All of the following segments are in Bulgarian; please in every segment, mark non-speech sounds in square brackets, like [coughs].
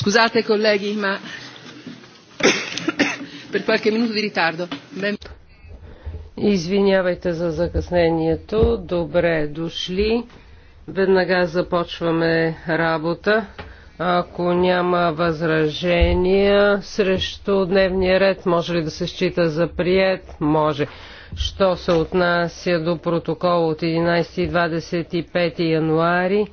Scusate colleghi, ma per qualche minuto di ritardo. Ben... Извинявайте за закъснението. Добре дошли. Веднага започваме работа. Ако няма възражения срещу дневния ред, може ли да се счита за прият? Може. Що се отнася до протокол от 11 и 25 януари?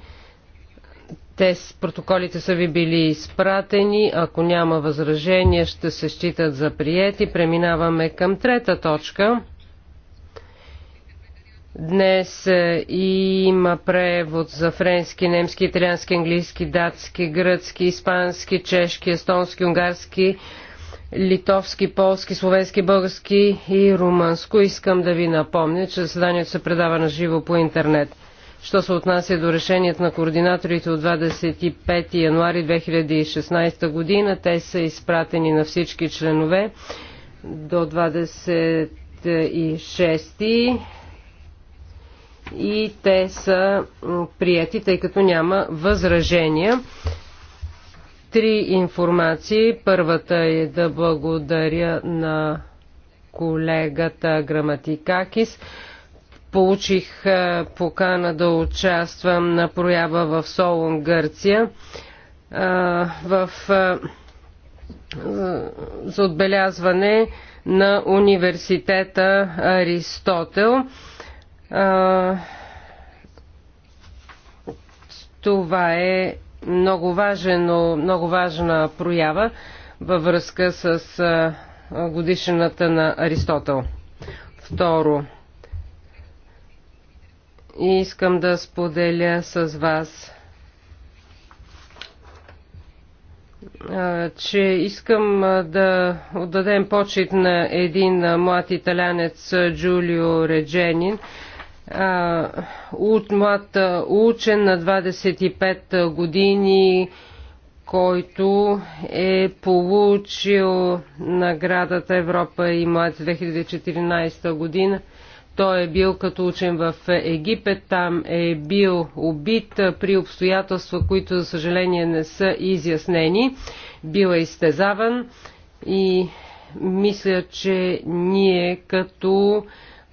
Те с протоколите са ви били изпратени. Ако няма възражения, ще се считат за приети. Преминаваме към трета точка. Днес е, има превод за френски, немски, италиански, английски, датски, гръцки, испански, чешки, естонски, унгарски, литовски, полски, словенски, български и румънско. Искам да ви напомня, че заседанието се предава на живо по интернет. Що се отнася до решението на координаторите от 25 януари 2016 година, те са изпратени на всички членове до 26 и те са прияти, тъй като няма възражения. Три информации. Първата е да благодаря на колегата Граматикакис получих е, покана да участвам на проява в Солон, Гърция, е, в, е, за отбелязване на университета Аристотел. Това е много, важен, много важна проява във връзка с годишната на Аристотел. Второ, и искам да споделя с вас, че искам да отдадем почет на един млад италянец Джулио Редженин, млад учен на 25 години, който е получил наградата Европа и млад 2014 година – той е бил като учен в Египет, там е бил убит при обстоятелства, които за съжаление не са изяснени. Бил е изтезаван и мисля, че ние като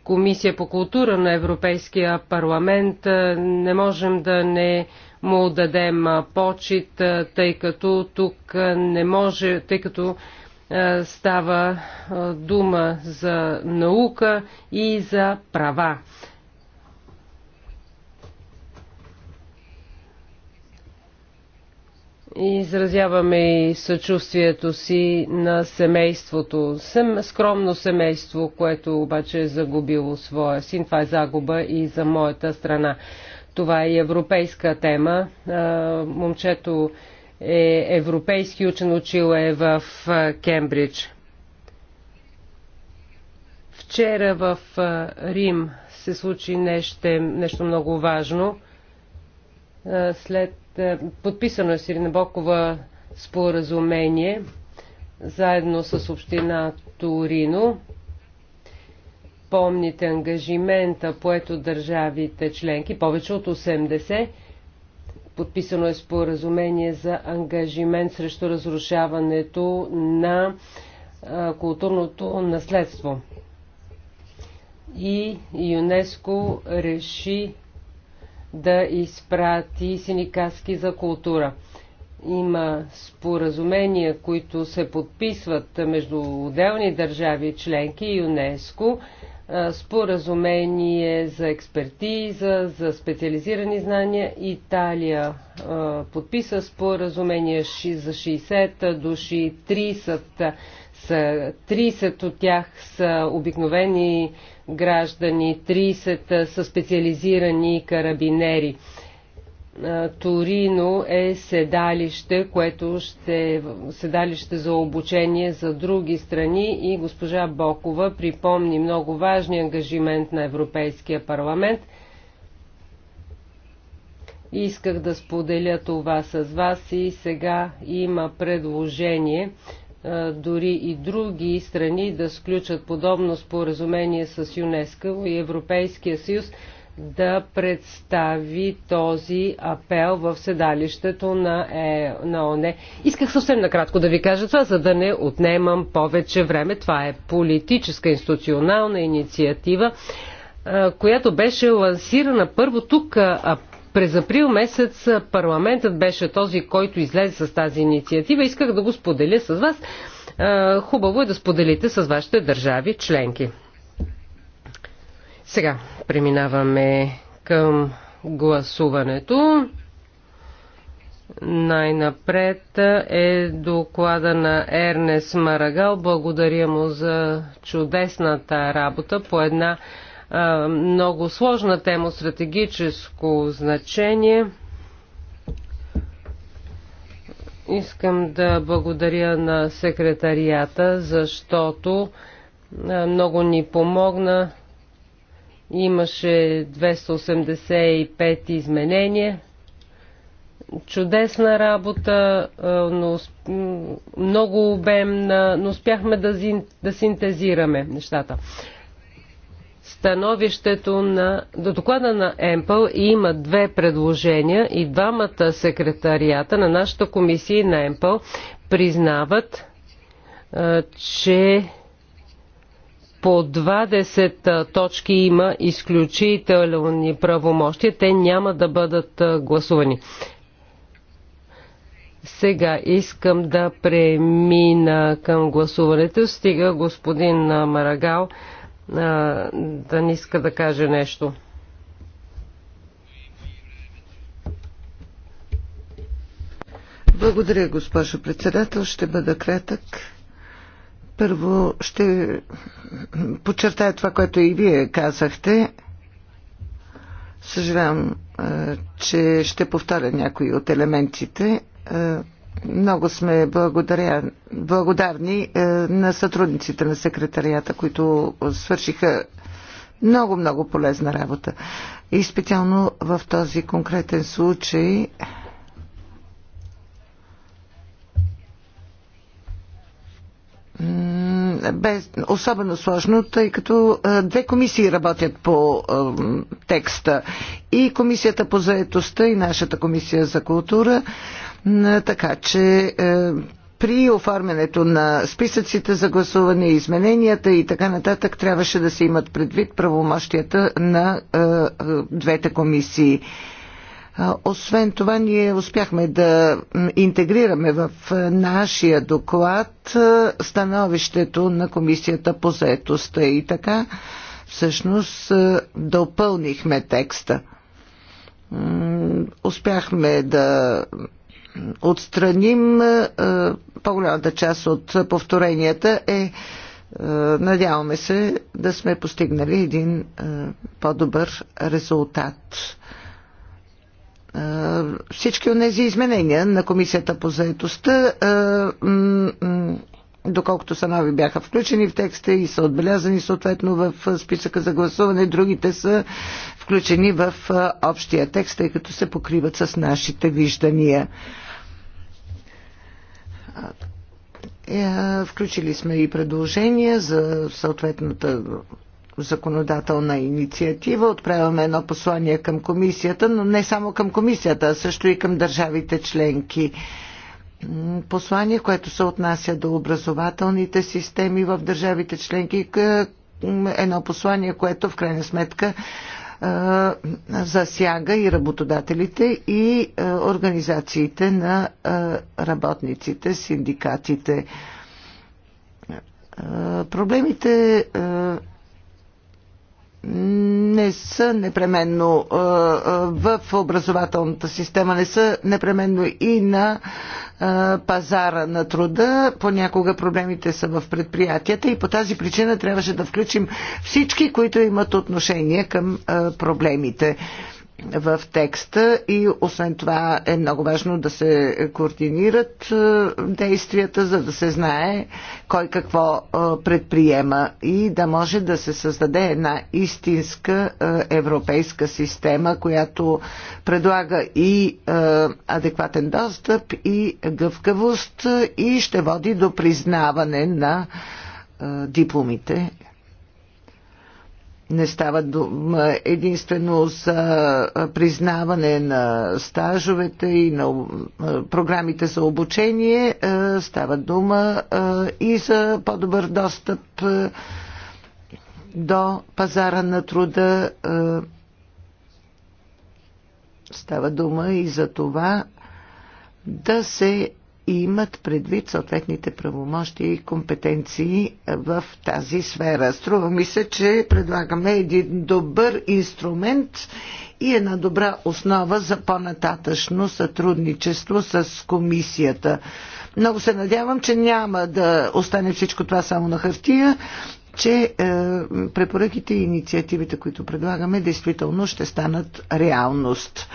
Комисия по култура на Европейския парламент не можем да не му дадем почет, тъй като тук не може, тъй като е, става е, дума за наука и за права. Изразяваме и съчувствието си на семейството. Сем, скромно семейство, което обаче е загубило своя син. Това е загуба и за моята страна. Това е европейска тема. Е, момчето е европейски учен, учил е в Кембридж. Вчера в Рим се случи нещо, нещо много важно. След подписано е Сирина Бокова споразумение заедно с община Торино. Помните ангажимента, поето държавите членки, повече от 80, Подписано е споразумение за ангажимент срещу разрушаването на културното наследство. И ЮНЕСКО реши да изпрати синикаски за култура. Има споразумения, които се подписват между отделни държави членки и ЮНЕСКО споразумение за експертиза, за специализирани знания. Италия подписа споразумение за 60 души, 30 са, 30 от тях са обикновени граждани, 30 са специализирани карабинери. Торино е седалище, което ще е седалище за обучение за други страни и госпожа Бокова припомни много важния ангажимент на Европейския парламент. Исках да споделя това с вас и сега има предложение дори и други страни да сключат подобно споразумение с ЮНЕСКО и Европейския съюз да представи този апел в седалището на, е, на ОНЕ. Исках съвсем накратко да ви кажа това, за да не отнемам повече време. Това е политическа институционална инициатива, е, която беше лансирана първо тук е, през април месец парламентът беше този, който излезе с тази инициатива. Исках да го споделя с вас. Е, хубаво е да споделите с вашите държави членки. Сега преминаваме към гласуването. Най-напред е доклада на Ернес Марагал. Благодаря му за чудесната работа по една а, много сложна тема стратегическо значение. Искам да благодаря на секретарията, защото много ни помогна Имаше 285 изменения. Чудесна работа, но много обемна, но успяхме да, зин, да синтезираме нещата. Становището на до доклада на Емпъл има две предложения и двамата секретарията на нашата комисия на Емпъл признават, че по 20 точки има изключителни правомощия. Те няма да бъдат гласувани. Сега искам да премина към гласуването. Стига господин Марагал да не иска да каже нещо. Благодаря, госпожо председател. Ще бъда кратък. Първо ще подчертая това, което и вие казахте. Съжалявам, че ще повторя някои от елементите. Много сме благодаря, благодарни на сътрудниците на секретарията, които свършиха много-много полезна работа. И специално в този конкретен случай бе особено сложно, тъй като две комисии работят по текста. И комисията по заетостта, и нашата комисия за култура. Така че при оформянето на списъците за гласуване, измененията и така нататък трябваше да се имат предвид правомощията на двете комисии. Освен това, ние успяхме да интегрираме в нашия доклад становището на Комисията по заетостта и така всъщност допълнихме текста. Успяхме да отстраним по-голямата част от повторенията е надяваме се да сме постигнали един по-добър резултат всички от тези изменения на Комисията по заедостта, доколкото са нови, бяха включени в текста и са отбелязани съответно в списъка за гласуване. Другите са включени в общия текст, тъй като се покриват с нашите виждания. Е, включили сме и предложения за съответната законодателна инициатива. Отправяме едно послание към комисията, но не само към комисията, а също и към държавите членки. Послание, което се отнася до образователните системи в държавите членки, едно послание, което в крайна сметка засяга и работодателите, и организациите на работниците, синдикатите. Проблемите не са непременно в образователната система, не са непременно и на пазара на труда. Понякога проблемите са в предприятията и по тази причина трябваше да включим всички, които имат отношение към проблемите в текста и освен това е много важно да се координират е, действията, за да се знае кой какво е, предприема и да може да се създаде една истинска е, европейска система, която предлага и адекватен достъп и гъвкавост и ще води до признаване на дипломите не става дума единствено за признаване на стажовете и на програмите за обучение, става дума и за по-добър достъп до пазара на труда. Става дума и за това да се и имат предвид съответните правомощи и компетенции в тази сфера. Струва ми се, че предлагаме един добър инструмент и една добра основа за по-нататъчно сътрудничество с комисията. Много се надявам, че няма да остане всичко това само на хартия, че е, препоръките и инициативите, които предлагаме, действително ще станат реалност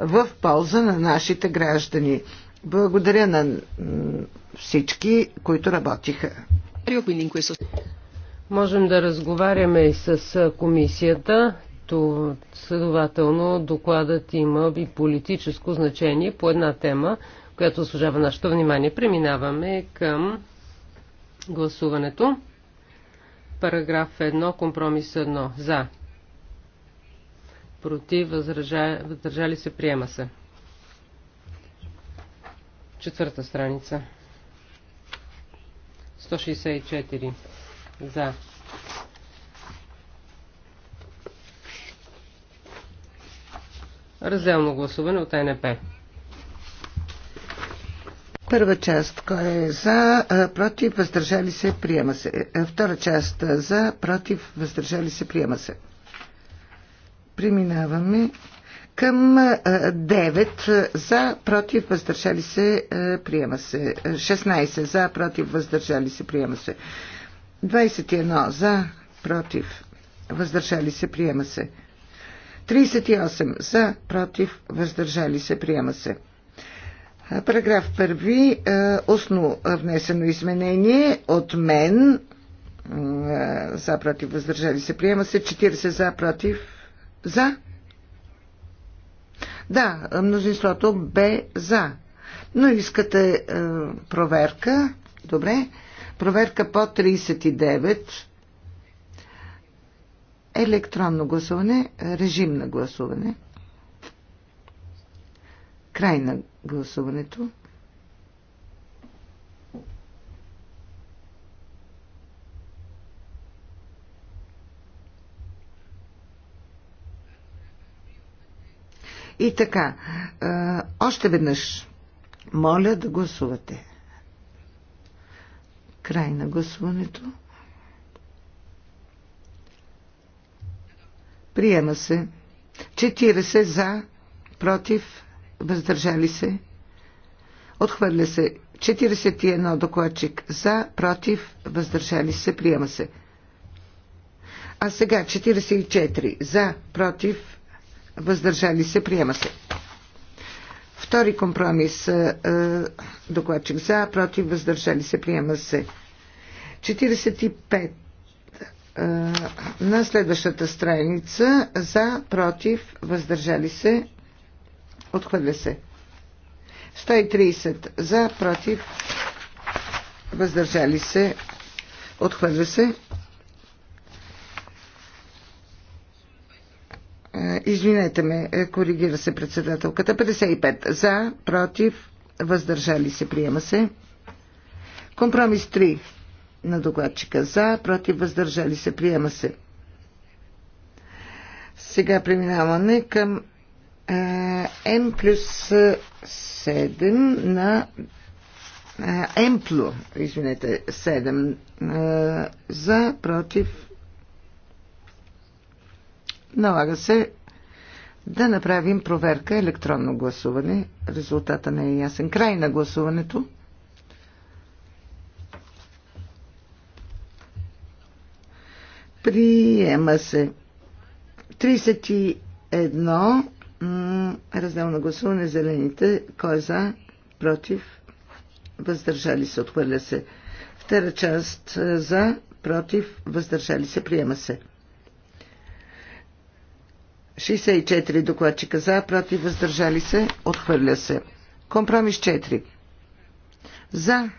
в полза на нашите граждани. Благодаря на всички, които работиха. Можем да разговаряме и с комисията. То, следователно, докладът има и политическо значение по една тема, която служава нашето внимание. Преминаваме към гласуването. Параграф 1, компромис 1. За. Против, въздържали се, приема се. Четвърта страница. 164 за. Разделно гласуване от НП. Първа част, кой е за, против, въздържали се, приема се. Втора част, за, против, въздържали се, приема се. Преминаваме към 9 за, против, въздържали се, приема се. 16 за, против, въздържали се, приема се. 21 за, против, въздържали се, приема се. 38 за, против, въздържали се, приема се. Параграф 1. Устно внесено изменение от мен. За, против, въздържали се, приема се. 40 за, против, за, да, мнозинството бе за. Но искате е, проверка. Добре. Проверка по 39. Електронно гласуване. Режим на гласуване. Край на гласуването. И така, още веднъж, моля да гласувате. Край на гласуването. Приема се. 40 за, против, въздържали се. Отхвърля се 41 докладчик за, против, въздържали се, приема се. А сега 44 за, против, въздържали се, приема се. Втори компромис, е, е, докладчик за, против, въздържали се, приема се. 45 е, на следващата страница за, против, въздържали се, отхвърля се. 130 за, против, въздържали се, отхвърля се. Е, извинете ме, е, коригира се председателката. 55 за, против, въздържали се, приема се. Компромис 3 на докладчика за, против, въздържали се, приема се. Сега преминаваме към е, М плюс 7 на е, М плюс, извинете, 7 е, за, против, Налага се да направим проверка електронно гласуване. Резултата не е ясен. Край на гласуването. Приема се. 31 разделно гласуване зелените. Кой е за? Против? Въздържали се. Отхвърля се. Втора част е, за? Против? Въздържали се. Приема се. 64 докладчика за, против, въздържали се, отхвърля се. Компромис 4. За,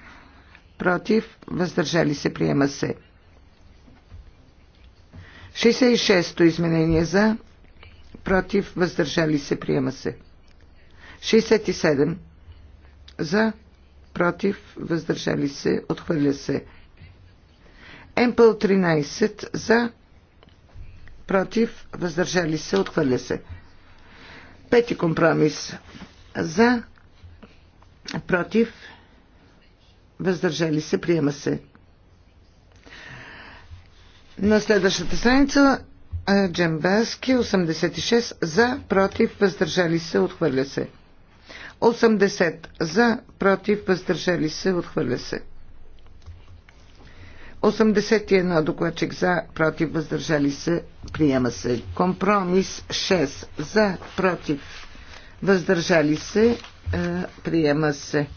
против, въздържали се, приема се. 66-то изменение за, против, въздържали се, приема се. 67 за, против, въздържали се, отхвърля се. МПЛ 13 за, против, въздържали се, отхвърля се. Пети компромис. За, против, въздържали се, приема се. На следващата страница Джембаски 86 за, против, въздържали се, отхвърля се. 80 за, против, въздържали се, отхвърля се. 81 докладчик за, против, въздържали се, приема се. Компромис 6 е, за, против, въздържали се, приема се.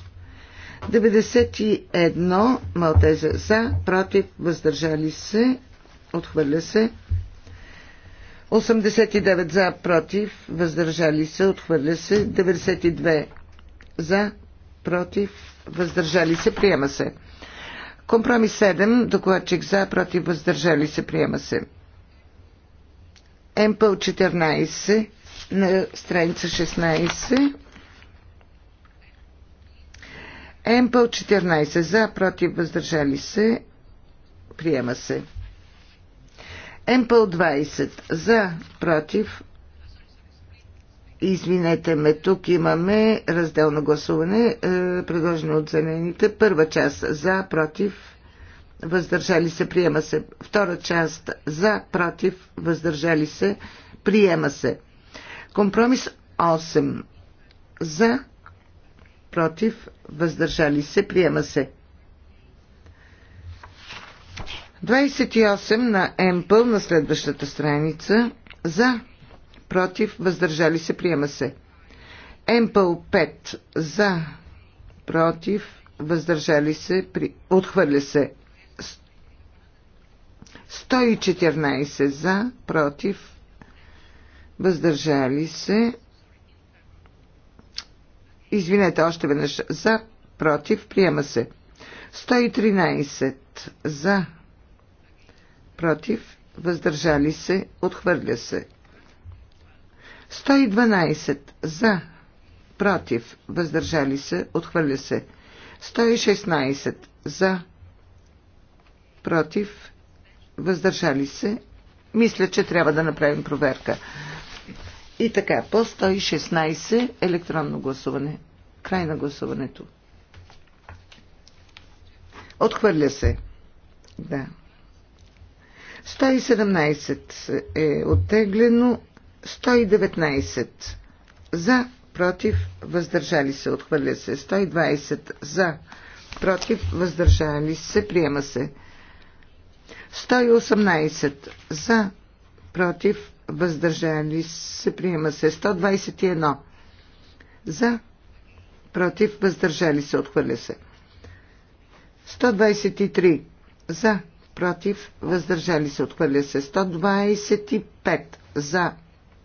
91 Малтеза за, против, въздържали се, отхвърля се. 89 за, против, въздържали се, отхвърля се. 92 за, против, въздържали се, приема се. Компромис 7. Докладчик за, против, въздържали се, приема се. МПЛ 14 на страница 16. МПЛ 14 за, против, въздържали се, приема се. МПЛ 20 за, против, Извинете ме, тук имаме разделно гласуване, е, предложено от зелените. Първа част за, против, въздържали се, приема се. Втора част за, против, въздържали се, приема се. Компромис 8 за, против, въздържали се, приема се. 28 на МПЛ на следващата страница за, против, въздържали се, приема се. Емпъл 5 за, против, въздържали се, при... отхвърля се. 114 за, против, въздържали се. Извинете още веднъж. За, против, приема се. 113 за, против, въздържали се, отхвърля се. 112 за, против, въздържали се, отхвърля се. 116 за, против, въздържали се. Мисля, че трябва да направим проверка. И така, по 116 електронно гласуване. Край на гласуването. Отхвърля се. Да. 117 е оттеглено. 119 за, против, въздържали се, отхвърля се. 120 за, против, въздържали се, приема се. 118 за, против, въздържали се, приема се. 121 за, против, въздържали се, отхвърля се. 123 за, против, въздържали се, отхвърля се. 125 за,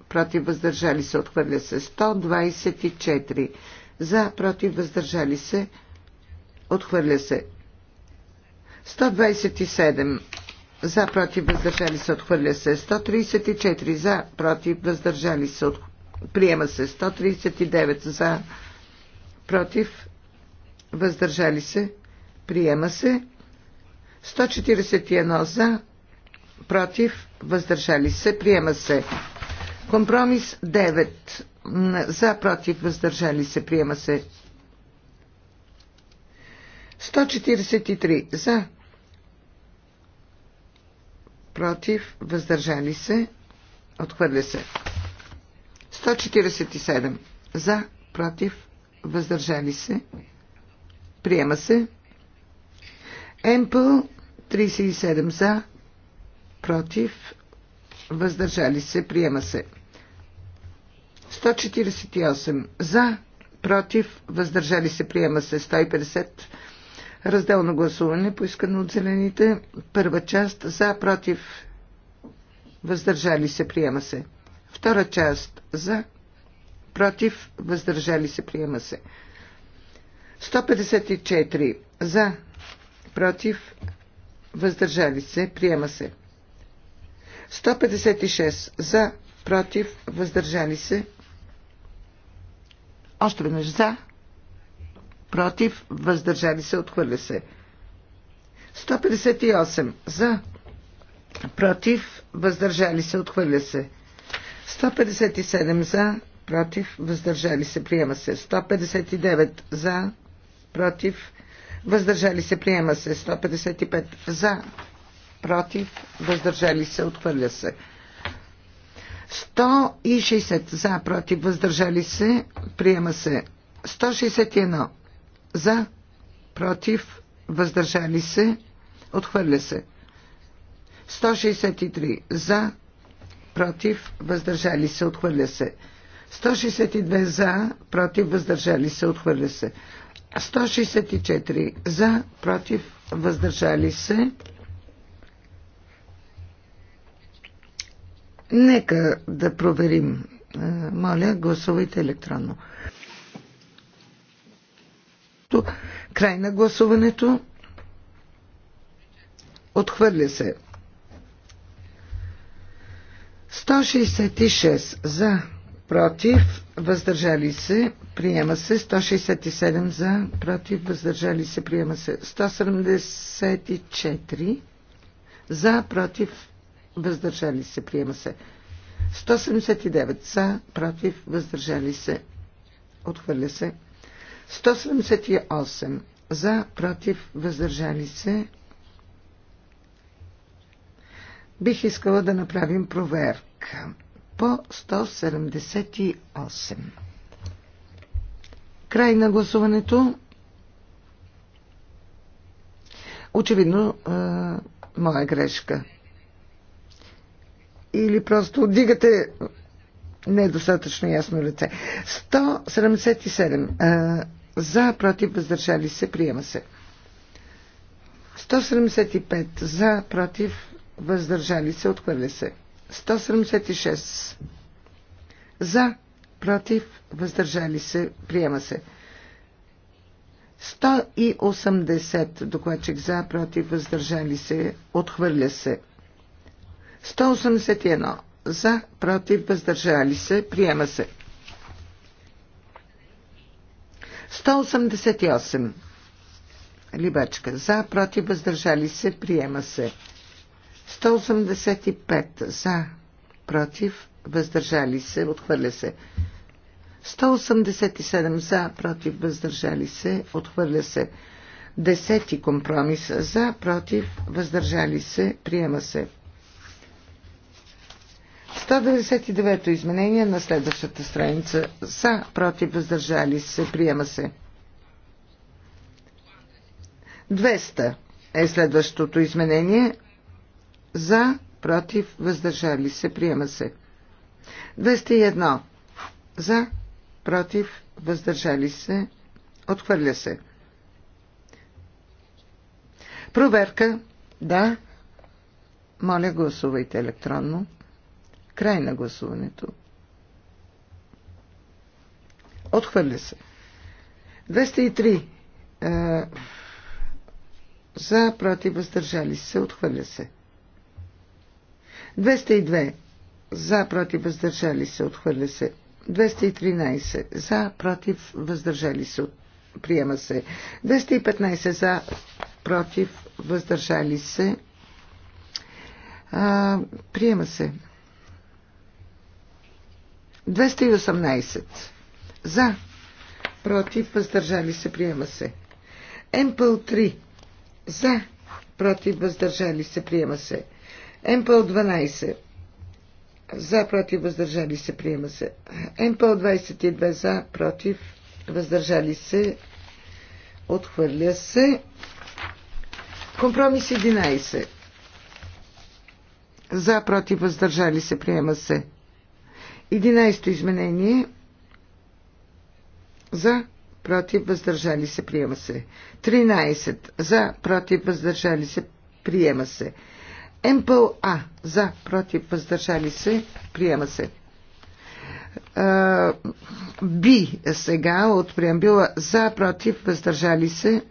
против въздържали се, отхвърля се 124 за, против въздържали се, отхвърля се 127 за, против въздържали се, отхвърля се 134 за, против въздържали се, от... приема се 139 за, против въздържали се, приема се 141 за, против въздържали се, приема се Компромис 9. За, против, въздържали се, приема се. 143. За, против, въздържали се, отхвърля се. 147. За, против, въздържали се, приема се. Емпъл 37 за, против, въздържали се, приема се. 148 за, против, въздържали се, приема се 150. Разделно гласуване, поискано от зелените. Първа част за, против, въздържали се, приема се. Втора част за, против, въздържали се, приема се. 154 за, против, въздържали се, приема се. 156 за, против, въздържали се, още веднъж за, против, въздържали се, отхвърля се. 158 за, против, въздържали се, отхвърля се. 157 за, против, въздържали се, приема се. 159 за, против, въздържали се, приема се. 155 за, против, въздържали се, отхвърля се. 160 за, против, въздържали се, приема се. 161 за, против, въздържали се, отхвърля се. 163 за, против, въздържали се, отхвърля се. 162 за, против, въздържали се, отхвърля се. 164 за, против, въздържали се. Нека да проверим. Е, моля, гласувайте електронно. Край на гласуването. Отхвърля се. 166 за, против, въздържали се, приема се. 167 за, против, въздържали се, приема се. 174 за, против, въздържали се, приема се. 179 за, против, въздържали се, отхвърля се. 178 за, против, въздържали се. Бих искала да направим проверка по 178. Край на гласуването. Очевидно, моя грешка или просто дигате недостатъчно ясно лице. 177. За, против, въздържали се, приема се. 175. За, против, въздържали се, отхвърля се. 176. За, против, въздържали се, приема се. 180 докладчик за, против, въздържали се, отхвърля се. 181 за, против, въздържали се, приема се. 188 Либачка за, против, въздържали се, приема се. 185 за, против, въздържали се, отхвърля се. 187 за, против, въздържали се, отхвърля се. Десети компромис за, против, въздържали се, приема се. 199-то изменение на следващата страница. За, против, въздържали се. Приема се. 200 е следващото изменение. За, против, въздържали се. Приема се. 201. За, против, въздържали се. Отхвърля се. Проверка. Да. Моля, гласувайте електронно. Край на гласуването. Отхвърля се. 203. За, против, въздържали се. Отхвърля се. 202. За, против, въздържали се. Отхвърля се. 213. За, против, въздържали се. Приема се. 215. За, против, въздържали се. А, приема се. 218. За. Против. Въздържали се. Приема се. МПЛ 3. За. Против. Въздържали се. Приема се. МПЛ 12. За. Против. Въздържали се. Приема се. МПЛ 22. За. Против. Въздържали се. Отхвърля се. Компромис 11. За. Против. Въздържали се. Приема се. 11 изменение за против въздържали се приема се. 13 за против въздържали се приема се. МПЛА А за против въздържали се приема се. Би сега от преамбила за против въздържали се.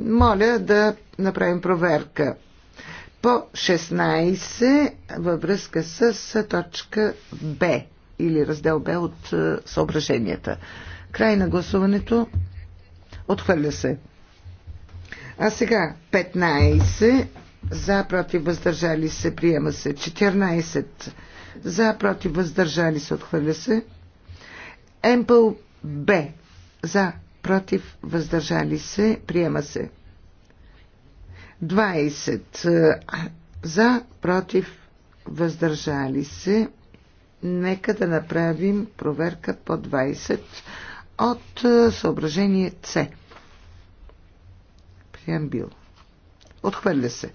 Моля да направим проверка по 16 във връзка с точка Б или раздел Б от е, съображенията. Край на гласуването. Отхвърля се. А сега 15 за, против, въздържали се, приема се. 14 за, против, въздържали се, отхвърля се. МПЛ Б за, против, въздържали се, приема се. 20. Е, за, против, въздържали се. Нека да направим проверка по 20 от е, съображение С. Приембил. Отхвърля се.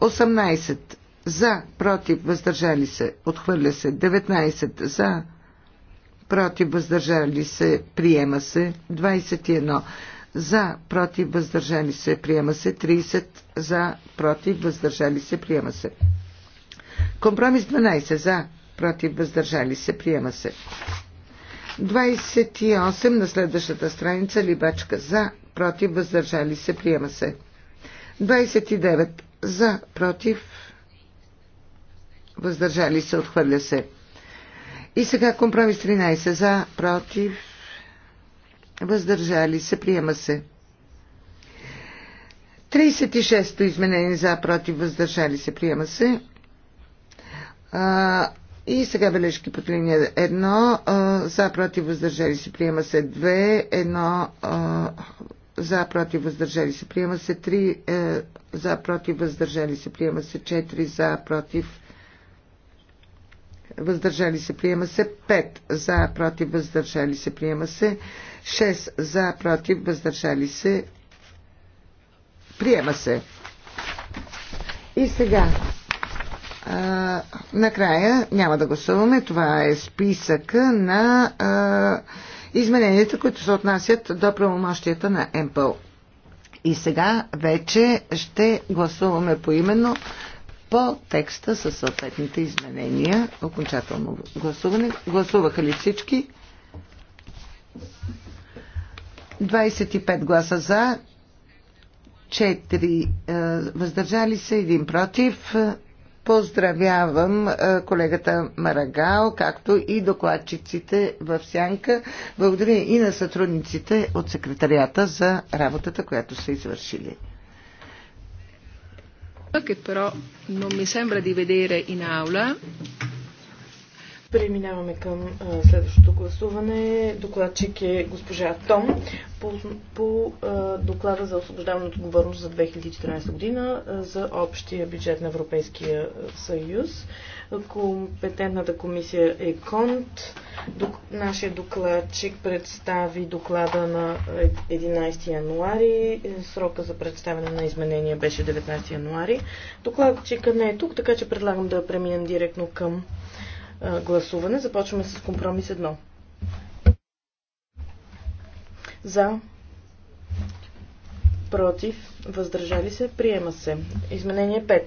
18. За, против, въздържали се. Отхвърля се. 19. За, против, въздържали се. Приема се. 21 за, против, въздържали се, приема се. 30 за, против, въздържали се, приема се. Компромис 12 за, против, въздържали се, приема се. 28 на следващата страница, либачка за, против, въздържали се, приема се. 29 за, против, въздържали се, отхвърля се. И сега компромис 13 за, против, въздържали се, приема се. 36-то изменение за, против, въздържали се, приема се. А, и сега бележки под линия 1, за, против, въздържали се, приема се 2, 1, за, против, въздържали се, приема се 3, е, за, против, въздържали се, приема се 4, за, против, въздържали се, приема се 5, за, против, въздържали се, приема се 6 за, против, въздържали се. Приема се. И сега, а, накрая, няма да гласуваме, това е списъка на а, измененията, които се отнасят до правомощията на МПЛ. И сега вече ще гласуваме поименно по текста със съответните изменения. Окончателно гласуване. Гласуваха ли всички? 25 гласа за, 4 е, въздържали се, 1 против. Поздравявам е, колегата Марагал, както и докладчиците в Сянка. Благодаря и на сътрудниците от секретарията за работата, която са извършили. Che но ми mi sembra di vedere in aula Преминаваме към а, следващото гласуване. Докладчик е госпожа Том по, по а, доклада за освобождаване от отговорност за 2014 година а, за общия бюджет на Европейския съюз. Компетентната комисия е КОНТ. Док, нашия докладчик представи доклада на 11 януари. Срока за представяне на изменения беше 19 януари. Докладчика не е тук, така че предлагам да преминем директно към гласуване. Започваме с компромис 1. За. Против. Въздържали се. Приема се. Изменение 5.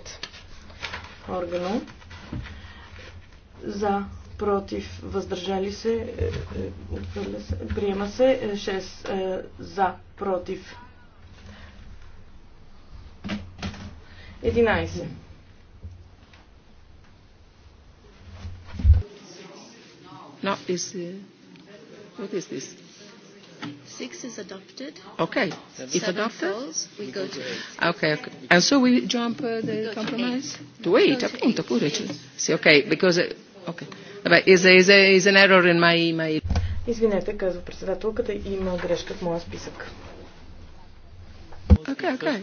Органо. За. Против. Въздържали се. Е, е, Приема се. 6. Е, за. Против. 11. No, is uh, what is this? Six is adopted. Okay, Seven. if adopted, falls, we we go go to eight. Okay, okay, and so we jump uh, the we compromise to eight. Appunto pure. See, okay, because uh, okay. Is, a, is, a, is an error in my my. Извинете, казва председателката, има грешка в моя списък. Okay, okay.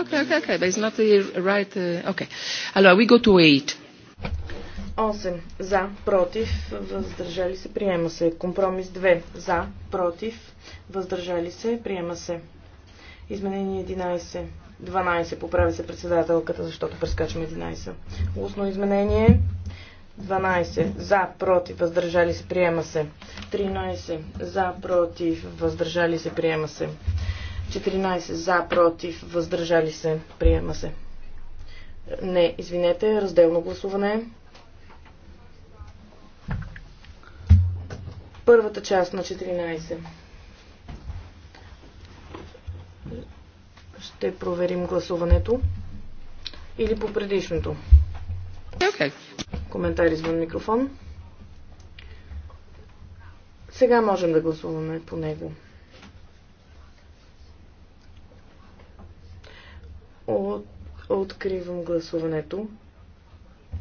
Okay, okay, okay, but it's not the right. Uh, okay. Allora, we go to 8. 8. За, против, въздържали се, приема се. Компромис 2. За, против, въздържали се, приема се. Изменение 11. 12. Поправи се председателката, защото прескачаме 11. Устно изменение. 12. За, против, въздържали се, приема се. 13. За, против, въздържали се, приема се. 14. За, против, въздържали се, приема се. Не, извинете, разделно гласуване. Първата част на 14. Ще проверим гласуването. Или по предишното. Okay. Коментар извън микрофон. Сега можем да гласуваме по него. От, откривам гласуването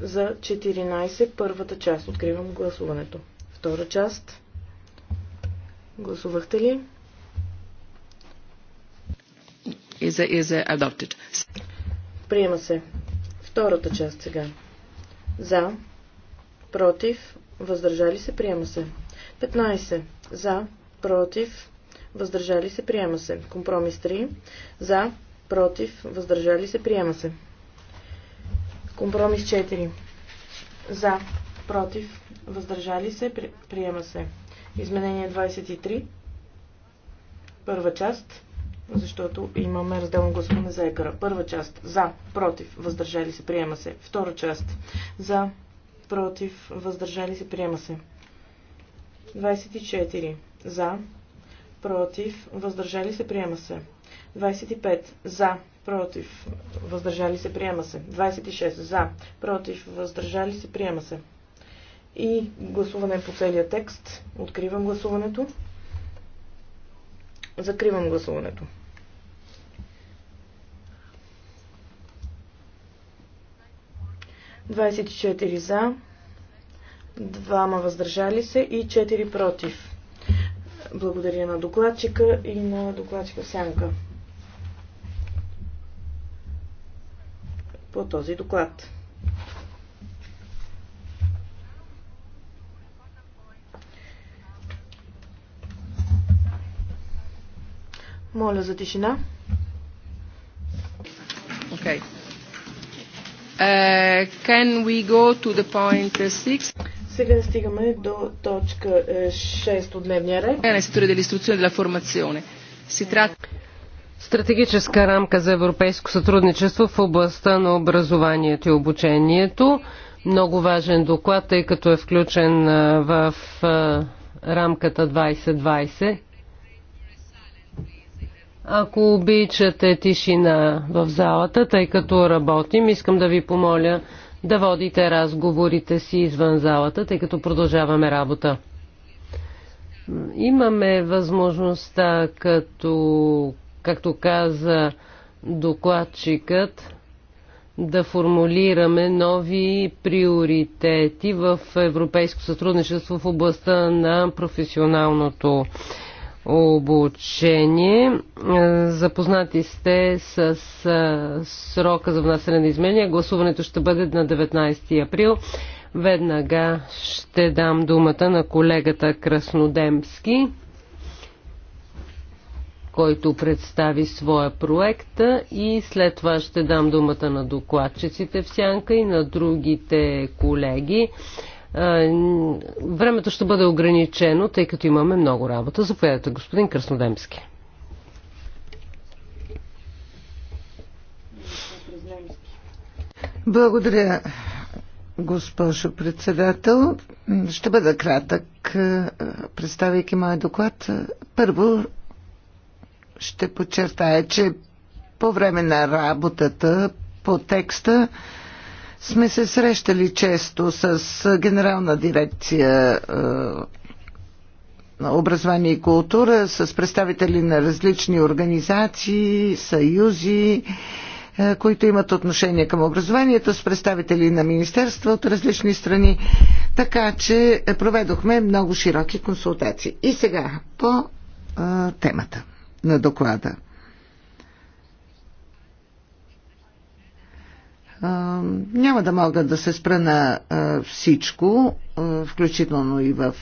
за 14 първата част. Откривам гласуването. Втора част. Гласувахте ли? Is is adopted. Приема се. Втората част сега. За, против, въздържали се, приема се. 15. За, против, въздържали се, приема се. Компромис 3. За, против, въздържали се, приема се. Компромис 4. За, против, въздържали се, приема се. Изменение 23. Първа част, защото имаме разделно гласуване за екара. Първа част за, против, въздържали се, приема се. Втора част за, против, въздържали се, приема се. 24. За, против, въздържали се, приема се. 25. За, против, въздържали се, приема се. 26. За, против, въздържали се, приема се. И гласуване по целия текст. Откривам гласуването. Закривам гласуването. Двадесет за, двама въздържали се и 4 против. Благодаря на докладчика и на докладчика Сянка по този доклад. Моля за тишина. Okay. Uh, can we go to the point 6? Сега стигаме до точка 6 е, от дневния ред. Е, сектора dell'istruzione della formazione. Си Стратегическа рамка за европейско сътрудничество в областта на образованието и обучението. Много важен доклад, тъй като е включен в рамката 2020. Ако обичате тишина в залата, тъй като работим, искам да ви помоля да водите разговорите си извън залата, тъй като продължаваме работа. Имаме възможността, като, както каза докладчикът, да формулираме нови приоритети в европейско сътрудничество в областта на професионалното обучение. Е, запознати сте с е, срока за внасяне на изменения. Гласуването ще бъде на 19 април. Веднага ще дам думата на колегата Краснодемски, който представи своя проект и след това ще дам думата на докладчиците в сянка и на другите колеги. Времето ще бъде ограничено, тъй като имаме много работа. Заповядайте, господин Краснодемски. Благодаря, госпожо председател. Ще бъда кратък, представяйки моя доклад. Първо ще подчертая, че по време на работата по текста сме се срещали често с генерална дирекция образование и култура, с представители на различни организации, съюзи, които имат отношение към образованието, с представители на министерства от различни страни. Така че проведохме много широки консултации. И сега по темата на доклада. Няма да мога да се спра на всичко, включително и в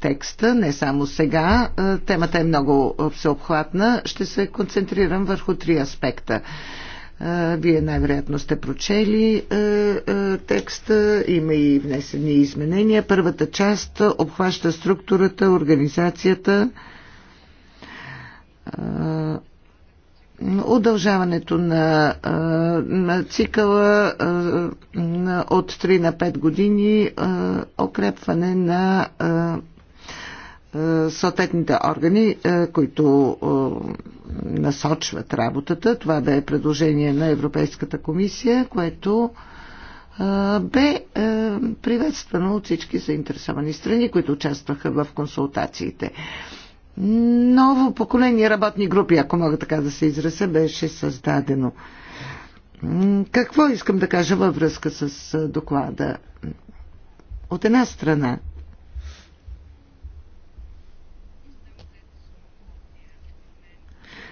текста, не само сега. Темата е много всеобхватна. Ще се концентрирам върху три аспекта. Вие най-вероятно сте прочели текста, има и внесени изменения. Първата част обхваща структурата, организацията, удължаването на, на цикъла от 3 на 5 години, укрепване на съответните органи, които насочват работата. Това да е предложение на Европейската комисия, което бе приветствано от всички заинтересовани страни, които участваха в консултациите ново поколение работни групи, ако мога така да се изразя, беше създадено. Какво искам да кажа във връзка с доклада? От една страна,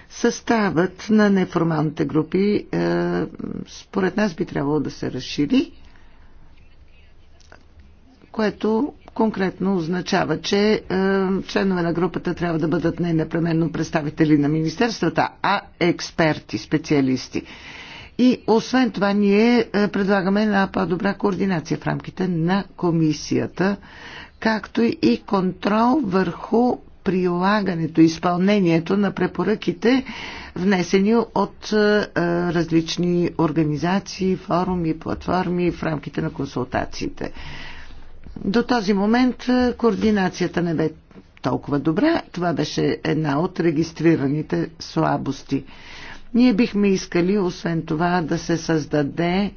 съставът на неформалните групи е, според нас би трябвало да се разшири, което конкретно означава, че е, членове на групата трябва да бъдат не непременно представители на министерствата, а експерти, специалисти. И освен това ние е, предлагаме една по-добра координация в рамките на комисията, както и контрол върху прилагането, изпълнението на препоръките, внесени от е, различни организации, форуми, платформи в рамките на консултациите. До този момент е, координацията не бе толкова добра. Това беше една от регистрираните слабости. Ние бихме искали, освен това, да се създаде е,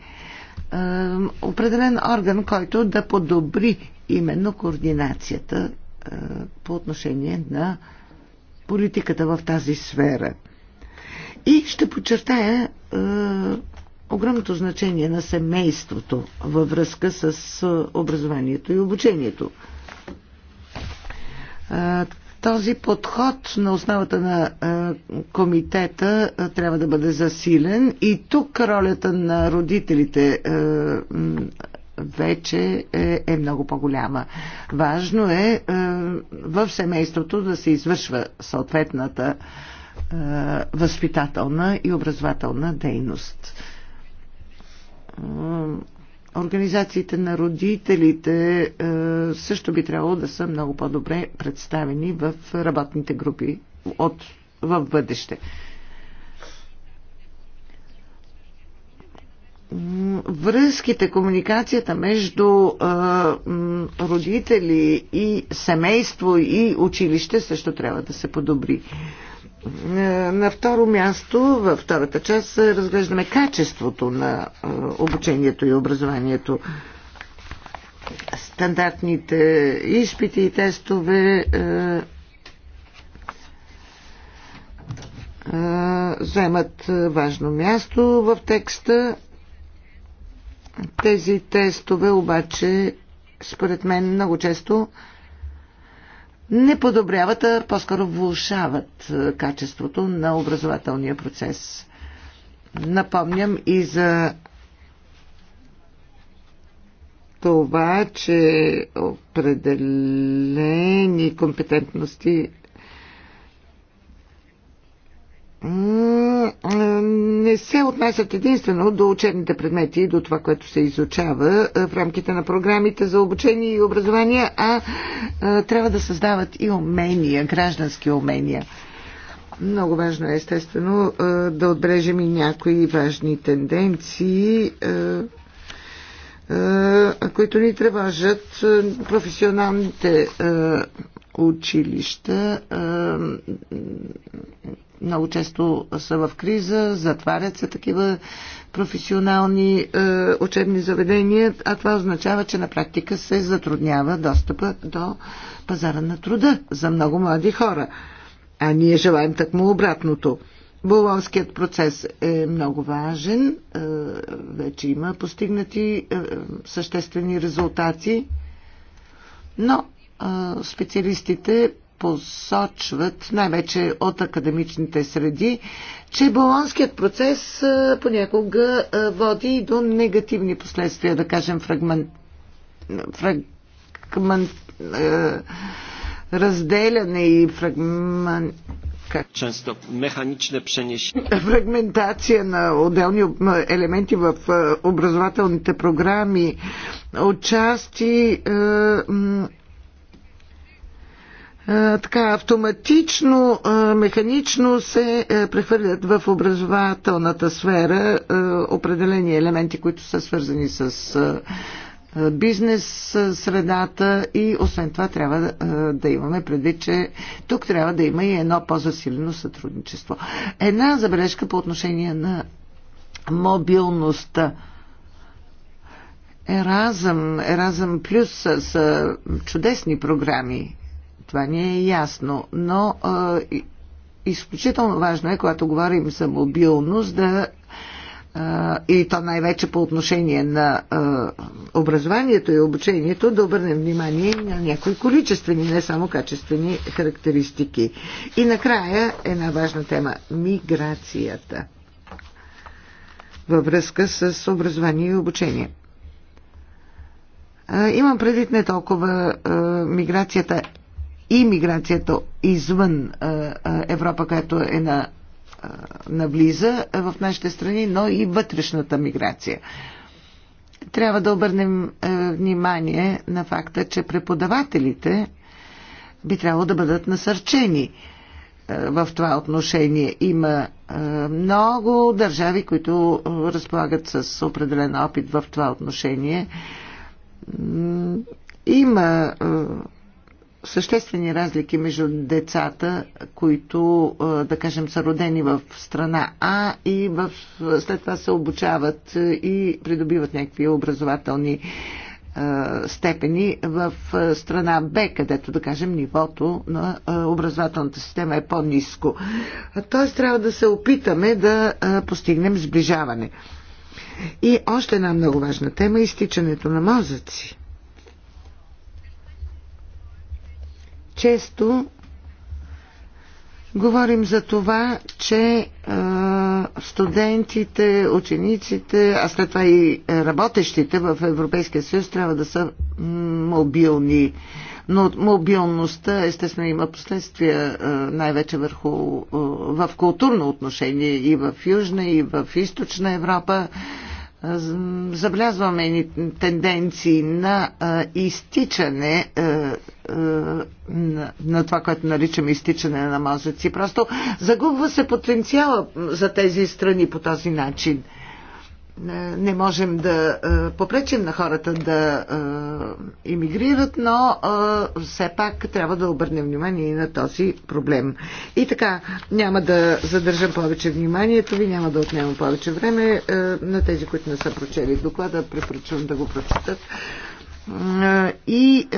определен орган, който да подобри именно координацията е, по отношение на политиката в тази сфера. И ще подчертая е, огромното значение на семейството във връзка с образованието и обучението. Този подход на основата на комитета трябва да бъде засилен и тук ролята на родителите вече е, е, много по-голяма. Важно е в семейството да се извършва съответната възпитателна и образователна дейност организациите на родителите е, също би трябвало да са много по-добре представени в работните групи от, в бъдеще. връзките, комуникацията между а, родители и семейство и училище също трябва да се подобри. Е, на второ място, във втората част, е, разглеждаме качеството на е, обучението и образованието. Стандартните изпити и тестове вземат важно място в текста. Тези тестове обаче, според мен, много често не подобряват, а по-скоро влушават качеството на образователния процес. Напомням и за това, че определени компетентности не се отнасят единствено до учебните предмети и до това, което се изучава в рамките на програмите за обучение и образование, а трябва да създават и умения, граждански умения. Много важно е, естествено, да отбрежем и някои важни тенденции, които ни тревожат професионалните училища много често са в криза, затварят се такива професионални е, учебни заведения, а това означава, че на практика се затруднява достъпа до пазара на труда за много млади хора. А ние желаем такмо обратното. Болонският процес е много важен. Е, вече има постигнати е, съществени резултати, но е, специалистите посочват, най-вече от академичните среди, че болонският процес понякога води до негативни последствия, да кажем фрагмент, фрагмент разделяне и фрагмент как? Често mechaniczne przeniesienie. Фрагментация на отделни елементи в образователните програми, отчасти така автоматично, механично се е, прехвърлят в образователната сфера е, определени елементи, които са свързани с е, бизнес средата и освен това трябва да имаме предвид, че тук трябва да има и едно по-засилено сътрудничество. Една забележка по отношение на мобилността. Еразъм, Еразъм Плюс са, са чудесни програми това ни е ясно, но а, изключително важно е, когато говорим за мобилност, да и то най-вече по отношение на образованието и обучението, да обърнем внимание на някои количествени, не само качествени характеристики. И накрая една важна тема миграцията във връзка с образование и обучение. Имам предвид не толкова миграцията и миграцията извън Европа, която е на, наблиза в нашите страни, но и вътрешната миграция. Трябва да обърнем внимание на факта, че преподавателите би трябвало да бъдат насърчени в това отношение. Има много държави, които разполагат с определен опит в това отношение. Има съществени разлики между децата, които, да кажем, са родени в страна А и в, след това се обучават и придобиват някакви образователни степени в страна Б, където, да кажем, нивото на образователната система е по-низко. Тоест трябва да се опитаме да постигнем сближаване. И още една много важна тема – изтичането на мозъци. Често говорим за това, че студентите, учениците, а след това и работещите в Европейския съюз трябва да са мобилни. Но мобилността, естествено, има последствия най-вече върху, в културно отношение и в Южна, и в Източна Европа забелязваме тенденции на а, изтичане а, а, на, на това, което наричаме изтичане на мазъци. Просто загубва се потенциала за тези страни по този начин не можем да попречим на хората да иммигрират, но все пак трябва да обърнем внимание и на този проблем. И така, няма да задържам повече вниманието ви, няма да отнемам повече време. На тези, които не са прочели доклада, препоръчвам да го прочитат. И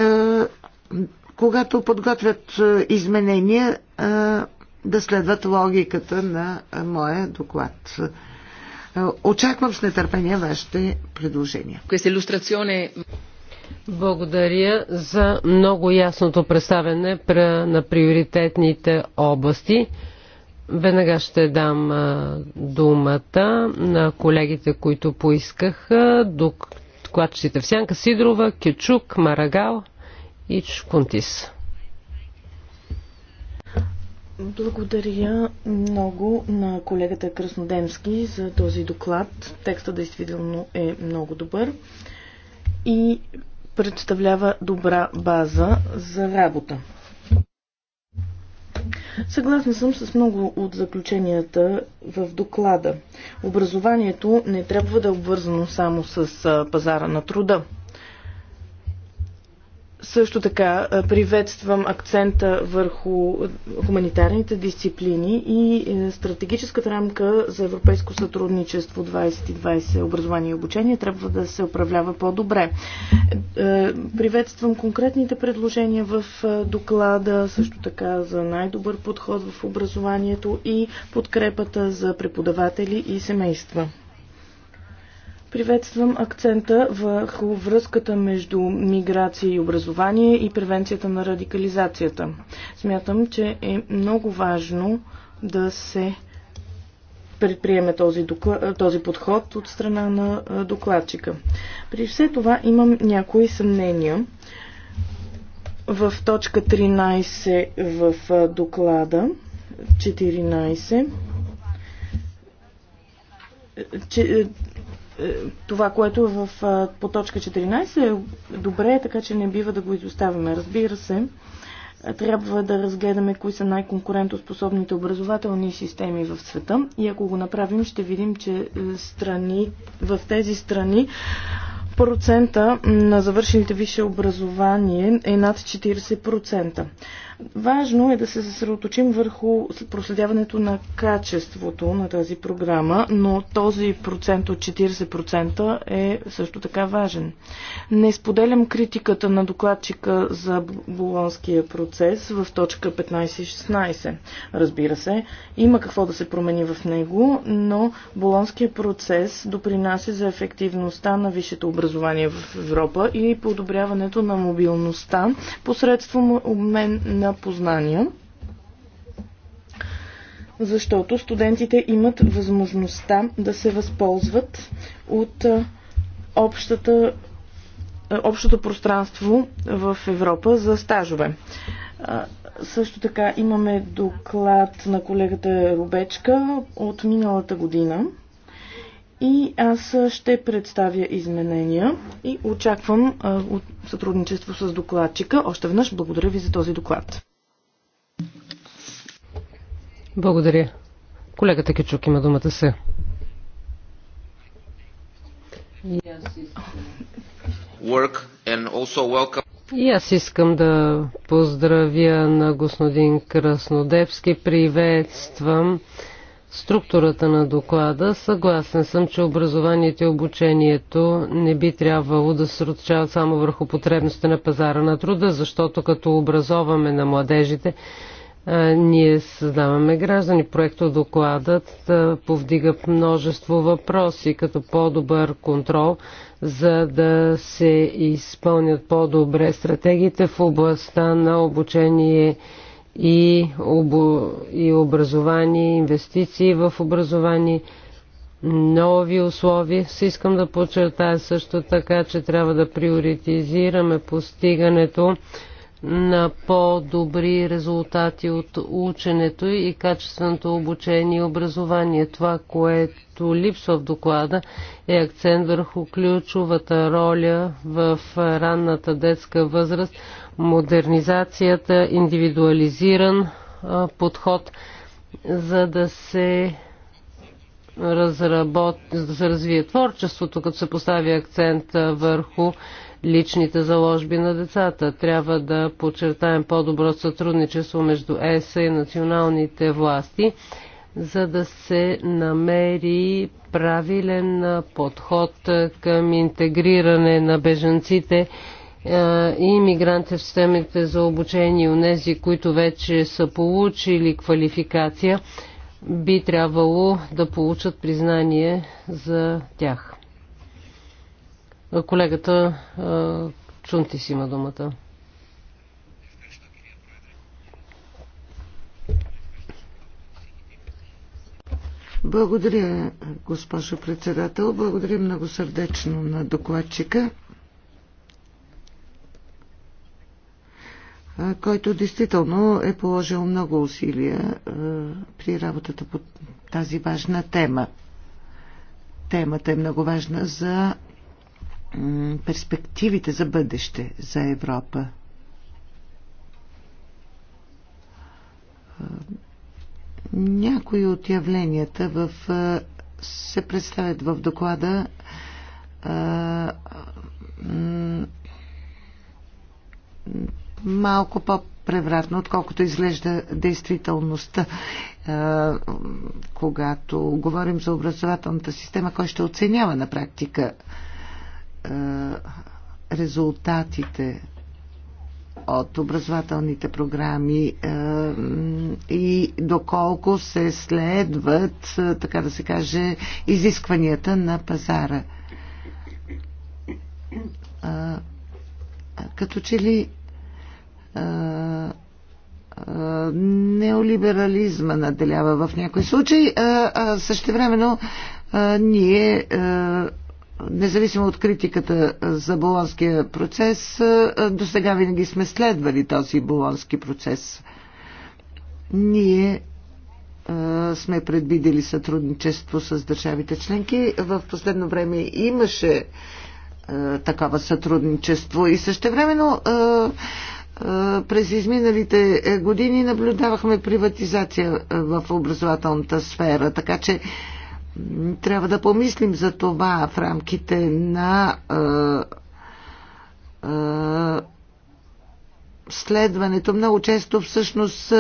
когато подготвят изменения, да следват логиката на моя доклад. Е, очаквам с нетърпение вашите предложения. Благодаря за много ясното представяне на приоритетните области. Веднага ще дам думата на колегите, които поискаха. Докладчите в Сянка Сидрова, Кючук, Марагал и Чкунтис. Благодаря много на колегата Краснодемски за този доклад. Текстът действително е много добър и представлява добра база за работа. Съгласна съм с много от заключенията в доклада. Образованието не трябва да е обвързано само с пазара на труда. Също така приветствам акцента върху хуманитарните дисциплини и е, стратегическата рамка за европейско сътрудничество 2020 образование и обучение трябва да се управлява по-добре. Е, приветствам конкретните предложения в е, доклада, също така за най-добър подход в образованието и подкрепата за преподаватели и семейства. Приветствам акцента върху връзката между миграция и образование и превенцията на радикализацията. Смятам, че е много важно да се предприеме този, доклад, този подход от страна на докладчика. При все това имам някои съмнения в точка 13 в доклада 14 че, е, това, което е в, е, по точка 14 е добре, така че не бива да го изоставяме. Разбира се, е, трябва да разгледаме кои са най-конкурентоспособните образователни системи в света и ако го направим, ще видим, че страни, в тези страни процента на завършените висше образование е над 40%. Важно е да се съсредоточим върху проследяването на качеството на тази програма, но този процент от 40% е също така важен. Не споделям критиката на докладчика за болонския процес в точка 15 и 16. Разбира се, има какво да се промени в него, но болонския процес допринася за ефективността на висшето образование в Европа и подобряването на мобилността посредством обмен на на познания, защото студентите имат възможността да се възползват от общата, общото пространство в Европа за стажове. Също така имаме доклад на колегата Рубечка от миналата година – и аз ще представя изменения и очаквам а, от сътрудничество с докладчика. Още веднъж благодаря ви за този доклад. Благодаря. Колегата Кичук има думата се. И аз искам да поздравя на господин Краснодевски Приветствам структурата на доклада. Съгласен съм, че образованието и обучението не би трябвало да се разчават само върху потребностите на пазара на труда, защото като образоваме на младежите, ние създаваме граждани. Проекто докладът повдига множество въпроси, като по-добър контрол, за да се изпълнят по-добре стратегиите в областта на обучение и, обо, и образование, инвестиции в образование, нови условия. Се искам да подчертая също така, че трябва да приоритизираме постигането на по-добри резултати от ученето и качественото обучение и образование. Това, което липсва в доклада е акцент върху ключовата роля в ранната детска възраст – модернизацията, индивидуализиран подход, за да се разработ... да се развие творчеството, като се постави акцент върху личните заложби на децата. Трябва да подчертаем по-добро сътрудничество между ЕСА и националните власти, за да се намери правилен подход към интегриране на беженците е, и иммигранти в системите за обучение, нези, които вече са получили квалификация, би трябвало да получат признание за тях. Колегата е, Чунтис има думата. Благодаря, госпожо председател. Благодаря много сърдечно на докладчика. който действително е положил много усилия при работата по тази важна тема. Темата е много важна за перспективите за бъдеще за Европа. Някои от явленията в, се представят в доклада малко по-превратно, отколкото изглежда действителността. Е, когато говорим за образователната система, кой ще оценява на практика е, резултатите от образователните програми е, и доколко се следват, така да се каже, изискванията на пазара. Като че ли неолиберализма наделява в някой случай. а времено ние независимо от критиката за болонския процес, до сега винаги сме следвали този болонски процес. Ние сме предвидели сътрудничество с държавите членки. В последно време имаше такова сътрудничество и също времено през изминалите е, години наблюдавахме приватизация е, в образователната сфера, така че трябва да помислим за това в рамките на следването. Много често всъщност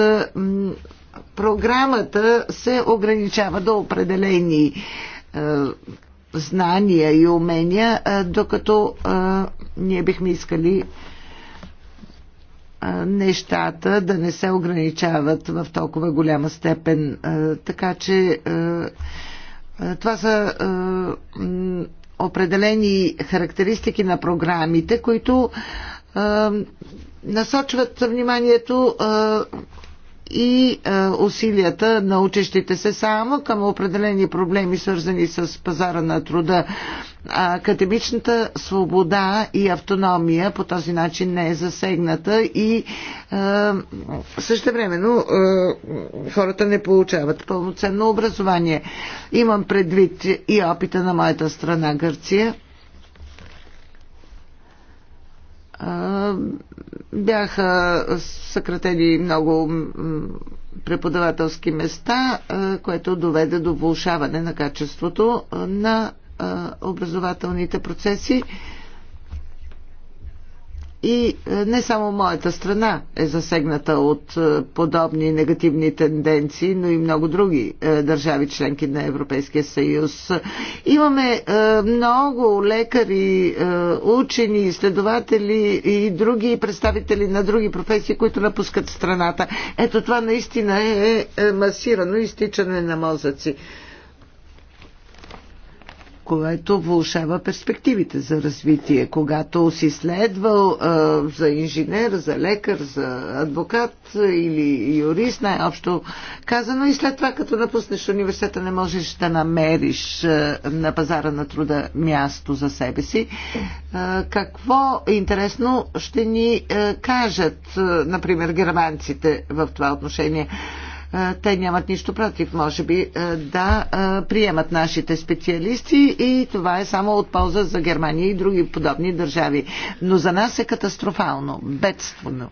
програмата се ограничава до определени знания и умения, докато ние бихме искали нещата да не се ограничават в толкова голяма степен. Така че това са определени характеристики на програмите, които насочват вниманието и а, усилията на учещите се само към определени проблеми, свързани с пазара на труда. А, академичната свобода и автономия по този начин не е засегната и а, същевременно а, хората не получават пълноценно образование. Имам предвид и опита на моята страна Гърция. бяха съкратени много преподавателски места, което доведе до влушаване на качеството на образователните процеси. И е, не само моята страна е засегната от е, подобни негативни тенденции, но и много други е, държави, членки на Европейския съюз. Имаме много лекари, учени, изследователи и други представители на други професии, които напускат страната. Ето това наистина е масирано изтичане на мозъци което влушава перспективите за развитие. Когато си следвал а, за инженер, за лекар, за адвокат или юрист, най-общо казано, и след това като напуснеш университета не можеш да намериш а, на пазара на труда място за себе си. А, какво интересно ще ни а, кажат, а, например, германците в това отношение? А, те нямат нищо против, може би, да приемат нашите специалисти и това е само от полза за Германия и други подобни държави. Но за нас е катастрофално, бедствено.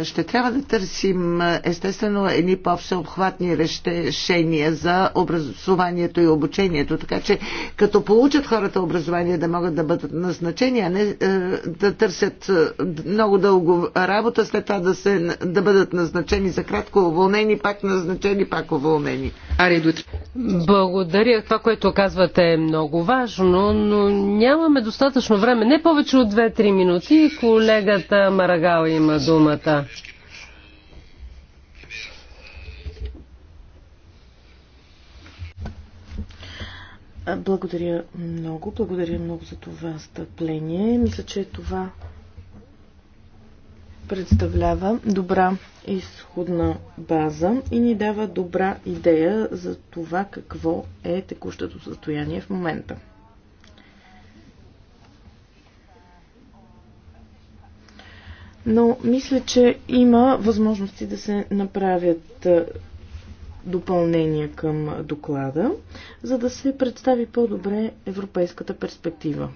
Е, ще трябва да търсим естествено едни по-всеобхватни решения за образованието и обучението, така че като получат хората образование да могат да бъдат назначени, а не е, да търсят е, много дълго работа, след това да, се, да бъдат назначени за кратко уволнени, пак назначени, пак уволнени. Благодаря. Това, което казвате е много важно, но нямаме достатъчно време. Не повече от 2-3 минути. Колегата Марагал има дума думата. Благодаря много. Благодаря много за това стъпление. Мисля, че това представлява добра изходна база и ни дава добра идея за това какво е текущото състояние в момента. но мисля, че има възможности да се направят допълнения към доклада, за да се представи по-добре европейската перспектива.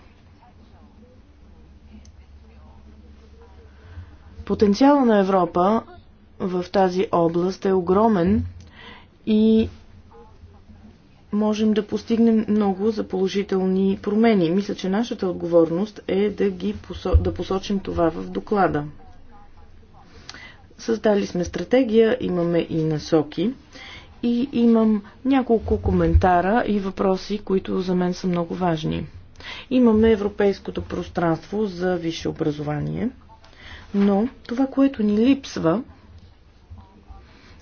Потенциала на Европа в тази област е огромен и можем да постигнем много за положителни промени. Мисля, че нашата отговорност е да, ги посо... да посочим това в доклада. Създали сме стратегия, имаме и насоки и имам няколко коментара и въпроси, които за мен са много важни. Имаме европейското пространство за висше образование, но това, което ни липсва,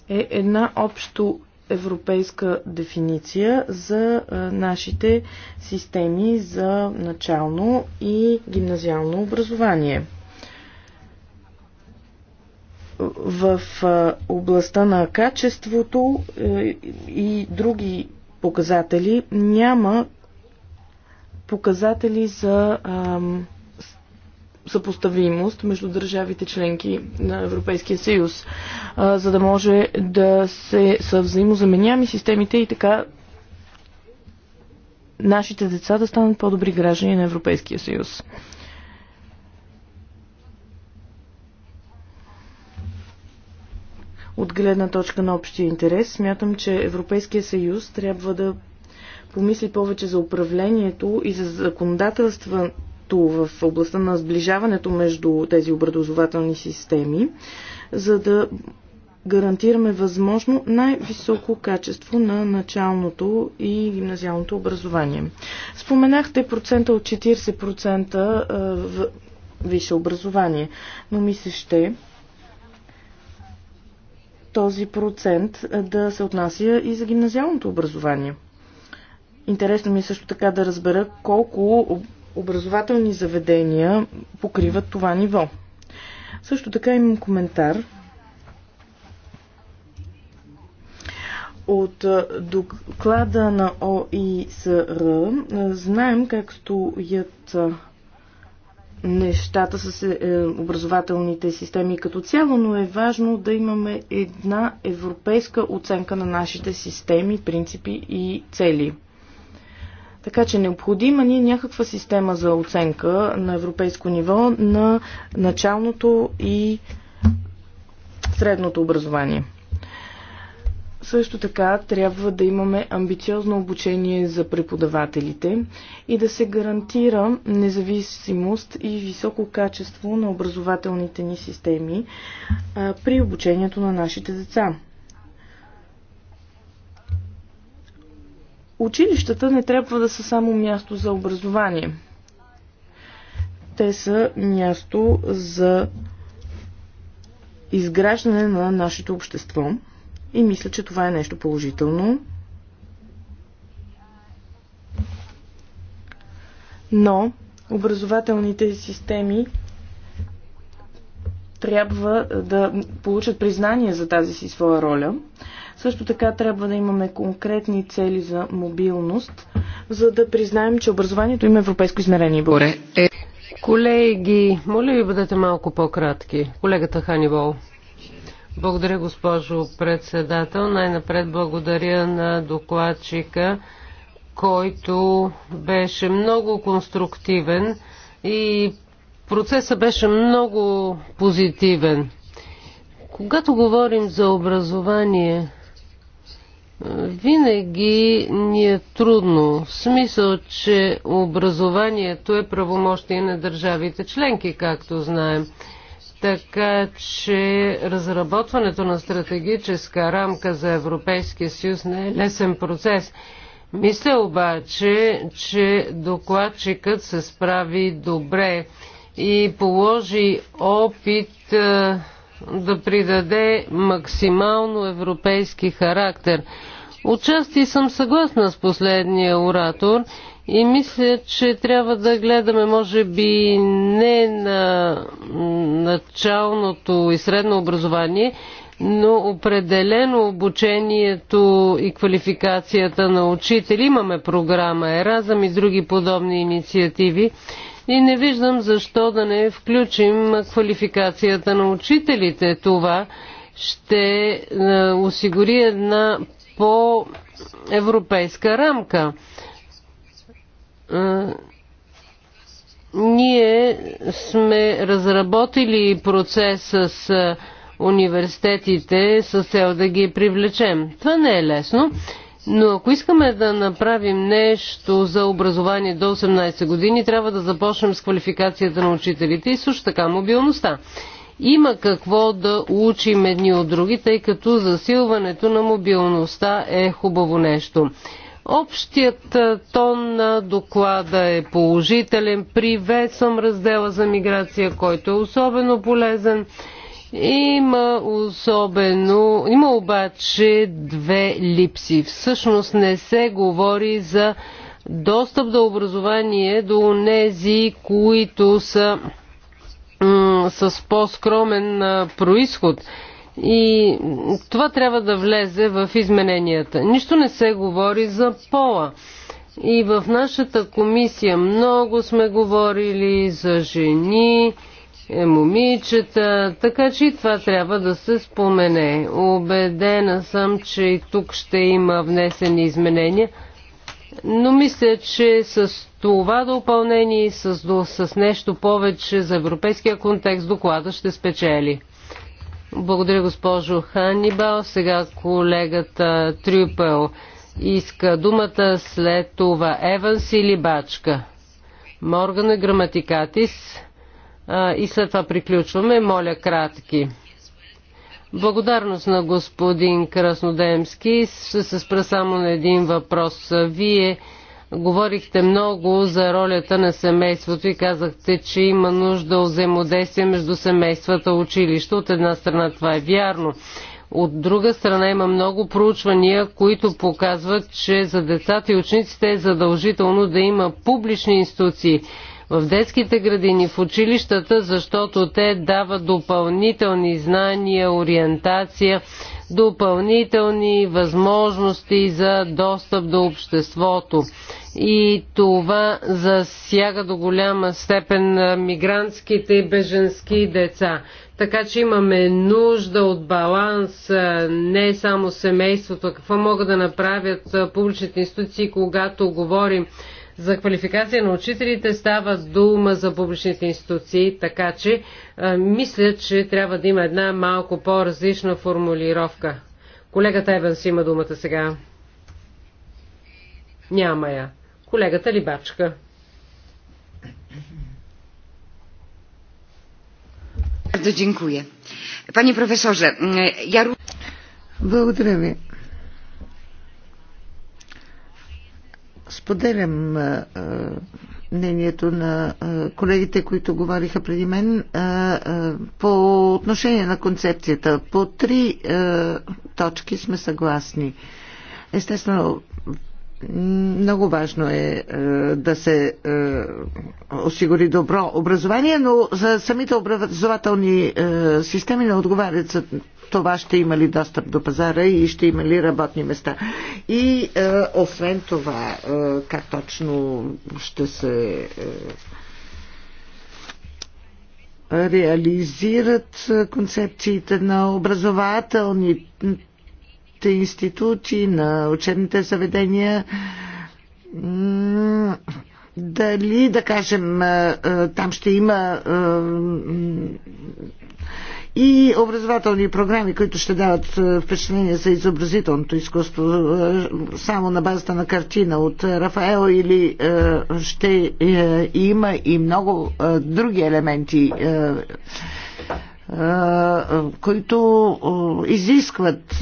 е една общо европейска дефиниция за нашите системи за начално и гимназиално образование. В областта на качеството и други показатели няма показатели за ам, съпоставимост между държавите членки на Европейския съюз, за да може да се са взаимозаменями системите и така нашите деца да станат по-добри граждани на Европейския съюз. От гледна точка на общия интерес, смятам, че Европейския съюз трябва да помисли повече за управлението и за законодателства както в областта на сближаването между тези образователни системи, за да гарантираме възможно най-високо качество на началното и гимназиалното образование. Споменахте процента от 40% в висше образование, но ми се ще този процент да се отнася и за гимназиалното образование. Интересно ми е също така да разбера колко образователни заведения покриват това ниво. Също така имам коментар от доклада на ОИСР. Знаем как стоят нещата с е, е, образователните системи като цяло, но е важно да имаме една европейска оценка на нашите системи, принципи и цели. Така че необходима ни е някаква система за оценка на европейско ниво на началното и средното образование. Също така трябва да имаме амбициозно обучение за преподавателите и да се гарантира независимост и високо качество на образователните ни системи а, при обучението на нашите деца. Училищата не трябва да са само място за образование. Те са място за изграждане на нашето общество и мисля, че това е нещо положително. Но образователните системи трябва да получат признание за тази си своя роля също така трябва да имаме конкретни цели за мобилност, за да признаем, че образованието има европейско измерение. Е. Колеги, моля ви бъдете малко по-кратки. Колегата Ханибол. Благодаря, госпожо председател. Най-напред благодаря на докладчика, който беше много конструктивен и процесът беше много позитивен. Когато говорим за образование, винаги ни е трудно. В смисъл, че образованието е правомощие на държавите членки, както знаем. Така че разработването на стратегическа рамка за Европейския съюз не е лесен процес. Мисля обаче, че докладчикът се справи добре и положи опит да придаде максимално европейски характер. Отчасти съм съгласна с последния оратор и мисля, че трябва да гледаме, може би, не на началното и средно образование, но определено обучението и квалификацията на учители. Имаме програма ЕРАЗАМ и други подобни инициативи. И не виждам защо да не включим квалификацията на учителите. Това ще е, осигури една по-европейска рамка. Е, ние сме разработили процес с е, университетите с цел да ги привлечем. Това не е лесно но ако искаме да направим нещо за образование до 18 години, трябва да започнем с квалификацията на учителите и също така мобилността. Има какво да учим едни от други, тъй като засилването на мобилността е хубаво нещо. Общият тон на доклада е положителен. Приветствам раздела за миграция, който е особено полезен. Има особено, има обаче две липси. Всъщност не се говори за достъп до образование до нези, които са с по-скромен происход. И това трябва да влезе в измененията. Нищо не се говори за пола. И в нашата комисия много сме говорили за жени, е момичета, така че и това трябва да се спомене. Обедена съм, че и тук ще има внесени изменения, но мисля, че с това допълнение и с, с нещо повече за европейския контекст доклада ще спечели. Благодаря, госпожо Ханибал. Сега колегата Трюпел иска думата след това Еванс или Бачка. Моргана Граматикатис и след това приключваме. Моля кратки. Благодарност на господин Краснодемски. Ще се спра само на един въпрос. Вие говорихте много за ролята на семейството и казахте, че има нужда от взаимодействие между семействата и училище. От една страна това е вярно. От друга страна има много проучвания, които показват, че за децата и учениците е задължително да има публични институции в детските градини, в училищата, защото те дават допълнителни знания, ориентация, допълнителни възможности за достъп до обществото. И това засяга до голяма степен мигрантските и беженски деца. Така че имаме нужда от баланс, не само семейството. Какво могат да направят публичните институции, когато говорим за квалификация на учителите става дума за публичните институции, така че а, мисля, че трябва да има една малко по-различна формулировка. Колегата Еванс има думата сега. Няма я. Колегата Либачка. Благодаря ви. Споделям мнението на колегите, които говориха преди мен по отношение на концепцията. По три точки сме съгласни. Естествено, много важно е, е да се е, осигури добро образование, но за самите образователни е, системи не отговарят за това ще има ли достъп до пазара и ще има ли работни места. И е, освен това, е, как точно ще се е, реализират концепциите на образователни учебните институти, на учебните заведения. Дали, да кажем, там ще има и образователни програми, които ще дават впечатление за изобразителното изкуство само на базата на картина от Рафаел или ще има и много други елементи които изискват,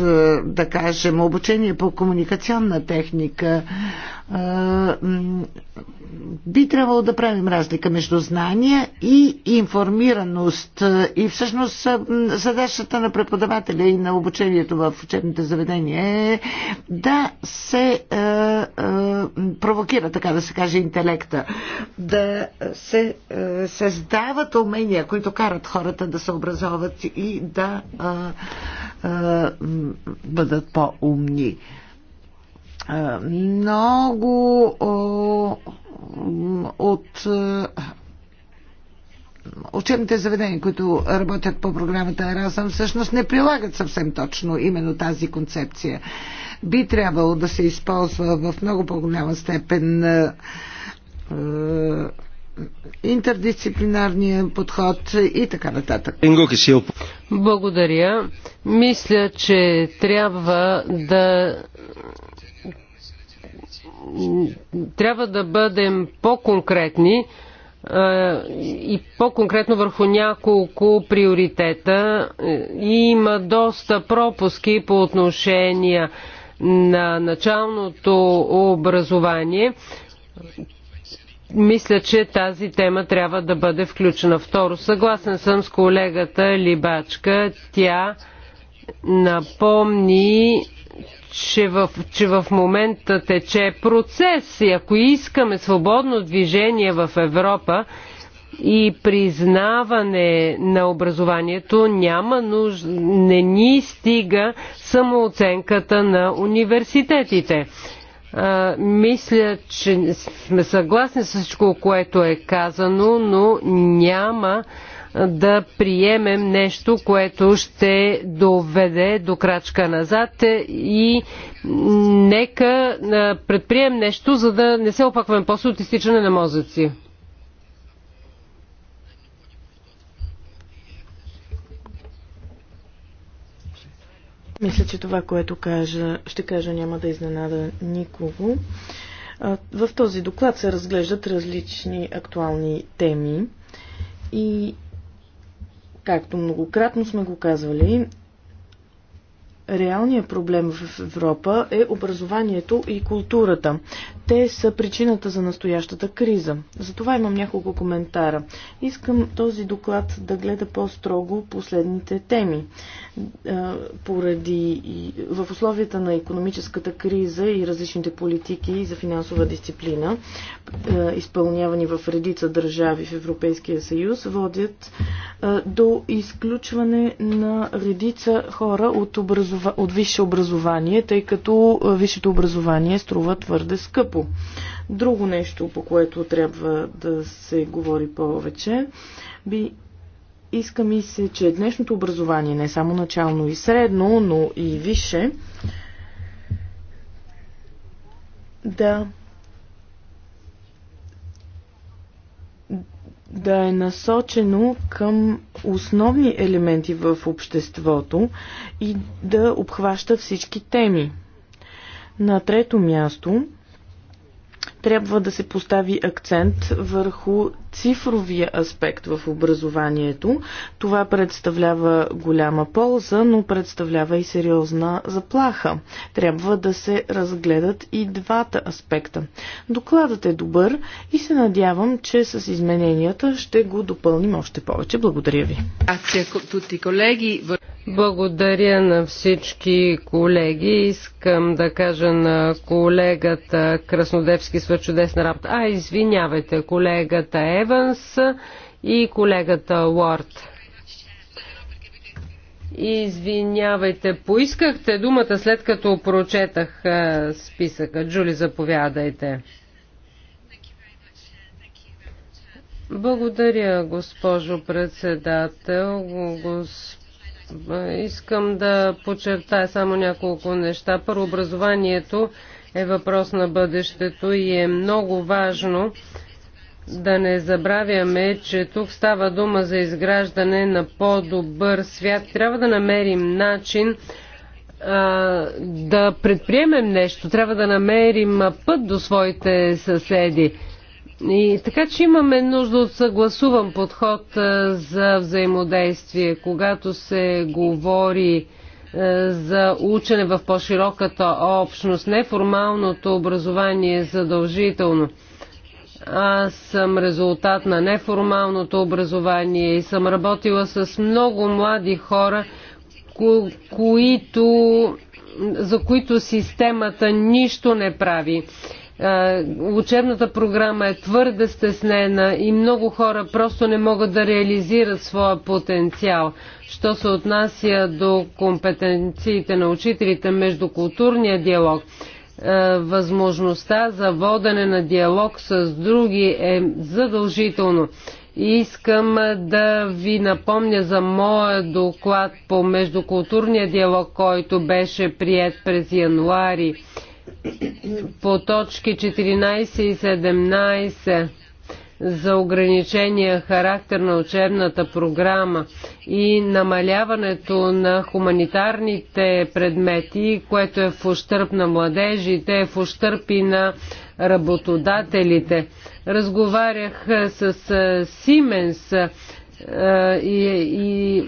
да кажем, обучение по комуникационна техника, би трябвало да правим разлика между знания и информираност. И всъщност задачата на преподавателя и на обучението в учебните заведения е да се е, е, провокира, така да се каже, интелекта. Да се е, създават умения, които карат хората да се образоват и да е, е, бъдат по-умни. Е, много от е, учебните заведения, които работят по програмата Еразъм, всъщност не прилагат съвсем точно именно тази концепция. Би трябвало да се използва в много по-голяма степен е, е интердисциплинарния подход и така нататък. Благодаря. Мисля, че трябва да трябва да бъдем по-конкретни е, и по-конкретно върху няколко приоритета. Има доста пропуски по отношение на началното образование. Мисля, че тази тема трябва да бъде включена. Второ, съгласен съм с колегата Либачка. Тя напомни че в, че в момента тече процес и ако искаме свободно движение в Европа и признаване на образованието, няма нужда, не ни стига самооценката на университетите. А, мисля, че сме съгласни с всичко, което е казано, но няма да приемем нещо, което ще доведе до крачка назад и нека предприем нещо, за да не се опакваме после от изтичане на мозъци. Мисля, че това, което кажа, ще кажа, няма да изненада никого. В този доклад се разглеждат различни актуални теми и Както многократно сме го казвали, реалният проблем в Европа е образованието и културата. Те са причината за настоящата криза. Затова имам няколко коментара. Искам този доклад да гледа по-строго последните теми. Е, поради в условията на економическата криза и различните политики за финансова дисциплина, е, изпълнявани в редица държави в Европейския съюз, водят е, до изключване на редица хора от образованието образова... от висше образование, тъй като висшето образование струва твърде скъпо. Друго нещо, по което трябва да се говори повече, би иска ми се, че днешното образование, не само начално и средно, но и висше, да да е насочено към основни елементи в обществото и да обхваща всички теми. На трето място трябва да се постави акцент върху цифровия аспект в образованието. Това представлява голяма полза, но представлява и сериозна заплаха. Трябва да се разгледат и двата аспекта. Докладът е добър и се надявам, че с измененията ще го допълним още повече. Благодаря ви. Благодаря на всички колеги. Искам да кажа на колегата Краснодевски с чудесна работа. А, извинявайте, колегата Еванс и колегата Уорд. Извинявайте, поискахте думата след като прочетах списъка. Джули, заповядайте. Благодаря, госпожо председател. Госп... Искам да подчертая само няколко неща. Първо, образованието е въпрос на бъдещето и е много важно да не забравяме, че тук става дума за изграждане на по-добър свят. Трябва да намерим начин а, да предприемем нещо. Трябва да намерим път до своите съседи. И така че имаме нужда от съгласуван подход е, за взаимодействие, когато се говори е, за учене в по-широката общност. Неформалното образование е задължително. Аз съм резултат на неформалното образование и съм работила с много млади хора, ко- които, за които системата нищо не прави е, учебната програма е твърде стеснена и много хора просто не могат да реализират своя потенциал. Що се отнася до компетенциите на учителите, междукултурния диалог, е, възможността за водене на диалог с други е задължително. Искам да ви напомня за моя доклад по междукултурния диалог, който беше прият през януари по точки 14 и 17 за ограничения характер на учебната програма и намаляването на хуманитарните предмети, което е в ущърп на младежите, е в ущърп и на работодателите. Разговарях с Сименс и, и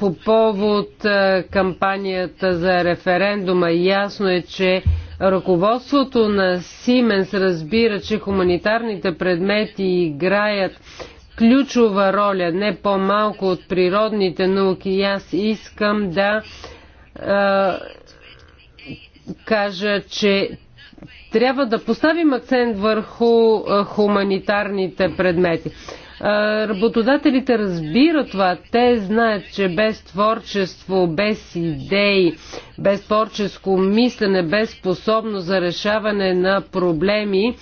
по повод кампанията за референдума. Ясно е, че ръководството на Сименс разбира, че хуманитарните предмети играят ключова роля, не по-малко от природните науки. Аз искам да а, кажа, че трябва да поставим акцент върху а, хуманитарните предмети. Работодателите разбират това. Те знаят, че без творчество, без идеи, без творческо мислене, без способност за решаване на проблеми,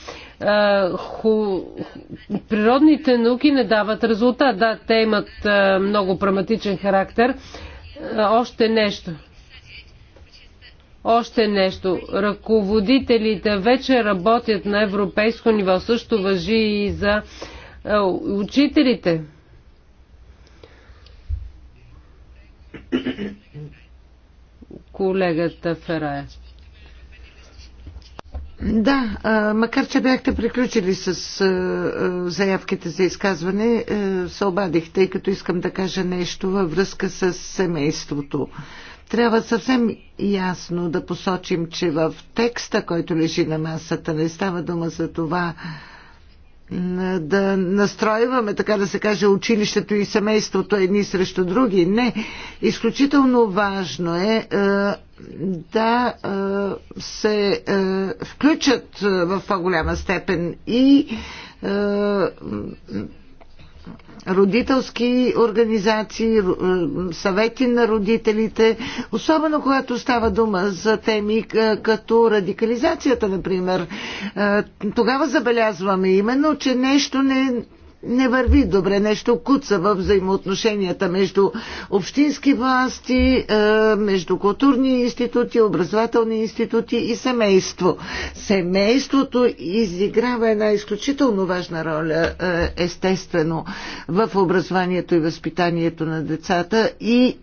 природните науки не дават резултат. Да, те имат много прагматичен характер. Още нещо. Още нещо. Ръководителите вече работят на европейско ниво. Също въжи и за учителите. Колегата Ферая. Да, макар че бяхте приключили с заявките за изказване, се обадих, тъй като искам да кажа нещо във връзка с семейството. Трябва съвсем ясно да посочим, че в текста, който лежи на масата, не става дума за това, да настройваме, така да се каже, училището и семейството едни срещу други. Не. Изключително важно е, е да е, се е, включат в по-голяма степен и родителски организации, е, съвети на родителите, особено когато става дума за теми е, като радикализацията, например. Е, тогава забелязваме именно, че нещо не не върви добре, нещо куца в взаимоотношенията между общински власти, е, между културни институти, образователни институти и семейство. Семейството изиграва една изключително важна роля, е, естествено, в образованието и възпитанието на децата и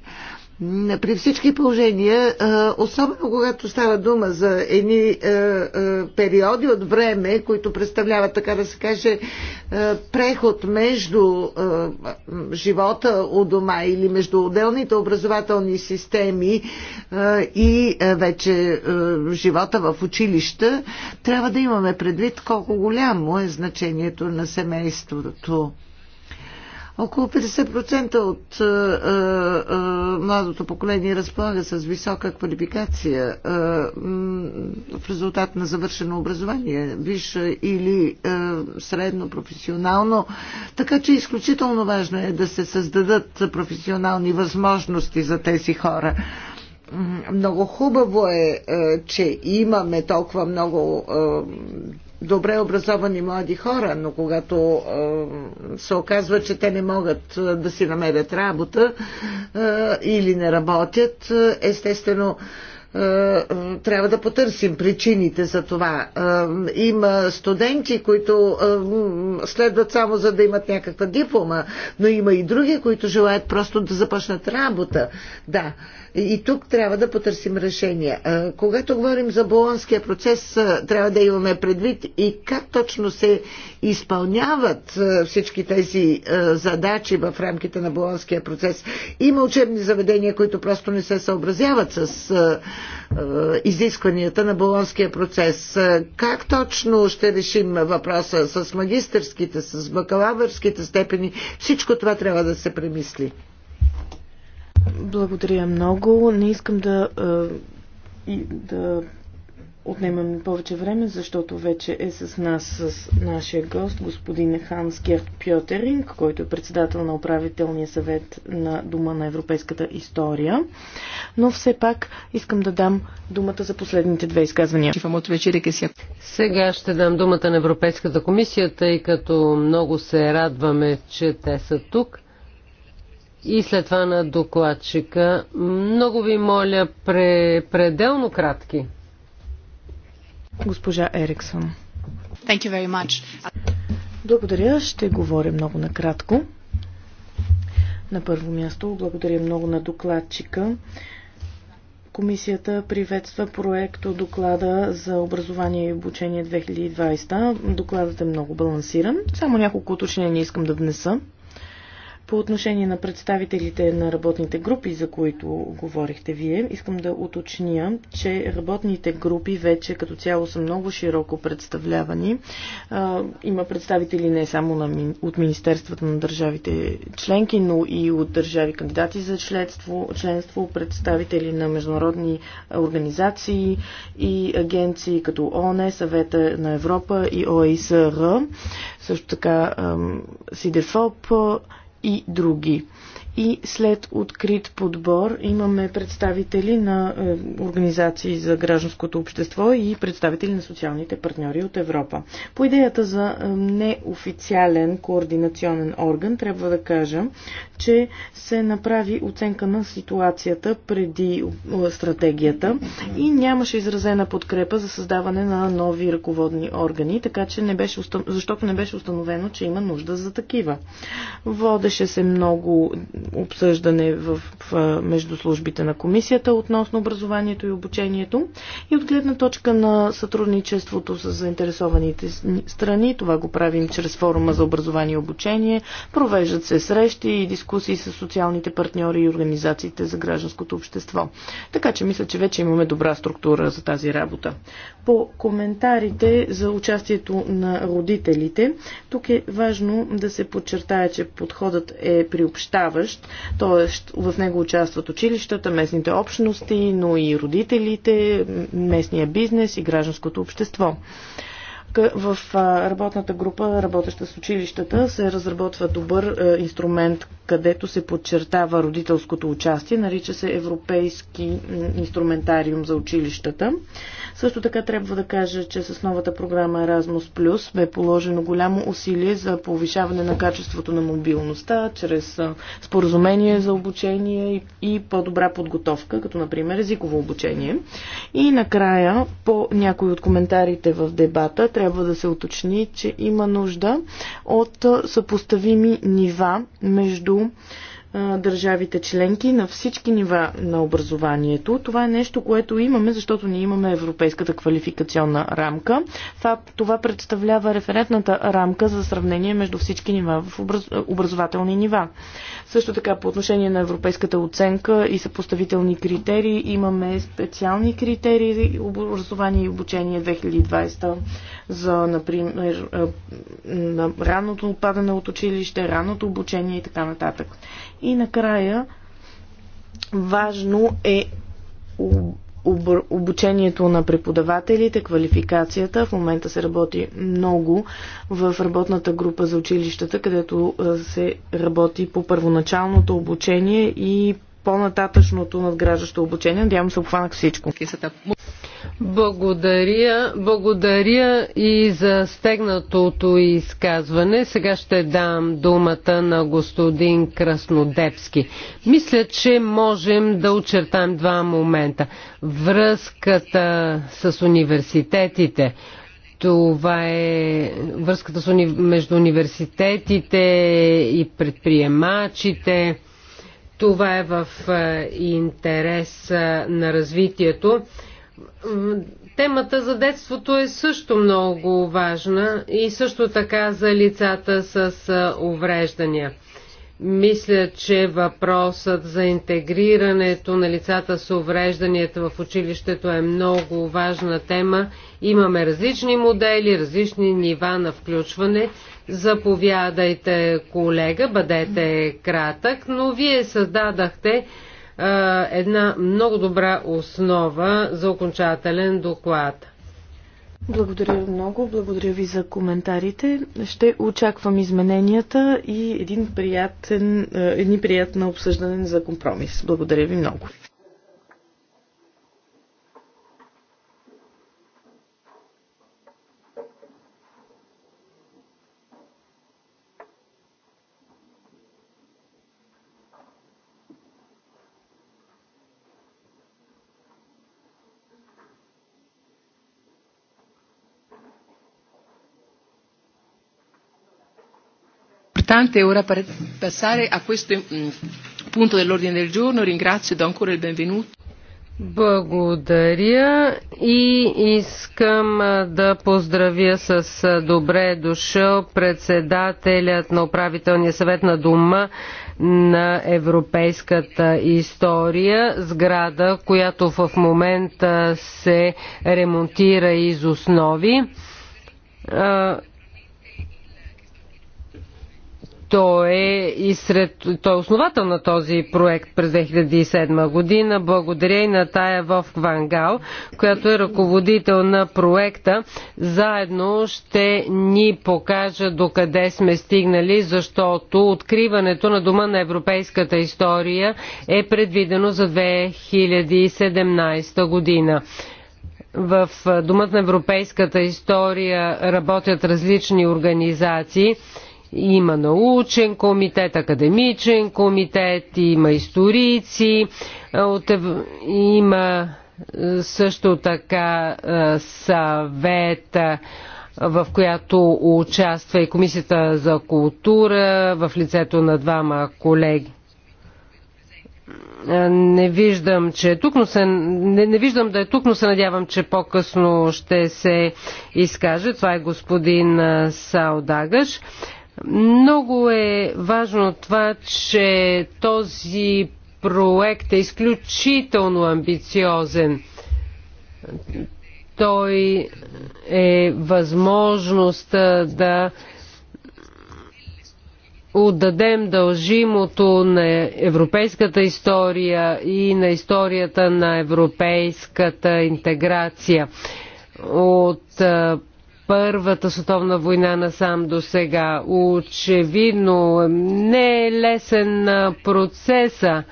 при всички положения, особено когато става дума за едни периоди от време, които представляват, така да се каже, преход между живота у дома или между отделните образователни системи и вече живота в училища, трябва да имаме предвид колко голямо е значението на семейството. Около 50% от а, е, а, е, е, младото поколение разполага с висока квалификация а, в резултат на завършено образование, висше или а, средно професионално. Така че изключително важно е да се създадат професионални възможности за тези хора. Много хубаво е, че имаме толкова много добре образовани млади хора, но когато се оказва, че те не могат да си намерят работа или не работят, естествено трябва да потърсим причините за това. Има студенти, които следват само за да имат някаква диплома, но има и други, които желаят просто да започнат работа. Да, и тук трябва да потърсим решение. Когато говорим за болонския процес, трябва да имаме предвид и как точно се изпълняват всички тези задачи в рамките на болонския процес. Има учебни заведения, които просто не се съобразяват с изискванията на болонския процес. Как точно ще решим въпроса с магистърските, с бакалавърските степени? Всичко това трябва да се премисли. Благодаря много. Не искам да, да отнемам повече време, защото вече е с нас с нашия гост, господин Ханс Герт Пьотеринг, който е председател на управителния съвет на Дума на европейската история. Но все пак искам да дам думата за последните две изказвания. Сега ще дам думата на Европейската комисия, тъй като много се радваме, че те са тук и след това на докладчика. Много ви моля, пре, пределно кратки. Госпожа Ериксон. Thank you very much. Благодаря. Ще говоря много накратко. На първо място благодаря много на докладчика. Комисията приветства проект от доклада за образование и обучение 2020. Докладът е много балансиран. Само няколко уточнения искам да внеса. По отношение на представителите на работните групи, за които говорихте вие, искам да уточня, че работните групи вече като цяло са много широко представлявани. Има представители не само на, от Министерствата на държавите членки, но и от държави кандидати за членство, членство представители на международни организации и агенции като ООН, Съвета на Европа и ОИСР, също така СИДЕФОП и други и след открит подбор имаме представители на е, организации за гражданското общество и представители на социалните партньори от Европа. По идеята за е, неофициален координационен орган трябва да кажа, че се направи оценка на ситуацията преди е, стратегията и нямаше изразена подкрепа за създаване на нови ръководни органи, така че не беше, защото не беше установено, че има нужда за такива. Водеше се много обсъждане в, в, между службите на комисията относно образованието и обучението. И от гледна точка на сътрудничеството с заинтересованите страни, това го правим чрез форума за образование и обучение, провеждат се срещи и дискусии с социалните партньори и организациите за гражданското общество. Така че мисля, че вече имаме добра структура за тази работа. По коментарите за участието на родителите, тук е важно да се подчертая, че подходът е приобщаващ помощ, т.е. в него участват училищата, местните общности, но и родителите, местния бизнес и гражданското общество в работната група, работеща с училищата, се разработва добър инструмент където се подчертава родителското участие, нарича се Европейски инструментариум за училищата. Също така трябва да кажа, че с новата програма Erasmus Plus бе положено голямо усилие за повишаване на качеството на мобилността, чрез споразумение за обучение и по-добра подготовка, като например езиково обучение. И накрая, по някои от коментарите в дебата, трябва да се уточни, че има нужда от съпоставими нива между бил държавите членки на всички нива на образованието. Това е нещо, което имаме, защото ние имаме Европейската квалификационна рамка. Това, това представлява референтната рамка за сравнение между всички нива в образ, образователни нива. Също така по отношение на европейската оценка и съпоставителни критерии имаме специални критерии образование и обучение 2020 за, например, на ранното отпадане от училище, ранното обучение и така нататък. И накрая важно е обучението на преподавателите, квалификацията. В момента се работи много в работната група за училищата, където се работи по първоначалното обучение и по-нататъчното надграждащо обучение. Надявам се, обхванах всичко. Благодаря, благодаря и за стегнатото изказване. Сега ще дам думата на господин Краснодепски. Мисля, че можем да очертаем два момента. Връзката с университетите. Това е връзката с, между университетите и предприемачите. Това е в е, интерес е, на развитието Темата за детството е също много важна и също така за лицата с увреждания. Мисля, че въпросът за интегрирането на лицата с уврежданията в училището е много важна тема. Имаме различни модели, различни нива на включване. Заповядайте, колега, бъдете кратък, но вие създадахте една много добра основа за окончателен доклад. Благодаря много, благодаря ви за коментарите. Ще очаквам измененията и един приятен, едни приятно обсъждане за компромис. Благодаря ви много. importante ora per passare a questo mm, punto dell'ordine del giorno. Ringrazio e do ancora il benvenuto. Благодаря и искам да поздравя с добре дошъл председателят на управителния съвет на Дума на европейската история, сграда, която в момента се ремонтира из основи той е и сред, той е основател на този проект през 2007 година. Благодаря и на Тая в Вангал, която е ръководител на проекта. Заедно ще ни покажа докъде сме стигнали, защото откриването на Дома на европейската история е предвидено за 2017 година в Домът на европейската история работят различни организации. Има научен комитет, академичен комитет, има историци, има също така съвет, в която участва и Комисията за култура в лицето на двама колеги. Не виждам, че е тук, но се, не, не виждам да е тук, но се надявам, че по-късно ще се изкаже. Това е господин Саудагаш. Много е важно това, че този проект е изключително амбициозен. Той е възможност да отдадем дължимото на европейската история и на историята на европейската интеграция. От Първата световна война насам до сега. Очевидно не е лесен процеса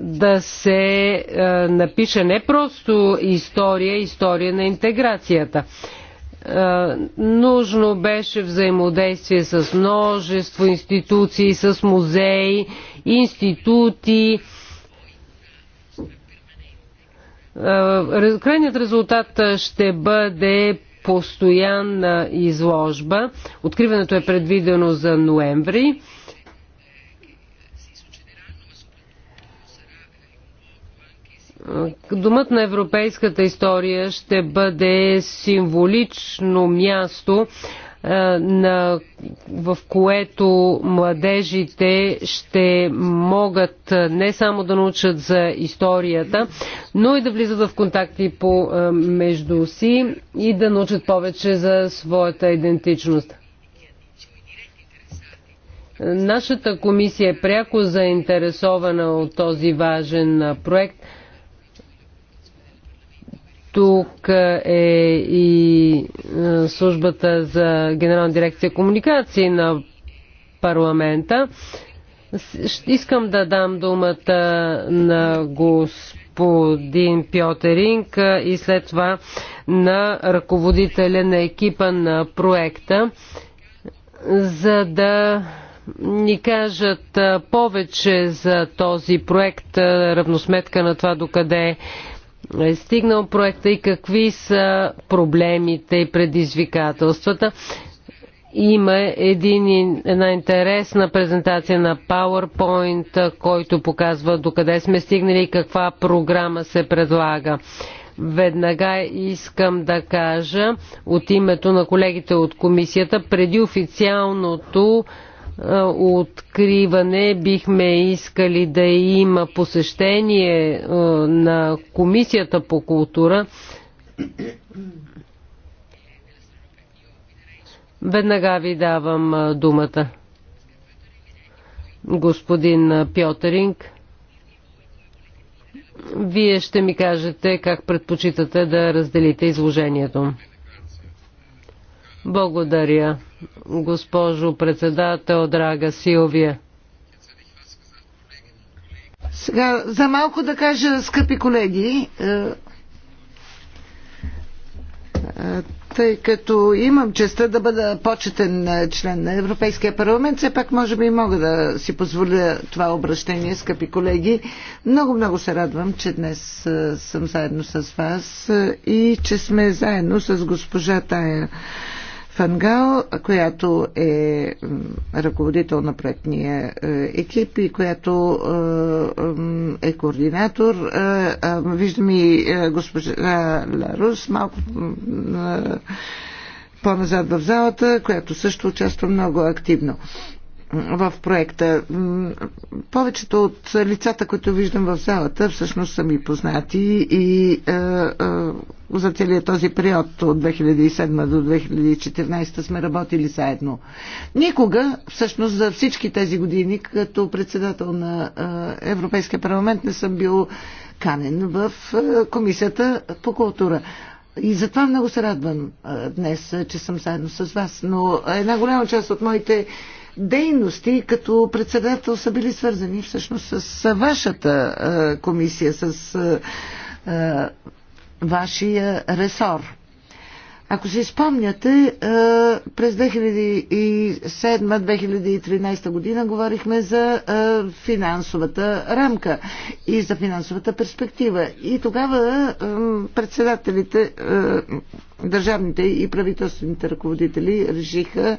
да се напише не просто история, история на интеграцията. Нужно беше взаимодействие с множество институции, с музеи, институти, е, крайният резултат е, ще бъде постоянна изложба. Откриването е предвидено за ноември. Домът на европейската история ще бъде символично място е, на, в което младежите ще могат е, не само да научат за историята, но и да влизат в контакти по, е, между си и да научат повече за своята идентичност. Нашата комисия е пряко заинтересована от този важен проект – тук е и е, службата за Генерална дирекция комуникации на парламента. Искам да дам думата на господин Пьотеринг и след това на ръководителя на екипа на проекта, за да ни кажат повече за този проект, равносметка на това докъде е стигнал проекта и какви са проблемите и предизвикателствата. Има един, една интересна презентация на PowerPoint, който показва докъде сме стигнали и каква програма се предлага. Веднага искам да кажа от името на колегите от комисията, преди официалното откриване бихме искали да има посещение е, на Комисията по култура. Веднага ви давам е, думата. Господин Пьотеринг, вие ще ми кажете как предпочитате да разделите изложението. Благодаря госпожо председател, драга Силвия. Сега, за малко да кажа, скъпи колеги, е, е, тъй като имам честа да бъда почетен член на Европейския парламент, все пак може би мога да си позволя това обращение, скъпи колеги. Много-много се радвам, че днес е, съм заедно с вас и че сме заедно с госпожа Тая Фангал, която е ръководител на проектния е, екип и която е, е координатор. Е, виждам и госпожа Ларус малко по-назад в залата, която също участва много активно в проекта. Повечето от лицата, които виждам в залата, всъщност са ми познати и е, е, за целият този период от 2007 до 2014 сме работили заедно. Никога, всъщност за всички тези години, като председател на е, Европейския парламент, не съм бил канен в е, Комисията по култура. И затова много се радвам е, днес, е, че съм заедно с вас. Но една голяма част от моите дейности като председател са били свързани всъщност с вашата комисия, с вашия ресор. Ако се изпомняте, през 2007-2013 година говорихме за финансовата рамка и за финансовата перспектива. И тогава председателите, държавните и правителствените ръководители решиха,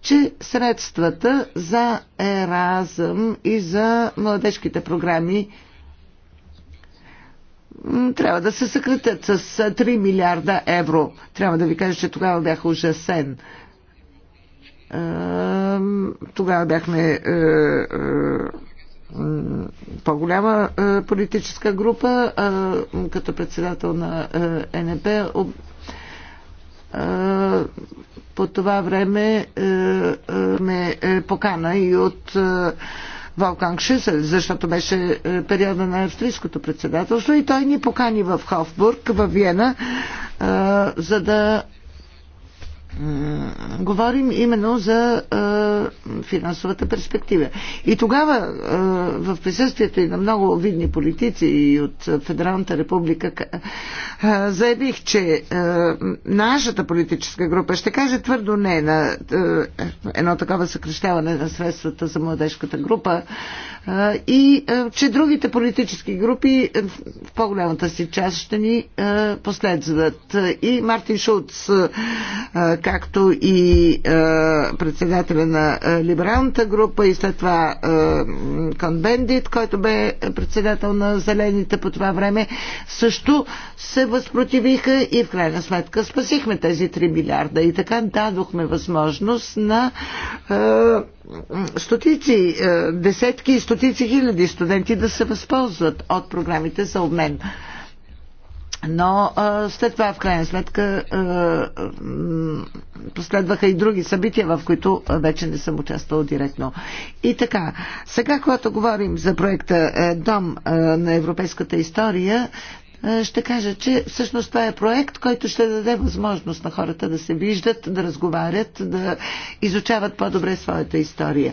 че средствата за еразъм и за младежките програми трябва да се съкратят с 3 милиарда евро. Трябва да ви кажа, че тогава бях ужасен. Тогава бяхме е, е, по-голяма е, политическа група. Като председател на НП по това време е, е, ме е покана и от Волкан Шисел, защото беше периода на австрийското председателство и той ни покани в Хофбург, в Виена, за да говорим именно за а, финансовата перспектива. И тогава а, в присъствието и на много видни политици и от Федералната република а, заявих, че а, нашата политическа група ще каже твърдо не на а, едно такова съкрещаване на средствата за младежката група а, и а, че другите политически групи в по-голямата си част ще ни а, последват. И Мартин Шулц а, както и е, председателя на е, либералната група и след това е, Кон Бендит, който бе председател на Зелените по това време, също се възпротивиха и в крайна сметка спасихме тези 3 милиарда и така дадохме възможност на стотици, десетки и стотици хиляди студенти да се възползват от програмите за обмен. Но а, след това, в крайна сметка, а, последваха и други събития, в които вече не съм участвал директно. И така, сега, когато говорим за проекта е, Дом на европейската история, ще кажа, че всъщност това е проект, който ще даде възможност на хората да се виждат, да разговарят, да изучават по-добре своята история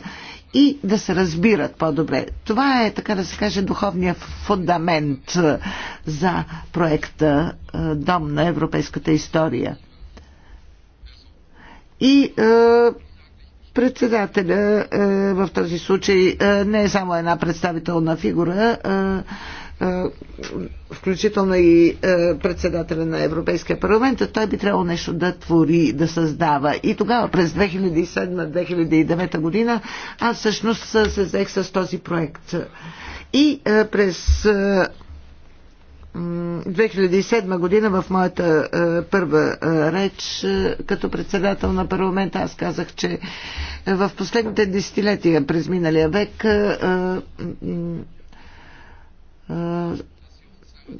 и да се разбират по-добре. Това е, така да се каже, духовният фундамент е, за проекта е, Дом на европейската история. И е, председателя в този случай не е само една представителна фигура, е, включително и е, председателя на Европейския парламент, той би трябвало нещо да твори, да създава. И тогава, през 2007-2009 година, аз всъщност се взех с този проект. И е, през 2007 година в моята първа реч като председател на парламента аз казах, че в последните десетилетия през миналия век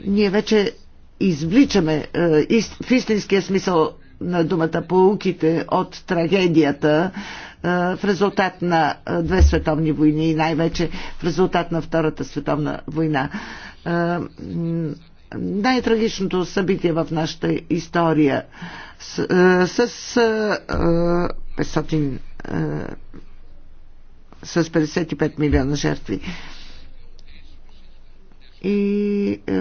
ние вече извличаме в истинския смисъл на думата поуките от трагедията в резултат на две световни войни и най-вече в резултат на Втората световна война. Най-трагичното събитие в нашата история с, с 500 с 55 милиона жертви и е,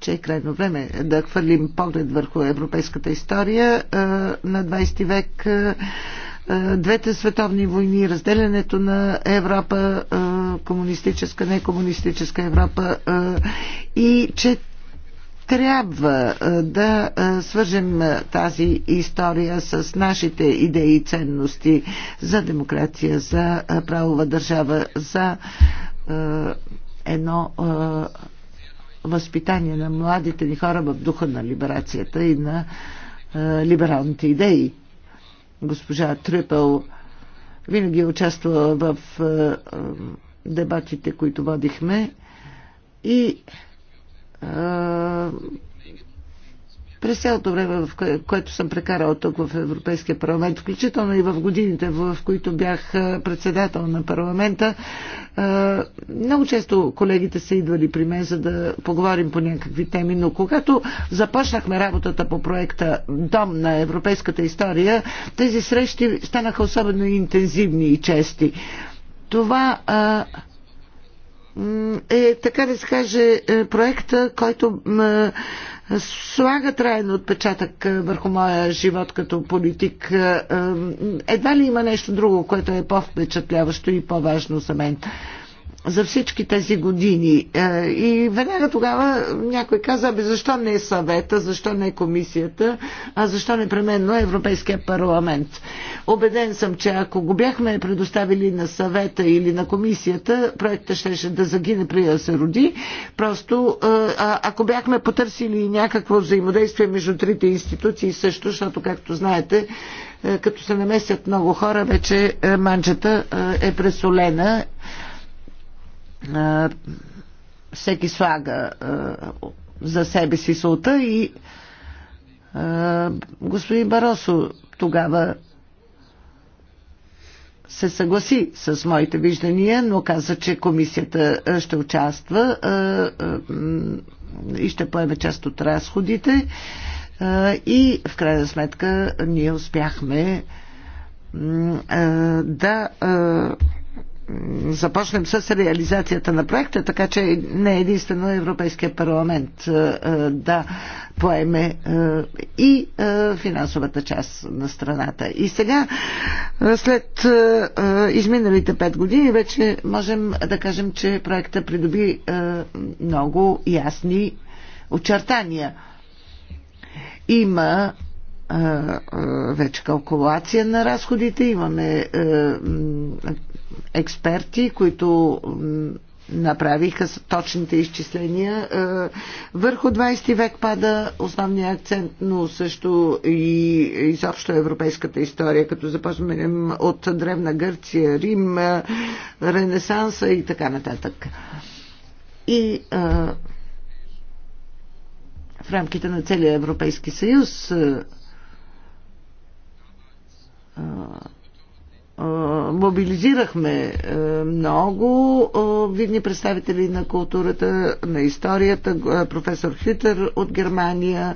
че е крайно време да хвърлим поглед върху европейската история е, на 20 век. Е, двете световни войни, разделянето на Европа, комунистическа, некомунистическа Европа и че трябва да свържем тази история с нашите идеи и ценности за демокрация, за правова държава, за едно възпитание на младите ни хора в духа на либерацията и на либералните идеи. Госпожа Трюпел винаги е участвала в дебатите, които водихме и през цялото време, в което съм прекарал тук в Европейския парламент, включително и в годините, в които бях председател на парламента, много често колегите са идвали при мен, за да поговорим по някакви теми, но когато започнахме работата по проекта Дом на европейската история, тези срещи станаха особено интензивни и чести. Това е, така да се каже, е, проекта, който слага траен отпечатък върху моя живот като политик. Едва ли има нещо друго, което е по-впечатляващо и по-важно за мен за всички тези години. Е, и веднага тогава някой каза, бе защо не е съвета, защо не е комисията, а защо непременно Европейския парламент. Обеден съм, че ако го бяхме предоставили на съвета или на комисията, проекта щеше да загине при да се роди. Просто е, ако бяхме потърсили някакво взаимодействие между трите институции също, защото както знаете, е, като се намесят много хора, вече манчета е пресолена всеки слага за себе си султа и господин Баросо тогава се съгласи с моите виждания, но каза, че комисията ще участва и ще поеме част от разходите. И в крайна сметка ние успяхме да започнем с реализацията на проекта, така че не единствено Европейския парламент е, е, да поеме е, и финансовата част на страната. И сега, след изминалите пет години, вече можем да кажем, че проекта придоби много ясни очертания. Има вече калкулация на разходите, имаме експерти, които направиха точните изчисления. Е, върху 20 век пада основния акцент, но също и изобщо европейската история, като започваме от Древна Гърция, Рим, е, Ренесанса и така нататък. И е, в рамките на целия Европейски съюз мобилизирахме много видни представители на културата, на историята, професор Хютер от Германия,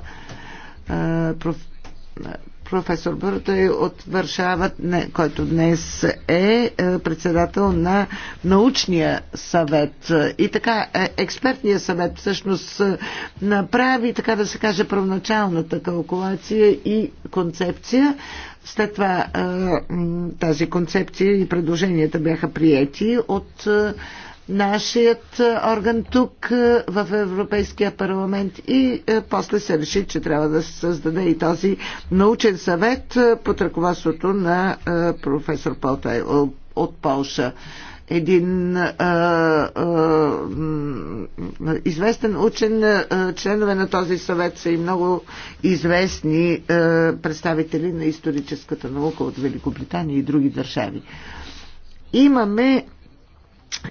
професор и от Варшава, който днес е, е председател на научния съвет. И така, е, експертния съвет всъщност е, направи, така да се каже, първоначалната калкулация и концепция. След това тази концепция и предложенията бяха приети от нашият е, орган тук е, в Европейския парламент и е, после се реши, че трябва да се създаде и този научен съвет под ръководството на професор Полтай от Полша един а, а, известен учен, а, членове на този съвет са и много известни а, представители на историческата наука от Великобритания и други държави. Имаме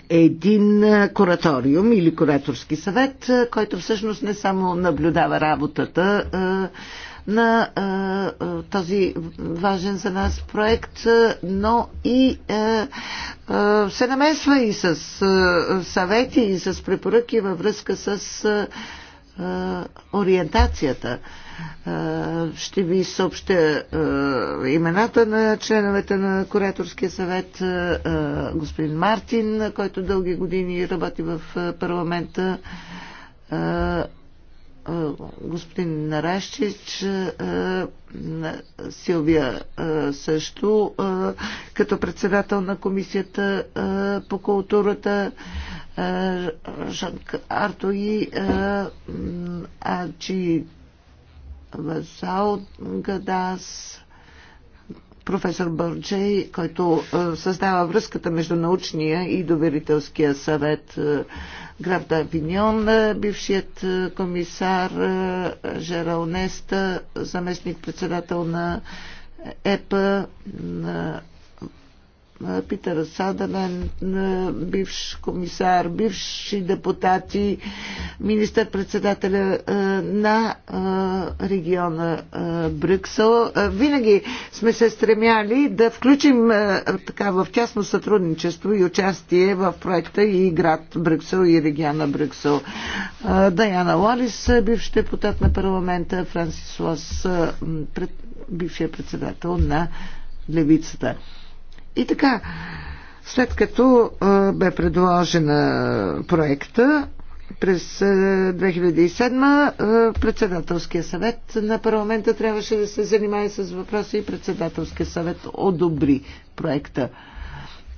един кураториум или кураторски съвет, който всъщност не само наблюдава работата на този важен за нас проект, но и се намесва и с съвети, и с препоръки във връзка с ориентацията ще ви съобща имената на членовете на Кураторския съвет. Господин Мартин, който дълги години работи в парламента. Господин Наращич, Силвия също, като председател на Комисията по културата, Жан Арто и Аджи Васал Гадас, професор Бърджей, който е, създава връзката между научния и доверителския съвет. Е, граф Давиньон, е, бившият комисар Жерал Неста, заместник-председател на ЕПА, на... Питър Садален, бивш комисар, бивши депутати, министър-председателя на региона Брюксел. Винаги сме се стремяли да включим така в тясно сътрудничество и участие в проекта и град Брюксел и региона Брюксел. Даяна Лорис, бивш депутат на парламента, Франсис Лос, бившия председател на левицата. И така, след като бе предложена проекта през 2007 председателския съвет на парламента трябваше да се занимае с въпроса и председателския съвет одобри проекта.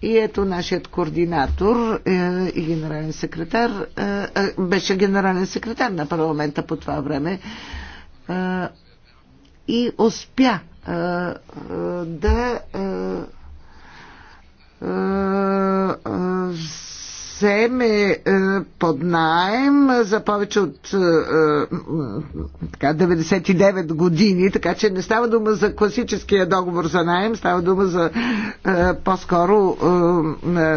И ето нашият координатор е, и генерален секретар е, е, беше генерален секретар на парламента по това време и успя да вземе е, под найем за повече от е, така, 99 години, така че не става дума за класическия договор за найем, става дума за е, по-скоро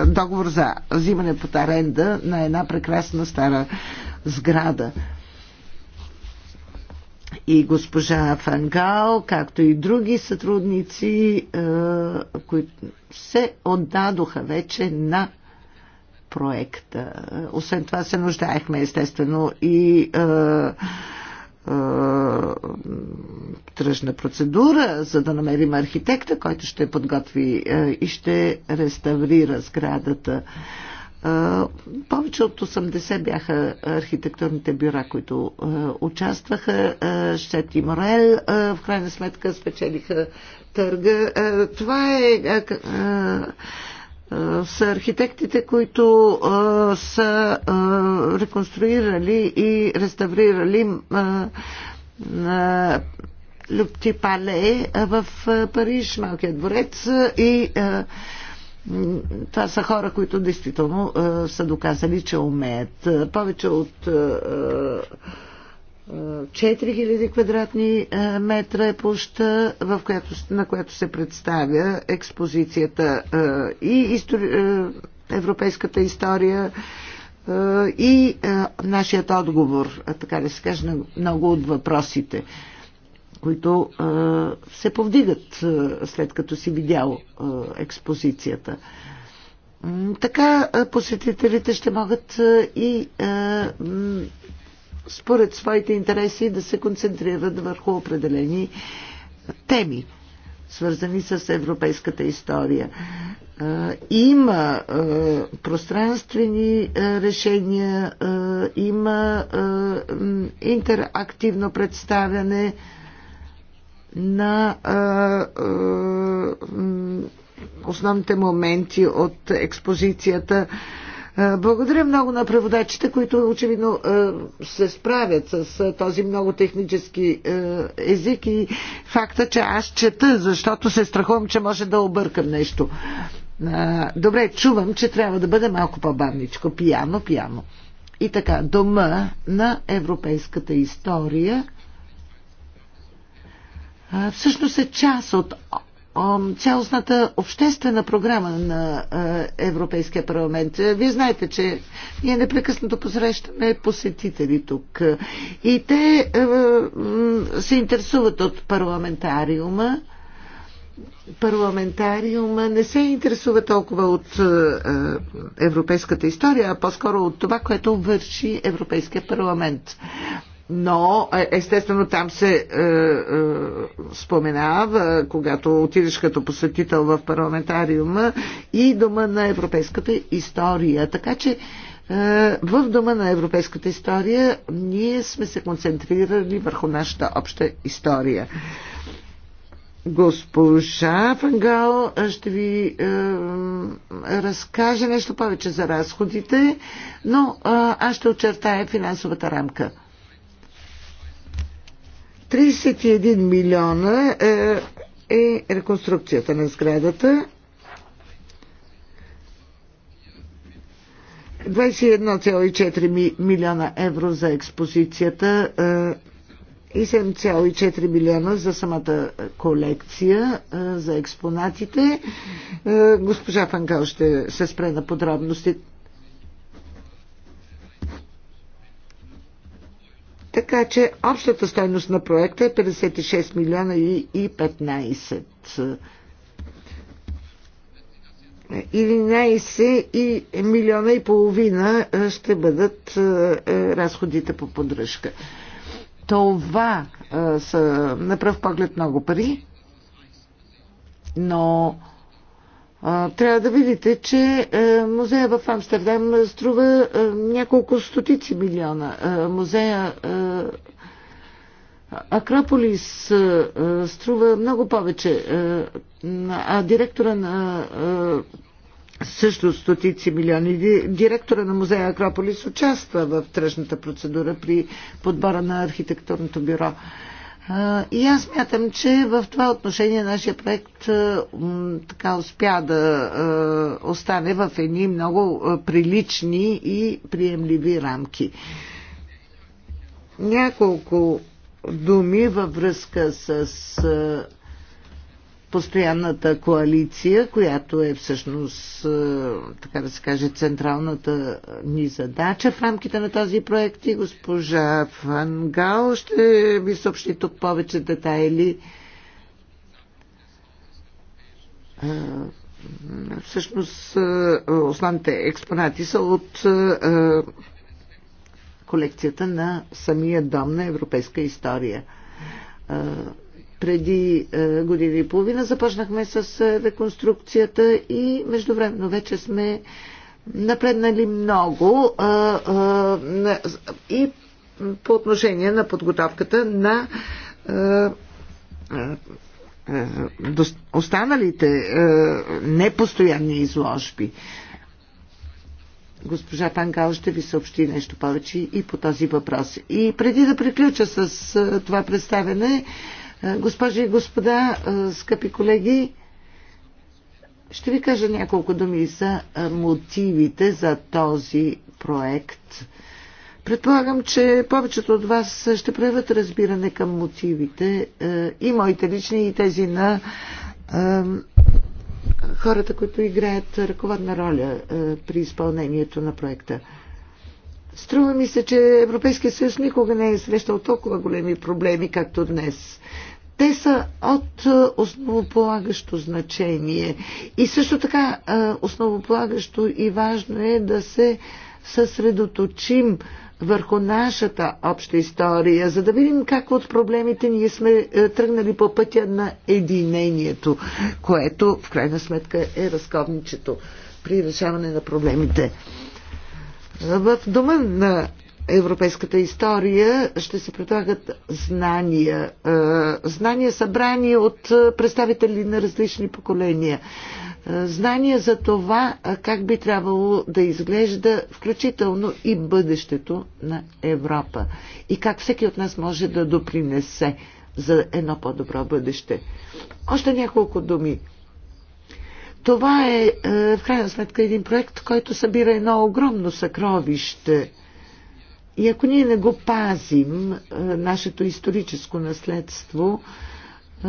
договор за взимане под аренда на една прекрасна стара сграда и госпожа Фангал, както и други сътрудници, е, които се отдадоха вече на проекта. Освен това се нуждаехме естествено и е, е, тръжна процедура, за да намерим архитекта, който ще подготви и ще реставрира сградата. Повече от 80 бяха архитектурните бюра, които участваха. Щет и Морел в крайна сметка спечелиха търга. Това е са архитектите, които са реконструирали и реставрирали Люпти Пале в Париж, малкият дворец и това са хора, които действително е, са доказали, че умеят. Е, повече от 4000 е, квадратни метра е площа, в която, на която се представя експозицията и истори... европейската история и нашият отговор, така да се каже, на много от въпросите които се повдигат след като си видял експозицията. Така посетителите ще могат и според своите интереси да се концентрират върху определени теми, свързани с европейската история. Има пространствени решения, има интерактивно представяне на основните моменти от експозицията. Благодаря много на преводачите, които очевидно се справят с този много технически език и факта, че аз чета, защото се страхувам, че може да объркам нещо. Добре, чувам, че трябва да бъде малко по-бавничко. Пияно, пияно. И така, дома на европейската история всъщност е част от цялостната обществена програма на Европейския парламент. Вие знаете, че ние непрекъснато посрещаме посетители тук и те се интересуват от парламентариума. Парламентариума не се интересува толкова от европейската история, а по-скоро от това, което върши Европейския парламент но е, естествено там се е, е, споменава, когато отидеш като посетител в парламентариума и дома на европейската история. Така че е, в дома на европейската история ние сме се концентрирали върху нашата обща история. Госпожа Фангал е, ще ви е, разкаже нещо повече за разходите, но е, аз ще очертая финансовата рамка – 31 милиона е, е реконструкцията на сградата. 21,4 милиона евро за експозицията е, и 7,4 милиона за самата колекция, е, за експонатите. Е, госпожа Панкал ще се спре на подробностите Така че общата стойност на проекта е 56 милиона и 15. 11 милиона и половина е, ще бъдат е, е, разходите по поддръжка. Това са на пръв поглед много пари, но трябва да видите, че е, музея в Амстердам струва е, няколко стотици милиона. Е, музея Акрополис струва много повече, а директора на също стотици милиони. Директора на музея Акрополис участва в тръжната процедура при подбора на архитектурното бюро. И аз мятам, че в това отношение нашия проект така успя да остане в едни много прилични и приемливи рамки. Няколко думи във връзка с постоянната коалиция, която е всъщност, е, така да се каже, централната ни задача в рамките на този проект и госпожа Фангал ще ви съобщи тук повече детайли. Е, всъщност е, основните експонати са от колекцията на самия дом на европейска история преди е, година и половина започнахме с е, реконструкцията и междувременно вече сме напреднали много е, и по отношение на подготовката на останалите непостоянни изложби. Госпожа Пангал ще ви съобщи нещо повече и по този въпрос. И преди да приключа с това представене, Госпожи и господа, скъпи колеги, ще ви кажа няколко думи за мотивите за този проект. Предполагам, че повечето от вас ще проявят разбиране към мотивите и моите лични, и тези на хората, които играят ръководна роля при изпълнението на проекта. Струва ми се, че Европейския съюз никога не е срещал толкова големи проблеми, както днес. Те са от е, основополагащо значение. И също така е, основополагащо и важно е да се съсредоточим върху нашата обща история, за да видим как от проблемите ние сме е, тръгнали по пътя на единението, което в крайна сметка е разковничето при решаване на проблемите. В дома на европейската история ще се предлагат знания. Знания събрани от представители на различни поколения. Знания за това как би трябвало да изглежда включително и бъдещето на Европа. И как всеки от нас може да допринесе за едно по-добро бъдеще. Още няколко думи това е, е, в крайна сметка, един проект, който събира едно огромно съкровище. И ако ние не го пазим, е, нашето историческо наследство, е,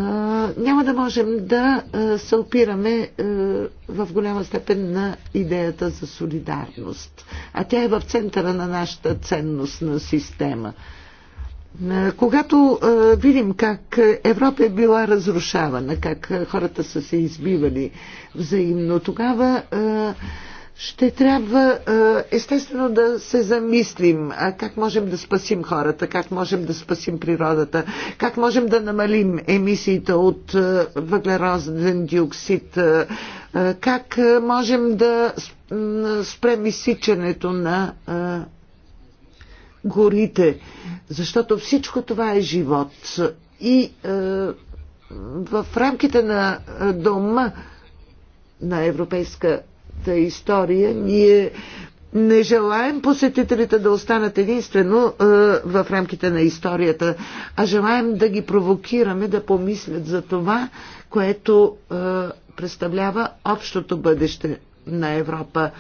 няма да можем да се опираме в голяма степен на идеята за солидарност. А тя е в центъра на нашата ценностна система. Когато видим как Европа е била разрушавана, как хората са се избивали взаимно, тогава ще трябва естествено да се замислим как можем да спасим хората, как можем да спасим природата, как можем да намалим емисиите от въглерозен диоксид, как можем да спрем изсичането на горите, защото всичко това е живот. И е, в рамките на е, дома на европейската история ние не желаем посетителите да останат единствено е, в рамките на историята, а желаем да ги провокираме да помислят за това, което е, представлява общото бъдеще на Европа.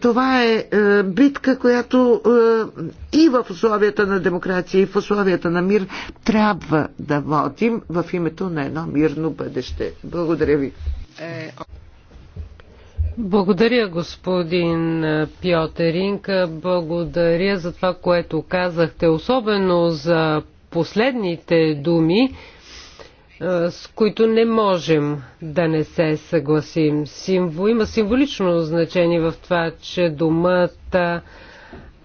Това е, е битка, която е, и в условията на демокрация, и в условията на мир трябва да водим в името на едно мирно бъдеще. Благодаря ви. Благодаря, господин Пьотеринка. Благодаря за това, което казахте, особено за последните думи с които не можем да не се съгласим. Символ, има символично значение в това, че думът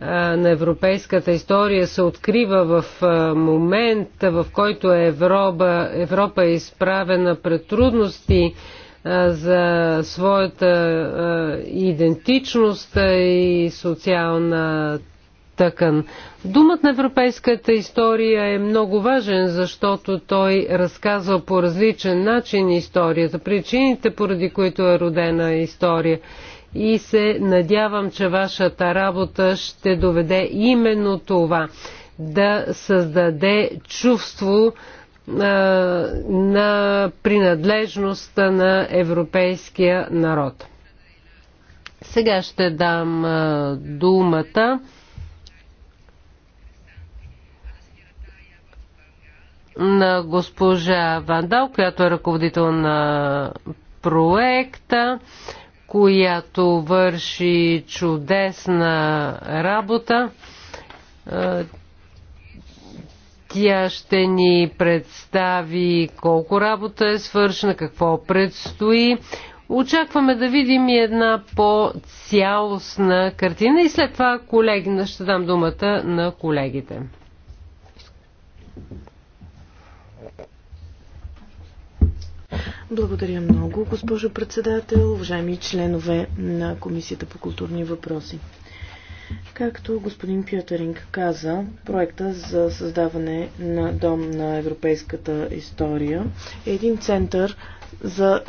на европейската история се открива в момента, в който Европа, Европа е изправена пред трудности за своята идентичност и социална тъкан. Думът на европейската история е много важен, защото той разказва по различен начин историята, причините, поради които е родена история. И се надявам, че вашата работа ще доведе именно това да създаде чувство на принадлежността на европейския народ. Сега ще дам думата на госпожа Вандал, която е ръководител на проекта, която върши чудесна работа. Тя ще ни представи колко работа е свършена, какво предстои. Очакваме да видим и една по-цялостна картина и след това колегина ще дам думата на колегите. Благодаря много, госпожо председател, уважаеми членове на Комисията по културни въпроси. Както господин Пьотеринг каза, проекта за създаване на Дом на европейската история е един център за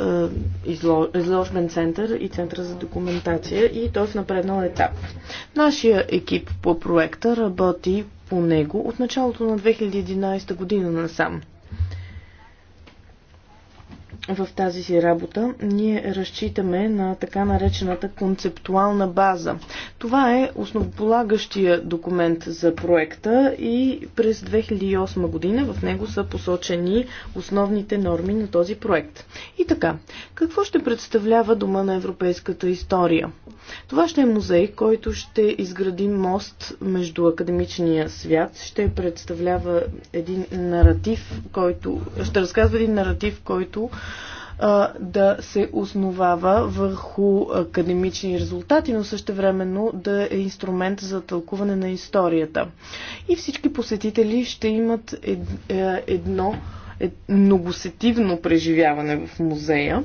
е, изложбен център и център за документация и той е в напреднал етап. Нашия екип по проекта работи по него от началото на 2011 година насам в тази си работа, ние разчитаме на така наречената концептуална база. Това е основополагащия документ за проекта и през 2008 година в него са посочени основните норми на този проект. И така, какво ще представлява Дома на европейската история? Това ще е музей, който ще изгради мост между академичния свят, ще представлява един наратив, който ще разказва един наратив, който да се основава върху академични резултати, но също времено да е инструмент за тълкуване на историята. И всички посетители ще имат е, едно е, многосетивно преживяване в музея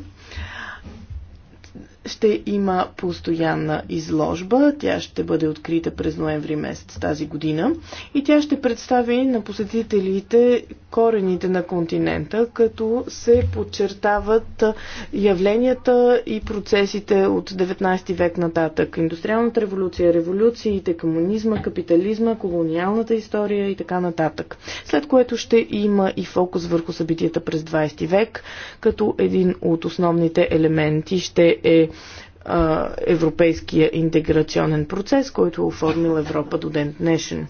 ще има постоянна изложба. Тя ще бъде открита през ноември месец тази година и тя ще представи на посетителите корените на континента, като се подчертават явленията и процесите от 19 век нататък. Индустриалната революция, революциите, комунизма, капитализма, колониалната история и така нататък. След което ще има и фокус върху събитията през 20 век, като един от основните елементи ще е европейския интеграционен процес, който е оформил Европа до ден днешен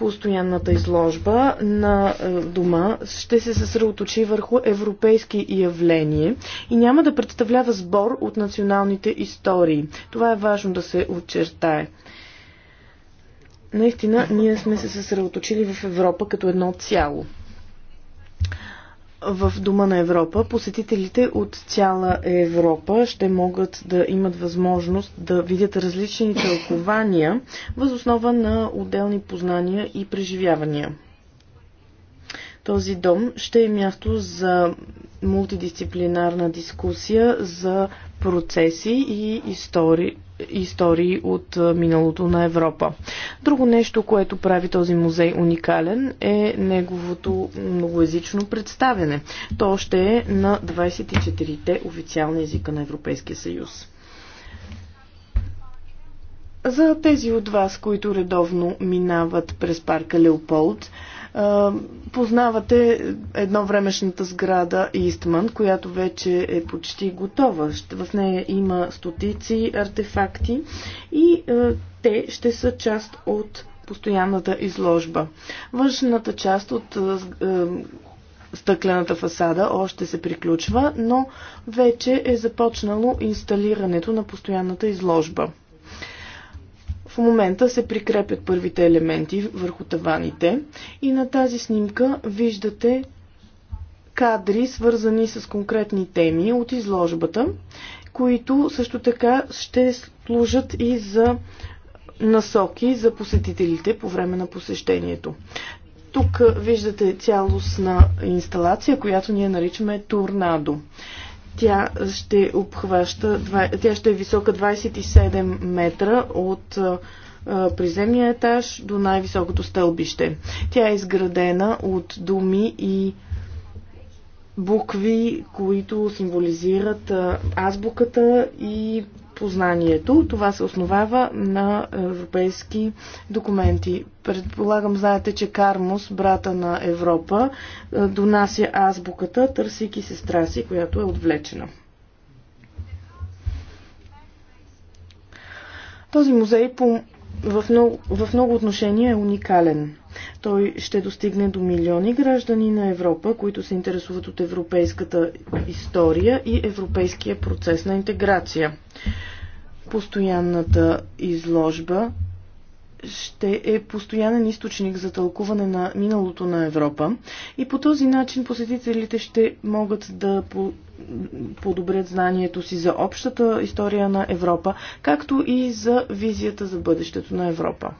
постоянната изложба на е, дома ще се съсредоточи върху европейски явления и няма да представлява сбор от националните истории. Това е важно да се очертае. Наистина, ние сме се съсредоточили в Европа като едно цяло в Дома на Европа посетителите от цяла Европа ще могат да имат възможност да видят различни тълкования въз основа на отделни познания и преживявания. Този дом ще е място за мултидисциплинарна дискусия за процеси и истории истории от миналото на Европа. Друго нещо, което прави този музей уникален е неговото многоязично представяне. То още е на 24-те официални езика на Европейския съюз. За тези от вас, които редовно минават през парка Леополд, Познавате едновремешната сграда Истман, която вече е почти готова. В нея има стотици артефакти и те ще са част от постоянната изложба. Външната част от стъклената фасада още се приключва, но вече е започнало инсталирането на постоянната изложба. В момента се прикрепят първите елементи върху таваните и на тази снимка виждате кадри, свързани с конкретни теми от изложбата, които също така ще служат и за насоки за посетителите по време на посещението. Тук виждате цялостна инсталация, която ние наричаме Торнадо. Тя ще обхваща, тя ще е висока 27 метра от приземния етаж до най-високото стълбище. Тя е изградена от думи и букви, които символизират азбуката и познанието. Това се основава на европейски документи. Предполагам, знаете, че Кармус, брата на Европа, е, донася азбуката, търсики сестра си, която е отвлечена. Този музей по, в, много, в много отношения е уникален. Той ще достигне до милиони граждани на Европа, които се интересуват от европейската история и европейския процес на интеграция. Постоянната изложба ще е постоянен източник за тълкуване на миналото на Европа и по този начин посетителите ще могат да подобрят знанието си за общата история на Европа, както и за визията за бъдещето на Европа.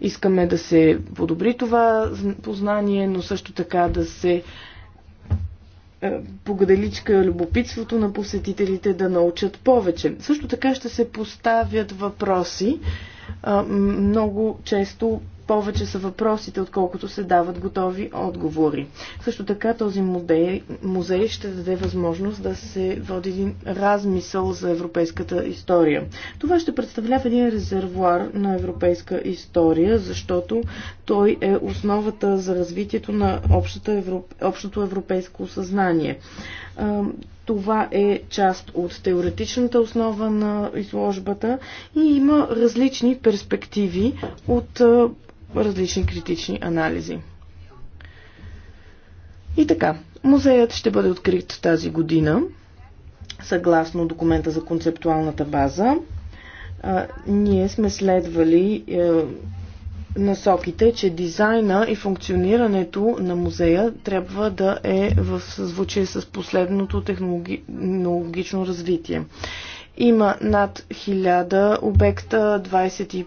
Искаме да се подобри това познание, но също така да се е, погаделичка любопитството на посетителите да научат повече. Също така ще се поставят въпроси. Много често повече са въпросите, отколкото се дават готови отговори. Също така този музей, музей ще даде възможност да се води един размисъл за европейската история. Това ще представлява един резервуар на европейска история, защото той е основата за развитието на европ... общото европейско съзнание. Това е част от теоретичната основа на изложбата и има различни перспективи от различни критични анализи. И така, музеят ще бъде открит тази година, съгласно документа за концептуалната база. А, ние сме следвали е, насоките, че дизайна и функционирането на музея трябва да е в съзвучие с последното технологично развитие. Има над 1000 обекта, 25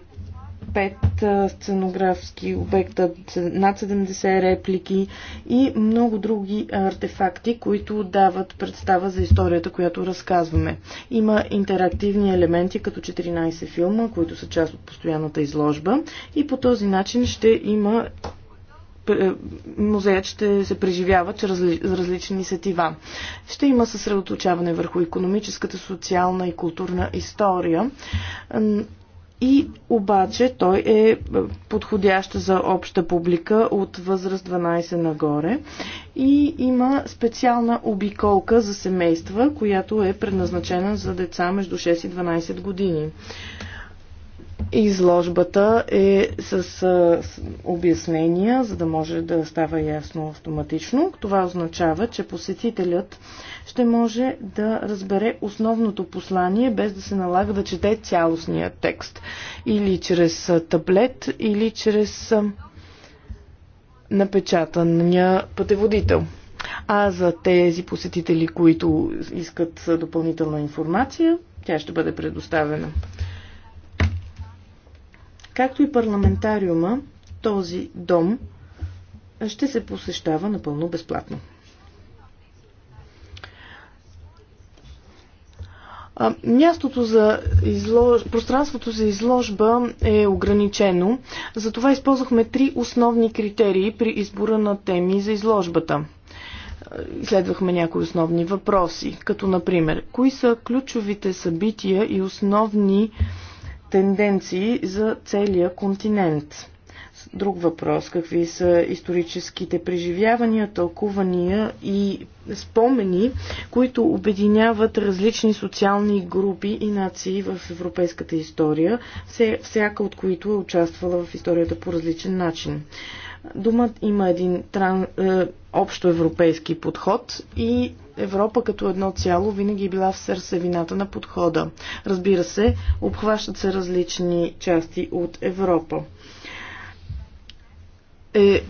5 сценографски обекта, над 70 реплики и много други артефакти, които дават представа за историята, която разказваме. Има интерактивни елементи, като 14 филма, които са част от постоянната изложба и по този начин ще има е, музеят ще се преживява чрез различни сетива. Ще има съсредоточаване върху економическата, социална и културна история и обаче той е подходящ за обща публика от възраст 12 нагоре и има специална обиколка за семейства, която е предназначена за деца между 6 и 12 години. Изложбата е с, с обяснения, за да може да става ясно автоматично. Това означава, че посетителят ще може да разбере основното послание, без да се налага да чете цялостния текст. Или чрез таблет, или чрез напечатания пътеводител. А за тези посетители, които искат допълнителна информация, тя ще бъде предоставена. Както и парламентариума, този дом ще се посещава напълно безплатно. Мястото за излож... пространството за изложба е ограничено, затова използвахме три основни критерии при избора на теми за изложбата. Изследвахме някои основни въпроси, като например, кои са ключовите събития и основни тенденции за целия континент. Друг въпрос, какви са историческите преживявания, тълкувания и спомени, които обединяват различни социални групи и нации в европейската история, всяка от които е участвала в историята по различен начин. Думът има един тран, е, общоевропейски подход и Европа като едно цяло винаги е била в сърцевината на подхода. Разбира се, обхващат се различни части от Европа е,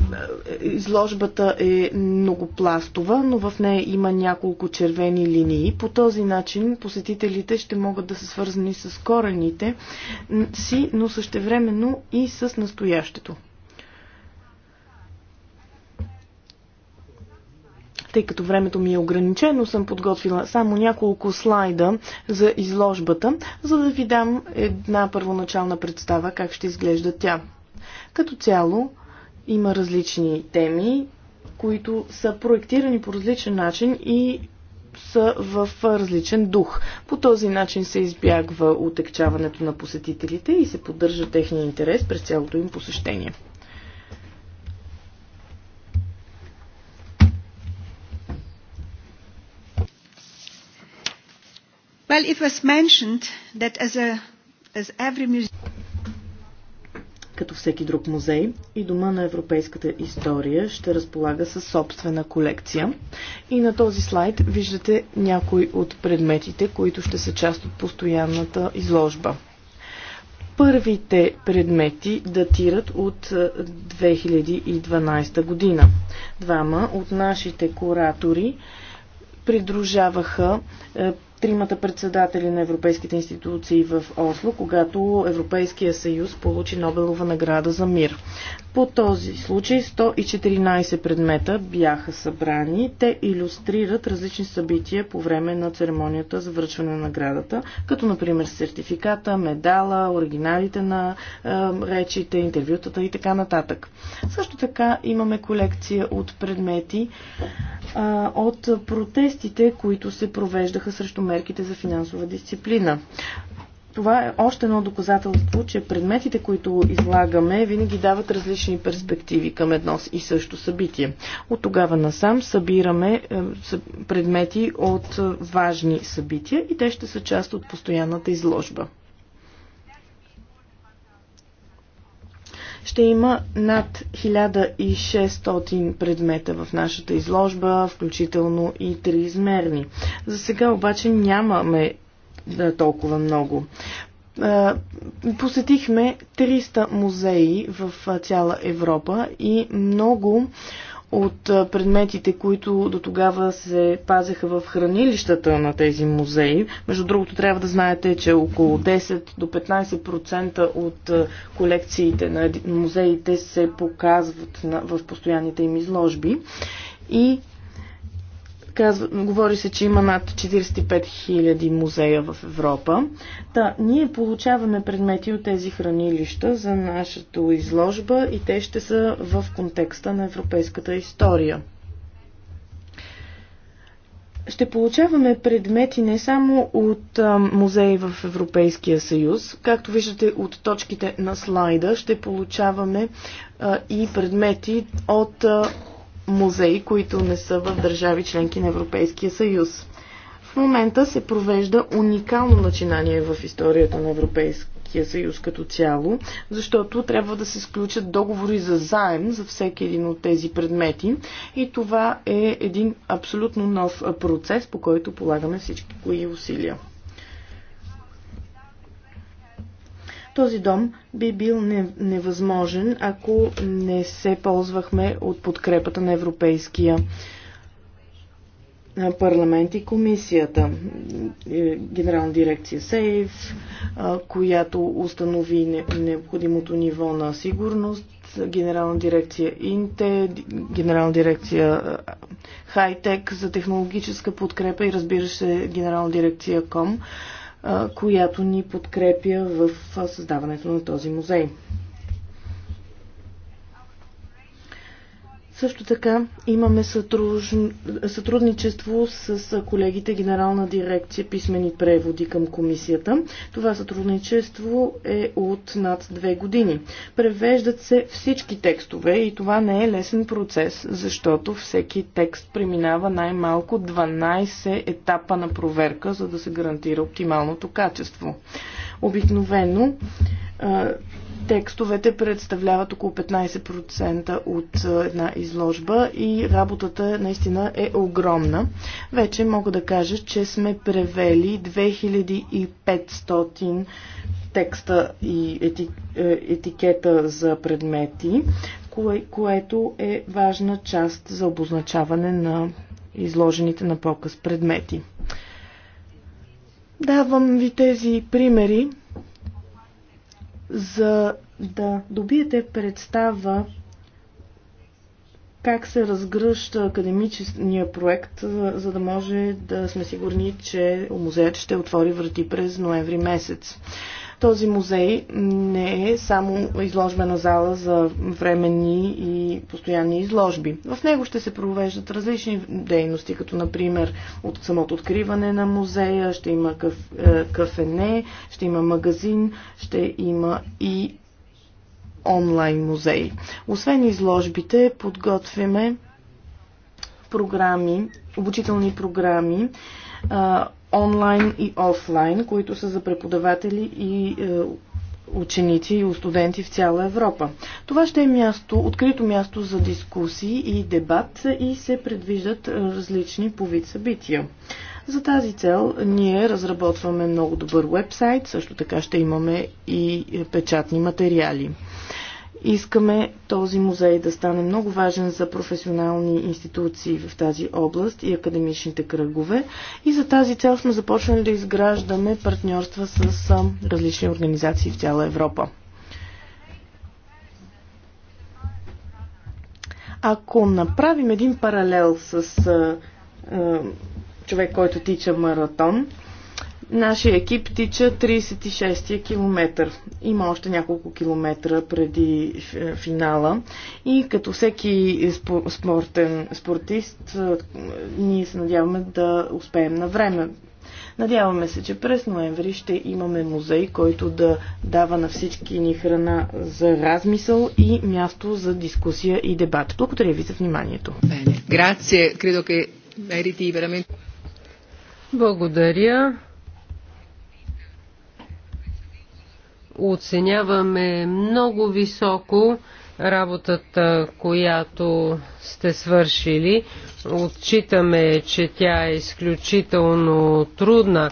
изложбата е многопластова, но в нея има няколко червени линии. По този начин посетителите ще могат да се свързани с корените си, но същевременно и с настоящето. Тъй като времето ми е ограничено, съм подготвила само няколко слайда за изложбата, за да ви дам една първоначална представа как ще изглежда тя. Като цяло има различни теми, които са проектирани по различен начин и са в различен дух. По този начин се избягва отекчаването на посетителите и се поддържа техния интерес през цялото им посещение. Well, it was mentioned that as a, as every museum... Като всеки друг музей и Дома на европейската история ще разполага със собствена колекция. И на този слайд виждате някои от предметите, които ще са част от постоянната изложба първите предмети датират от 2012 е, година. Двама от нашите куратори придружаваха е, тримата председатели на европейските институции в Осло, когато Европейския съюз получи Нобелова награда за мир. По този случай 114 предмета бяха събрани. Те иллюстрират различни събития по време на церемонията за връчване на наградата, като например сертификата, медала, оригиналите на е, речите, интервютата и така нататък. Също така имаме колекция от предмети е, от протестите, които се провеждаха срещу мерките за финансова дисциплина. Това е още едно доказателство, че предметите, които излагаме, винаги дават различни перспективи към едно и също събитие. От тогава насам събираме е, предмети от е, важни събития и те ще са част от постоянната изложба. Ще има над 1600 предмета в нашата изложба, включително и триизмерни. За сега обаче нямаме да, е, толкова много. Е, посетихме 300 музеи в е, цяла Европа и много от предметите, които до тогава се пазеха в хранилищата на тези музеи. Между другото, трябва да знаете, че около 10 до 15% от колекциите на музеите се показват в постоянните им изложби. И Казва, говори се, че има над 45 000 музея в Европа. Та, ние получаваме предмети от тези хранилища за нашата изложба и те ще са в контекста на европейската история ще получаваме предмети не само от музеи в Европейския съюз, както виждате от точките на слайда, ще получаваме и предмети от музеи, които не са в държави членки на Европейския съюз. В момента се провежда уникално начинание в историята на Европейския съюз като цяло, защото трябва да се сключат договори за заем за всеки един от тези предмети и това е един абсолютно нов процес, по който полагаме всички кои усилия. Този дом би бил невъзможен, ако не се ползвахме от подкрепата на Европейския парламент и комисията, е, генерална дирекция СЕЙФ, която установи необходимото ниво на сигурност, генерална дирекция ИНТЕ, генерална дирекция Хайтек за технологическа подкрепа и разбира се генерална дирекция КОМ която ни подкрепя в създаването на този музей. Също така имаме сътруж... сътрудничество с колегите Генерална дирекция писмени преводи към комисията. Това сътрудничество е от над две години. Превеждат се всички текстове и това не е лесен процес, защото всеки текст преминава най-малко 12 етапа на проверка, за да се гарантира оптималното качество. Обикновено текстовете представляват около 15% от една изложба и работата наистина е огромна. Вече мога да кажа, че сме превели 2500 текста и ети, е, етикета за предмети, кое, което е важна част за обозначаване на изложените на показ предмети. Давам ви тези примери, за да добиете представа как се разгръща академичния проект, за да може да сме сигурни, че музеят ще отвори врати през ноември месец. Този музей не е само изложбена зала за временни и постоянни изложби. В него ще се провеждат различни дейности, като например от самото откриване на музея, ще има каф, е, кафене, ще има магазин, ще има и онлайн музей. Освен изложбите, подготвяме програми, обучителни програми, онлайн и офлайн, които са за преподаватели и е, ученици и студенти в цяла Европа. Това ще е място, открито място за дискусии и дебат и се предвиждат е, различни по вид събития. За тази цел ние разработваме много добър вебсайт, също така ще имаме и е, печатни материали. Искаме този музей да стане много важен за професионални институции в тази област и академичните кръгове. И за тази цел сме започнали да изграждаме партньорства с различни организации в цяла Европа. Ако направим един паралел с човек, който тича маратон, Нашия екип тича 36-я километър. Има още няколко километра преди е, финала. И като всеки спортен спортист, е, ние се надяваме да успеем на време. Надяваме се, че през ноември ще имаме музей, който да дава на всички ни храна за размисъл и място за дискусия и дебат. Благодаря ви за вниманието. Благодаря. Оценяваме много високо работата, която сте свършили. Отчитаме, че тя е изключително трудна.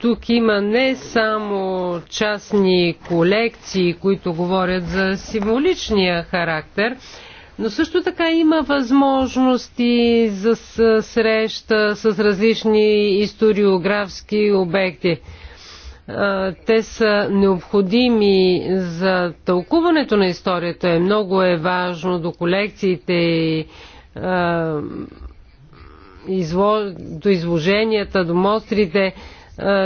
Тук има не само частни колекции, които говорят за символичния характер, но също така има възможности за среща с различни историографски обекти те са необходими за тълкуването на историята. Е много е важно до колекциите и до изложенията, до мострите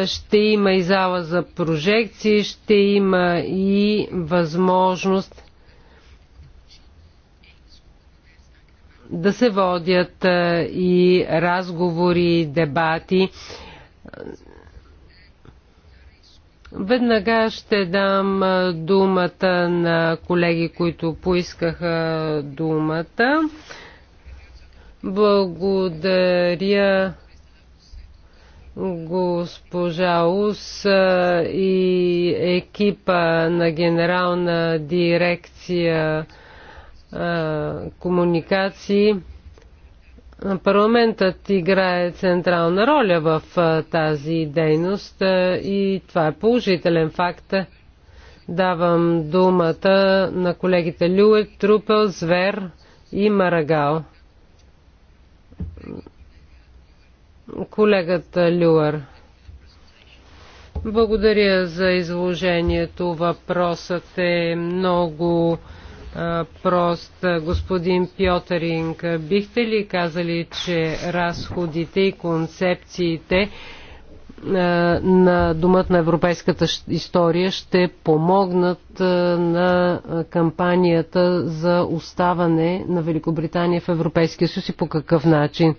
ще има и зала за прожекции, ще има и възможност да се водят и разговори, дебати Веднага ще дам думата на колеги, които поискаха думата. Благодаря госпожа Ус и екипа на генерална дирекция комуникации. Парламентът играе централна роля в тази дейност и това е положителен факт. Давам думата на колегите Люет, Трупел, Звер и Марагал. Колегата Люер. Благодаря за изложението. Въпросът е много прост. Господин Пьотеринг, бихте ли казали, че разходите и концепциите на Думът на европейската история ще помогнат на кампанията за оставане на Великобритания в Европейския съюз и по какъв начин?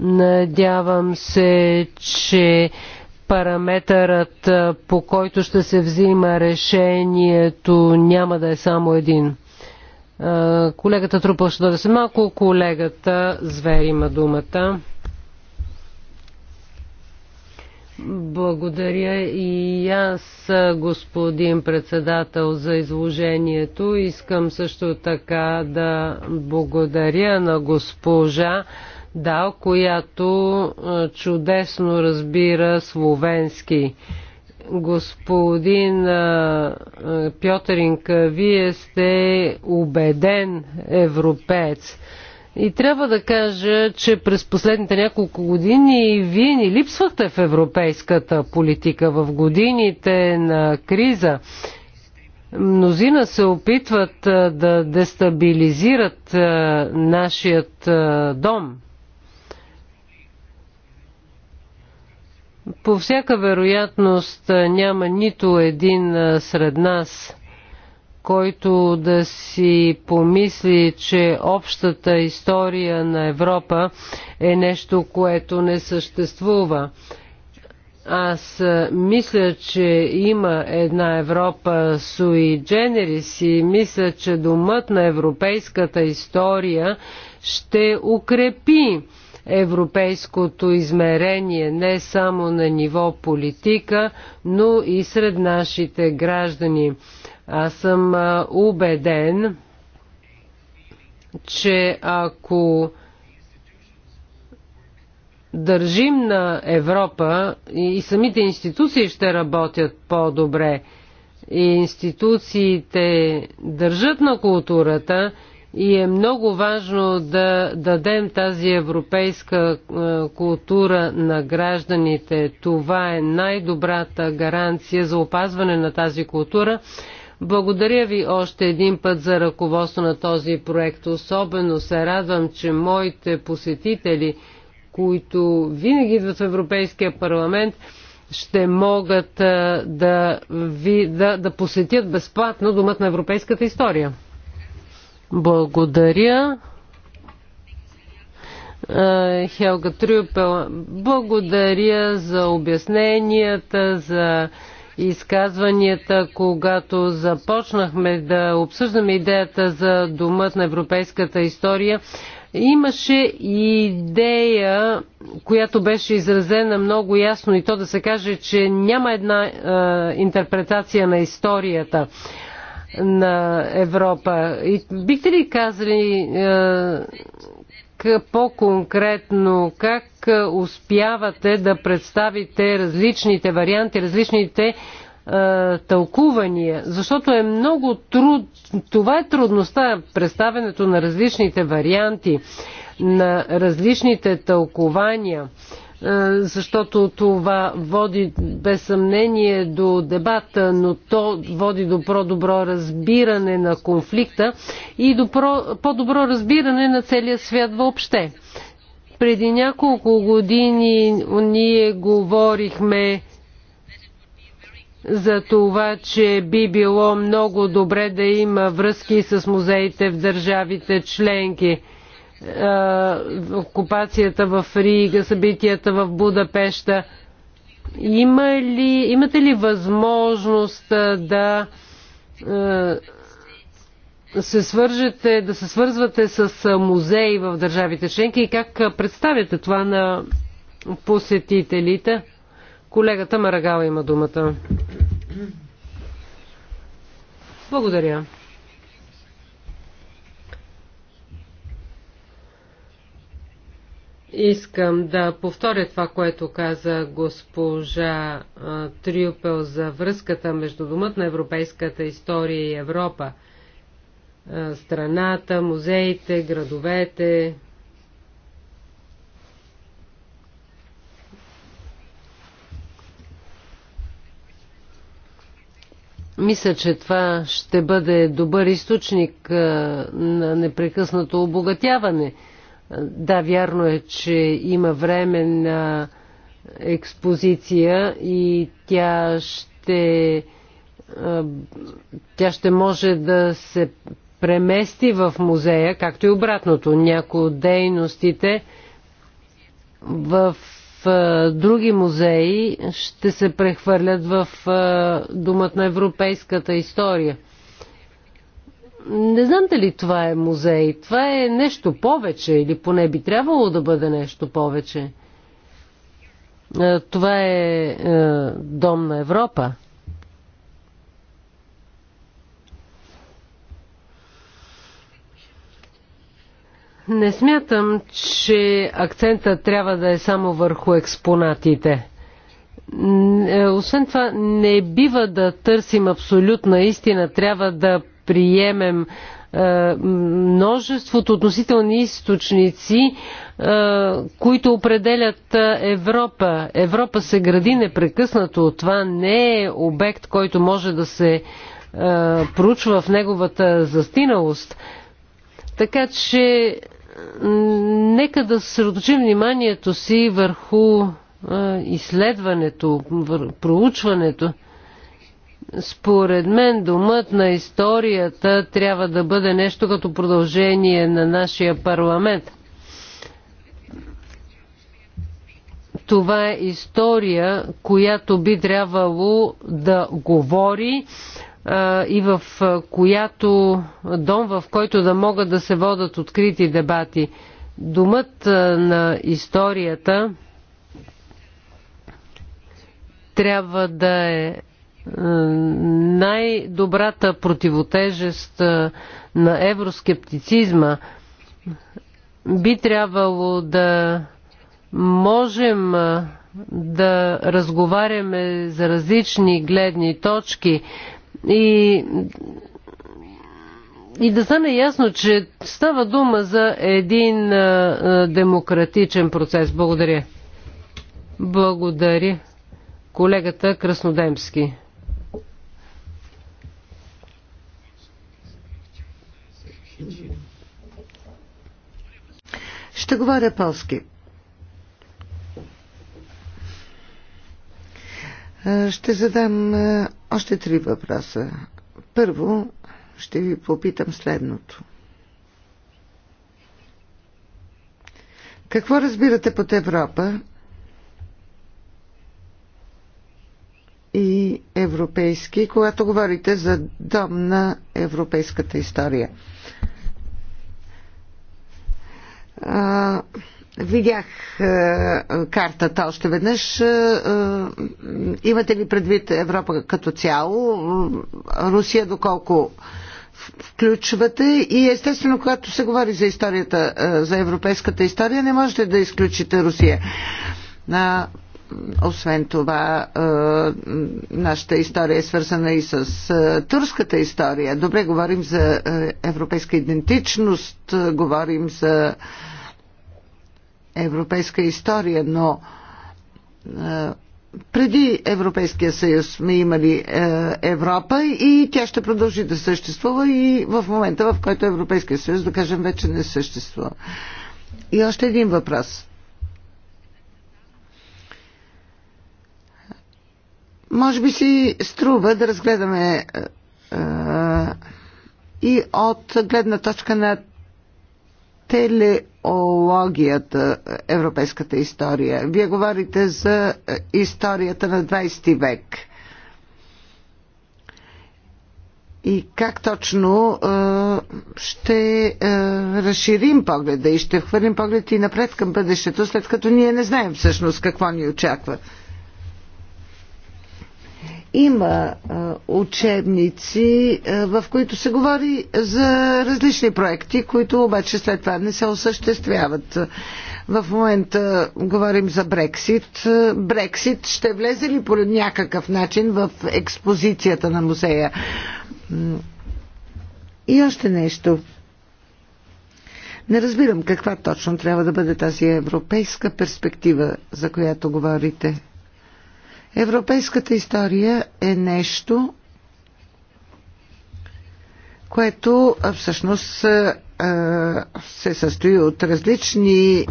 Надявам се, че параметърът, по който ще се взима решението, няма да е само един. Колегата Трупъл ще дойде се малко. Колегата Звер има думата. Благодаря и аз, господин председател, за изложението. Искам също така да благодаря на госпожа Дал, която чудесно разбира словенски. Господин Пьотеринка, вие сте убеден европеец. И трябва да кажа, че през последните няколко години вие ни липсвахте в европейската политика в годините на криза. Мнозина се опитват да дестабилизират нашият дом. По всяка вероятност няма нито един сред нас, който да си помисли, че общата история на Европа е нещо, което не съществува. Аз мисля, че има една Европа суи дженерис и мисля, че домът на европейската история ще укрепи европейското измерение не само на ниво политика, но и сред нашите граждани. Аз съм убеден, че ако държим на Европа и самите институции ще работят по-добре, и институциите държат на културата, и е много важно да дадем тази европейска е, култура на гражданите. Това е най-добрата гаранция за опазване на тази култура. Благодаря ви още един път за ръководство на този проект. Особено се радвам, че моите посетители, които винаги идват в Европейския парламент, ще могат е, да, ви, да, да посетят безплатно думата на европейската история. Благодаря. Хелга Трюпел, благодаря за обясненията, за изказванията, когато започнахме да обсъждаме идеята за Думът на европейската история. Имаше идея, която беше изразена много ясно и то да се каже, че няма една интерпретация на историята на Европа. И бихте ли казали е, по-конкретно как е, успявате да представите различните варианти, различните е, тълкувания? Защото е много труд. Това е трудността, представенето на различните варианти, на различните тълкования. Е, е, защото това води без съмнение до дебата, но то води до по-добро разбиране на конфликта и до по-добро разбиране на целия свят въобще. Преди няколко години ние говорихме за това, че би било много добре да има връзки с музеите в държавите членки. Е, окупацията в Рига, събитията в Будапешта. Има ли, имате ли възможност да е, се свържете, да се свързвате с музеи в държавите членки и как представяте това на посетителите? Колегата Марагала има думата. Благодаря. Искам да повторя това, което каза госпожа Трюпел за връзката между Домът на европейската история и Европа. Страната, музеите, градовете. Мисля, че това ще бъде добър източник на непрекъснато обогатяване – да, вярно е, че има време на експозиция и тя ще, тя ще може да се премести в музея, както и обратното. Някои от дейностите в други музеи ще се прехвърлят в Думът на европейската история – не знам дали това е музей. Това е нещо повече или поне би трябвало да бъде нещо повече. Е, това е, е дом на Европа. Не смятам, че акцента трябва да е само върху експонатите. Е, освен това, не бива да търсим абсолютна истина, трябва да приемем е, множеството относителни източници, е, които определят е, Европа. Европа се гради непрекъснато. Това не е обект, който може да се проучва в неговата застиналост. Така че нека да съсредоточим вниманието си върху изследването, проучването. Според мен думът на историята трябва да бъде нещо като продължение на нашия парламент. Това е история, която би трябвало да говори а, и в която дом, в който да могат да се водат открити дебати. Думът на историята трябва да е най-добрата противотежест на евроскептицизма би трябвало да можем да разговаряме за различни гледни точки и, и да стане ясно, че става дума за един демократичен процес. Благодаря. Благодаря. Колегата Краснодемски. Ще говоря полски. Ще задам още три въпроса. Първо, ще ви попитам следното. Какво разбирате под Европа и европейски, когато говорите за дом на европейската история? А, видях а, картата още веднъж. А, имате ли предвид Европа като цяло? Русия доколко включвате и естествено, когато се говори за историята, за европейската история, не можете да изключите Русия. А, освен това, нашата история е свързана и с турската история. Добре, говорим за европейска идентичност, говорим за европейска история, но е, преди Европейския съюз сме имали е, Европа и тя ще продължи да съществува и в момента, в който Европейския съюз, да кажем, вече не съществува. И още един въпрос. Може би си струва да разгледаме е, и от гледна точка на телеологията, европейската история. Вие говорите за историята на 20 век. И как точно ще разширим погледа и ще хвърлим поглед и напред към бъдещето, след като ние не знаем всъщност какво ни очаква. Има учебници, в които се говори за различни проекти, които обаче след това не се осъществяват. В момента говорим за Брексит. Брексит ще влезе ли по някакъв начин в експозицията на музея? И още нещо. Не разбирам каква точно трябва да бъде тази европейска перспектива, за която говорите. Европейската история е нещо, което всъщност се състои от различни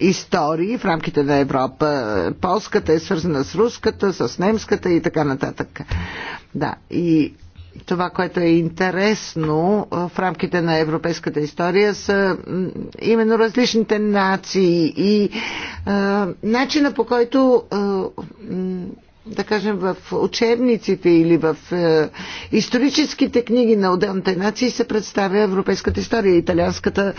истории в рамките на Европа. Полската е свързана с руската, с немската и така нататък. Да, и това, което е интересно в рамките на европейската история, са именно различните нации и а, начина по който а, да кажем, в учебниците или в е, историческите книги на отделните нации се представя европейската история. Италианската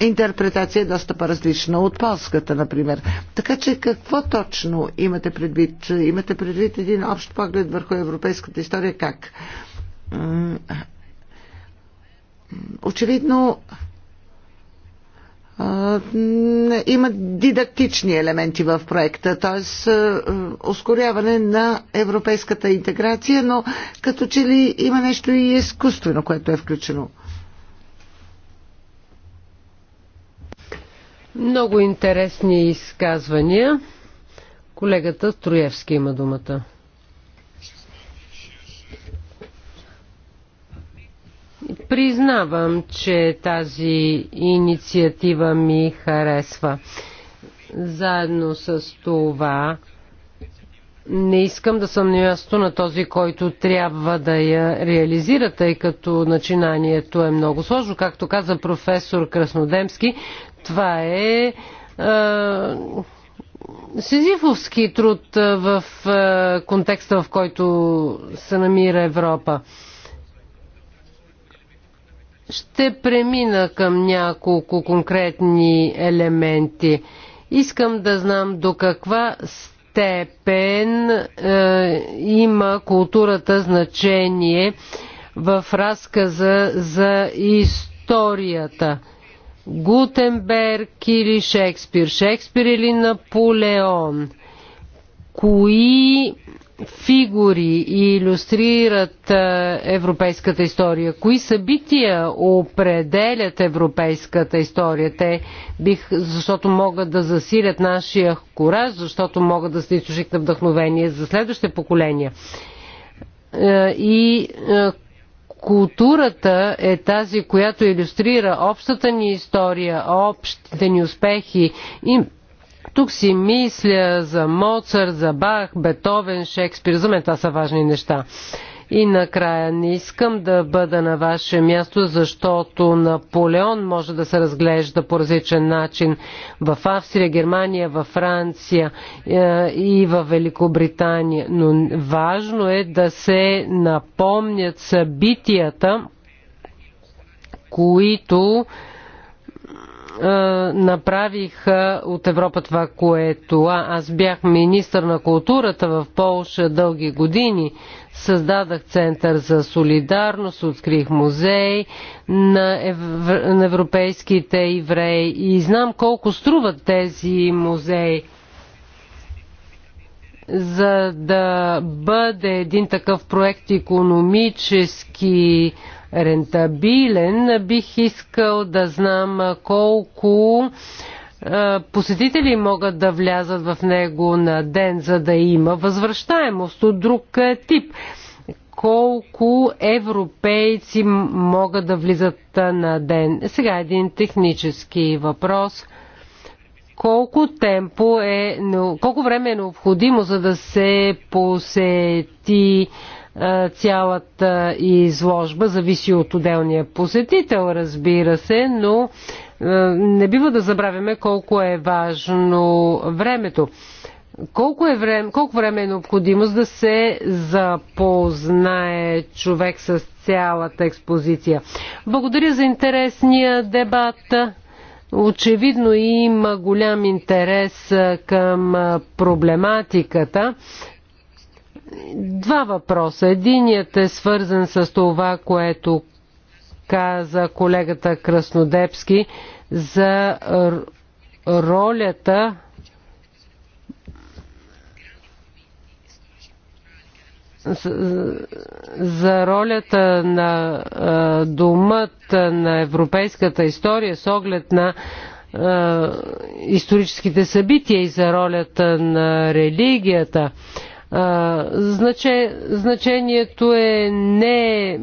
е, интерпретация е доста по-различна от полската, например. Така че какво точно имате предвид? Имате предвид един общ поглед върху европейската история? Как? Е, очевидно, има дидактични елементи в проекта, т.е. ускоряване на европейската интеграция, но като че ли има нещо и изкуствено, което е включено. Много интересни изказвания. Колегата Троевски има думата. Признавам, че тази инициатива ми харесва. Заедно с това не искам да съм на място на този, който трябва да я реализира, тъй като начинанието е много сложно. Както каза професор Краснодемски, това е, е сизифовски труд в е, контекста, в който се намира Европа. Ще премина към няколко конкретни елементи. Искам да знам до каква степен е, има културата значение в разказа за историята. Гутенберг или Шекспир, Шекспир или Наполеон. Кои фигури и иллюстрират е, европейската история? Кои събития определят европейската история? Те бих, защото могат да засилят нашия кораж, защото могат да са източник на вдъхновение за следващите поколения. Е, и е, културата е тази, която иллюстрира общата ни история, общите ни успехи и тук си мисля за Моцарт, за Бах, Бетовен, Шекспир. За мен това са важни неща. И накрая не искам да бъда на ваше място, защото Наполеон може да се разглежда по различен начин в Австрия, Германия, във Франция е, и в Великобритания. Но важно е да се напомнят събитията, които е, направиха от Европа това, което аз бях министър на културата в Полша дълги години. Създадах център за солидарност, открих музей на, ев... на европейските евреи и знам колко струват тези музеи. За да бъде един такъв проект економически рентабилен, бих искал да знам колко посетители могат да влязат в него на ден, за да има възвръщаемост от друг тип. Колко европейци могат да влизат на ден? Сега един технически въпрос. Колко темпо е, колко време е необходимо, за да се посети е, цялата изложба зависи от отделния посетител, разбира се, но е, не бива да забравяме колко е важно времето. Колко, е време, колко време е необходимо да се запознае човек с цялата експозиция? Благодаря за интересния дебат. Очевидно има голям интерес е, към проблематиката. Два въпроса. Единият е свързан с това, което каза колегата Краснодепски за ролята за ролята на думът на европейската история с оглед на историческите събития и за ролята на религията. Значе, значението е не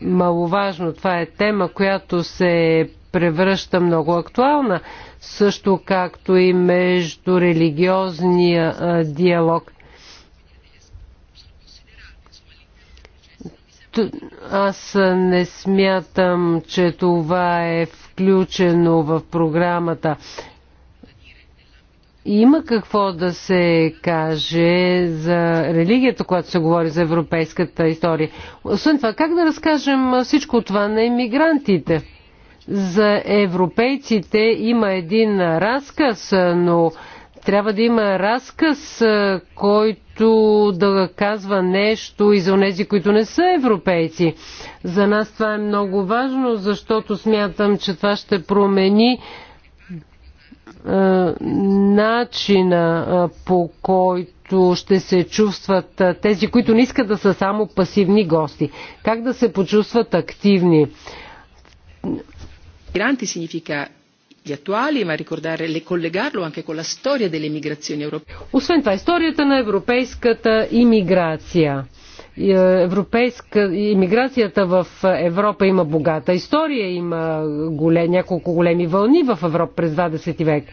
маловажно. Това е тема, която се превръща много актуална, също както и между религиозния диалог. Аз не смятам, че това е включено в програмата. Има какво да се каже за религията, когато се говори за европейската история. Освен това, как да разкажем всичко това на емигрантите? За европейците има един разказ, но трябва да има разказ, който да казва нещо и за тези, които не са европейци. За нас това е много важно, защото смятам, че това ще промени е, начина е, по който ще се чувстват е, тези, които не искат да са само пасивни гости. Как да се почувстват активни? Гранти significa gli attuali, ma ricordare, le, collegarlo anche con la storia delle migrazioni europee. Освен това, историята на европейската иммиграция. Е, европейска иммиграцията в Европа има богата история, има голем, няколко големи вълни в Европа през 20 век.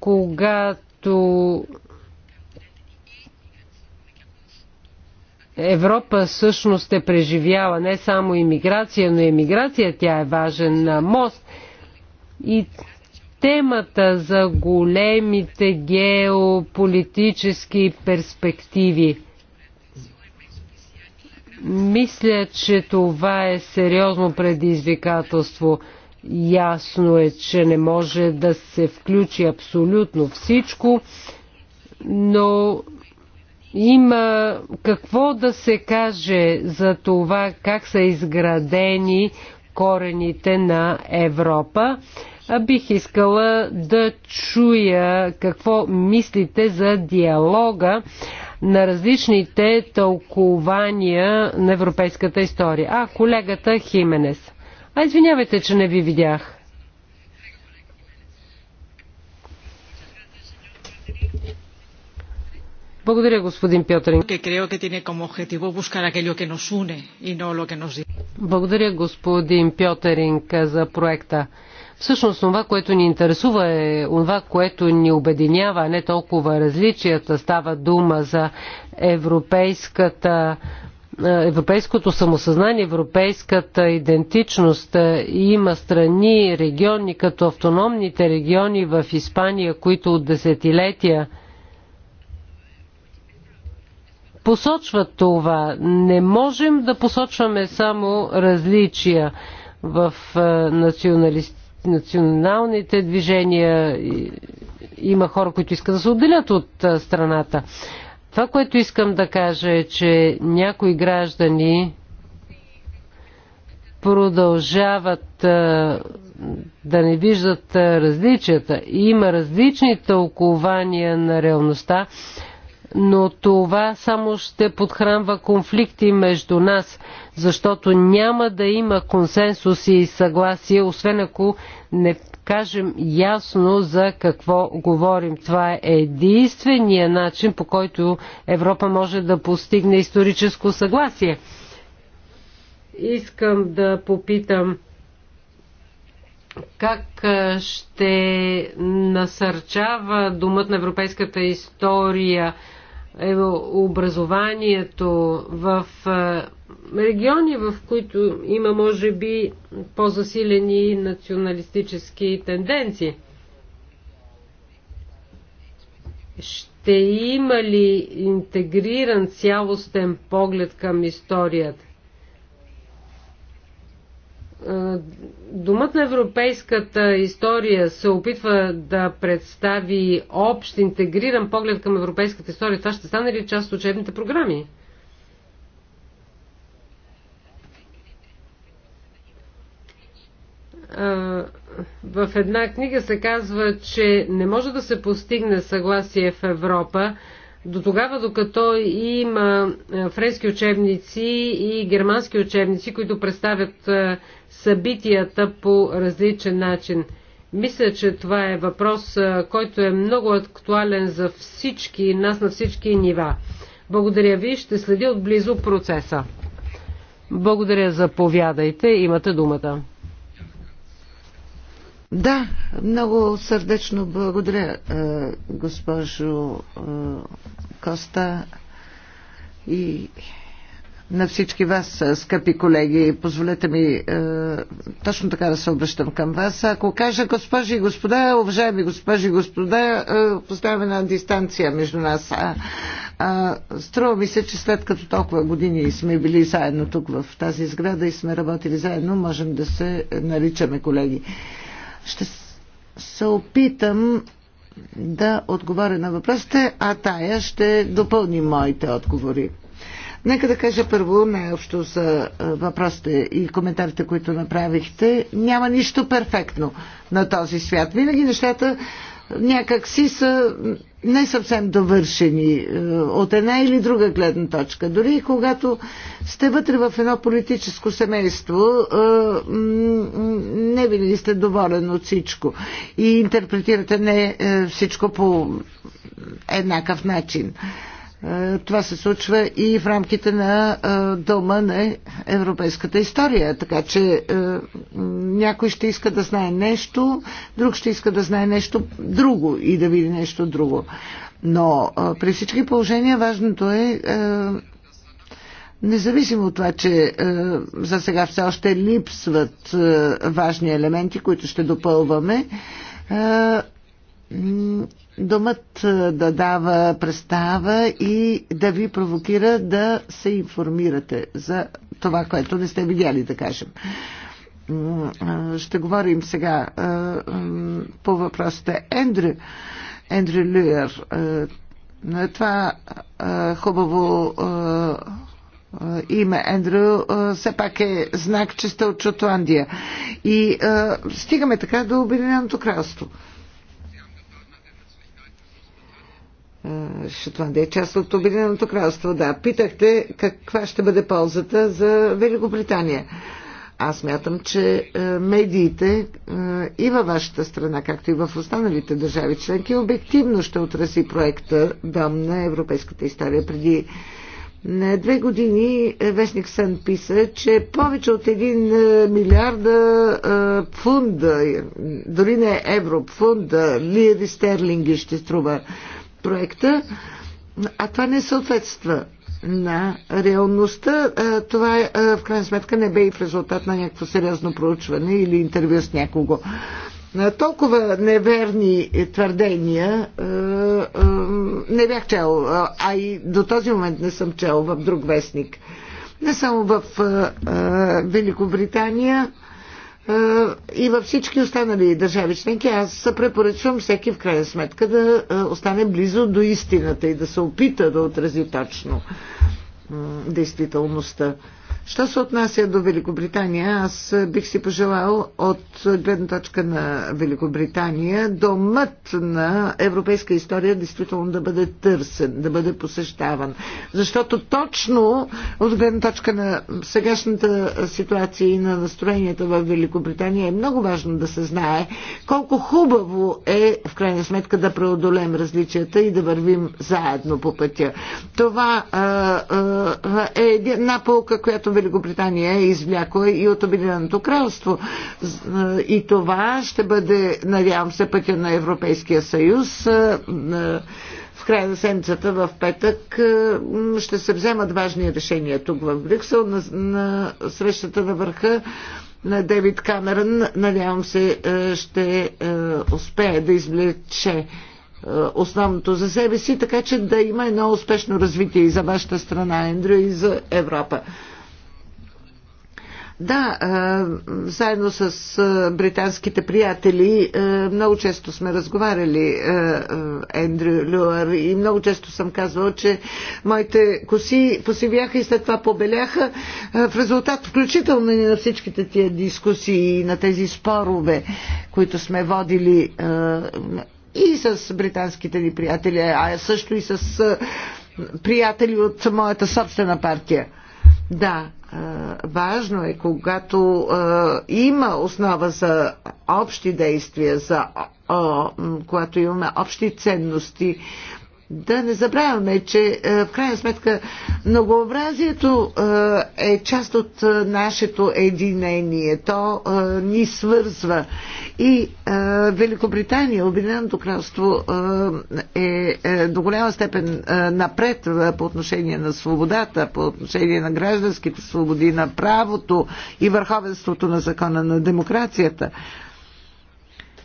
Когато Европа всъщност е преживяла не само иммиграция, но и иммиграция, Тя е важен мост. И темата за големите геополитически перспективи – мисля, че това е сериозно предизвикателство. Ясно е, че не може да се включи абсолютно всичко, но има какво да се каже за това как са изградени корените на Европа. А бих искала да чуя какво мислите за диалога на различните тълкования на европейската история. А, колегата Хименес. А, извинявайте, че не ви видях. Благодаря, господин Пьотрин. Благодаря, господин Пьотеринг, за проекта. Всъщност това, което ни интересува е това, което ни обединява, а не толкова различията. Става дума за европейската е, европейското самосъзнание, европейската идентичност. Има страни, региони, като автономните региони в Испания, които от десетилетия посочват това. Не можем да посочваме само различия в е, националист националните движения. Има хора, които искат да се отделят от страната. Това, което искам да кажа е, че някои граждани продължават да не виждат различията. Има различни тълкования на реалността, но това само ще подхранва конфликти между нас защото няма да има консенсус и съгласие, освен ако не кажем ясно за какво говорим. Това е единствения начин, по който Европа може да постигне историческо съгласие. Искам да попитам как ще насърчава Думът на европейската история е, образованието в региони, в които има, може би, по-засилени националистически тенденции. Ще има ли интегриран цялостен поглед към историята? Думът на европейската история се опитва да представи общ интегриран поглед към европейската история. Това ще стане ли част от учебните програми? в една книга се казва, че не може да се постигне съгласие в Европа до тогава, докато има френски учебници и германски учебници, които представят събитията по различен начин. Мисля, че това е въпрос, който е много актуален за всички нас на всички нива. Благодаря ви, ще следи отблизо процеса. Благодаря, заповядайте, имате думата. Да, много сърдечно благодаря, е, госпожо е, Коста и на всички вас, е, скъпи колеги. Позволете ми е, точно така да се обръщам към вас. Ако кажа госпожи и господа, уважаеми госпожи и господа, е, поставяме на дистанция между нас. А, а, струва ми се, че след като толкова години сме били заедно тук в тази сграда и сме работили заедно, можем да се наричаме колеги. Ще се опитам да отговоря на въпросите, а тая ще допълни моите отговори. Нека да кажа първо най-общо за въпросите и коментарите, които направихте. Няма нищо перфектно на този свят. Винаги нещата някак си са не съвсем довършени е, от една или друга гледна точка. Дори и когато сте вътре в едно политическо семейство, е, не винаги сте доволен от всичко и интерпретирате не е, всичко по еднакъв начин. Е, това се случва и в рамките на е, дома на европейската история. Така че е, някой ще иска да знае нещо, друг ще иска да знае нещо друго и да види нещо друго. Но при всички положения важното е Независимо от това, че за сега все още липсват важни елементи, които ще допълваме, Думът е, да дава представа и да ви провокира да се информирате за това, което не сте видяли, да кажем. Е, ще говорим сега е, по въпросите Ендрю, Ендрю Люер. Това хубаво име Ендрю все пак е знак, че сте от Шотландия. И стигаме така до Обединеното кралство. Шотландия е, е част от Обединеното кралство, да. Питахте каква ще бъде ползата за Великобритания. Аз мятам, че е, медиите е, и във вашата страна, както и в останалите държави членки, обективно ще отрази проекта Дом на европейската история. Преди на две години вестник Сън писа, че повече от един милиарда фунда, дори не евро, фунда, лири стерлинги ще струва проекта, а това не съответства на реалността. Това в крайна сметка не бе и в резултат на някакво сериозно проучване или интервю с някого. Толкова неверни твърдения не бях чел, а и до този момент не съм чел в друг вестник. Не само в Великобритания, и във всички останали държави членки, аз препоръчвам всеки в крайна сметка да остане близо до истината и да се опита да отрази точно действителността. Що се отнася до Великобритания, аз бих си пожелал от гледна точка на Великобритания домът на европейска история действително да бъде търсен, да бъде посещаван. Защото точно от гледна точка на сегашната ситуация и на настроенията в Великобритания е много важно да се знае колко хубаво е в крайна сметка да преодолем различията и да вървим заедно по пътя. Това е една полка, която Великобритания е извлякла и от Обединеното кралство. И това ще бъде, надявам се, пътя на Европейския съюз. В края на седмицата в петък ще се вземат важни решения тук в Брюксел на, на срещата на върха на Девид Камерън. Надявам се ще е, успее да извлече е, основното за себе си, така че да има едно успешно развитие и за вашата страна, Ендрю, и за Европа. Да, заедно с британските приятели много често сме разговаряли Ендрю Люар и много често съм казвала, че моите коси посивяха и след това побеляха в резултат включително и на всичките тия дискусии и на тези спорове, които сме водили и с британските ни приятели, а също и с приятели от моята собствена партия. Да, важно е, когато има основа за общи действия, за когато имаме общи ценности, да не забравяме, че е, в крайна сметка многообразието е, е част от е, нашето единение. То ни свързва. И Великобритания, Обединеното кралство е до голяма степен напред по отношение на свободата, по отношение на гражданските свободи, на правото и върховенството на закона на демокрацията.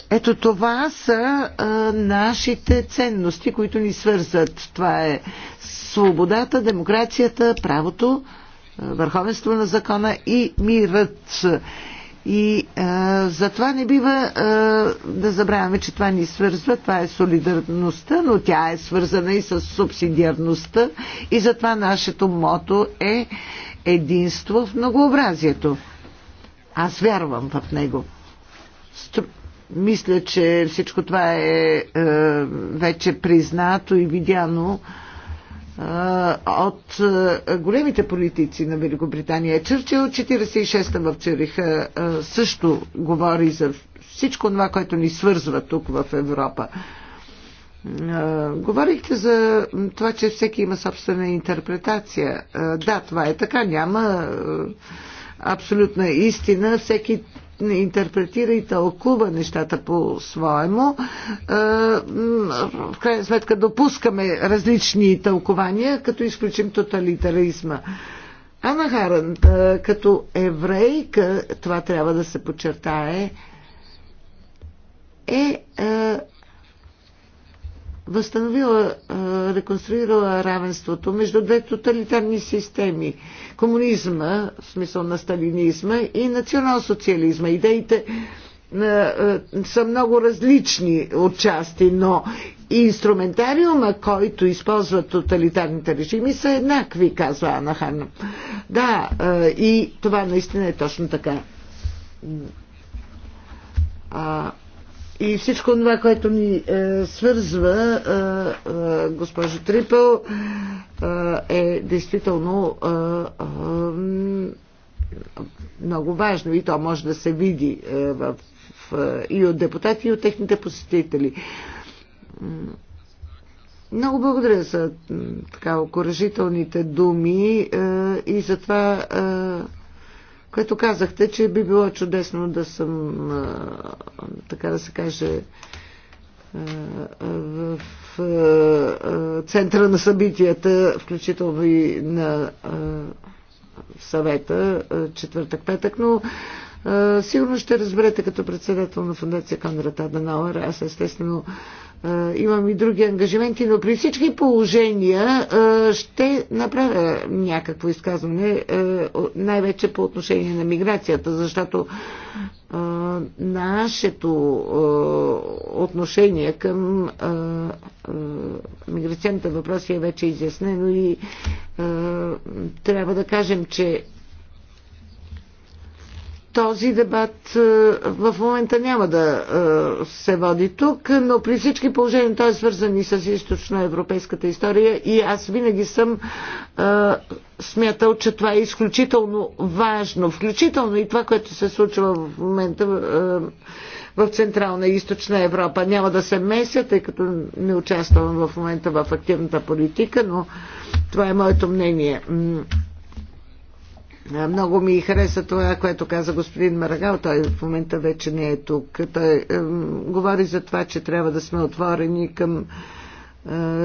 Ето това са а, нашите ценности, които ни свързват. Това е свободата, демокрацията, правото, върховенство на закона и мирът. И а, затова не бива а, да забравяме, че това ни свързва. Това е солидарността, но тя е свързана и с субсидиарността. И затова нашето мото е единство в многообразието. Аз вярвам в него. Стру... Мисля, че всичко това е, е вече признато и видяно е, от е, големите политици на Великобритания. Чърчил 46-та в Цюриха също говори за всичко това, което ни свързва тук в Европа. Говорихте за това, че всеки има собствена интерпретация. Да, това е така. Няма абсолютна истина. Всеки интерпретира и тълкува нещата по-своему. Е, в крайна сметка допускаме различни тълкования, като изключим тоталитаризма. Ана Харан, е, като еврейка, това трябва да се подчертае, е, е възстановила, реконструирала равенството между две тоталитарни системи. Комунизма, в смисъл на сталинизма и национал-социализма. Идеите са много различни от части, но инструментариума, който използват тоталитарните режими, са еднакви, казва Анахан. Да, и това наистина е точно така. А, и всичко това, което ни е, свързва, е, е, госпожо Трипъл, е, е действително е, е, много важно и то може да се види е, в, в, и от депутати, и от техните посетители. Много благодаря за така окоръжителните думи е, и за това. Е, като казахте, че би било чудесно да съм, така да се каже, в центъра на събитията, включително и на съвета, четвъртък-петък, но сигурно ще разберете като председател на фундация Конрад Аданауер. Аз естествено имам и други ангажименти, но при всички положения ще направя някакво изказване, най-вече по отношение на миграцията, защото нашето отношение към миграционните въпроси е вече изяснено и трябва да кажем, че този дебат е, в момента няма да е, се води тук, но при всички положения той е свързан и с източноевропейската история и аз винаги съм е, смятал, че това е изключително важно, включително и това, което се случва в момента в Централна и Източна Европа. Няма да се меся, тъй като не участвам в момента в активната политика, но това е моето мнение. Много ми хареса това, което каза господин Марагал. Той в момента вече не е тук. Той е, говори за това, че трябва да сме отворени към е,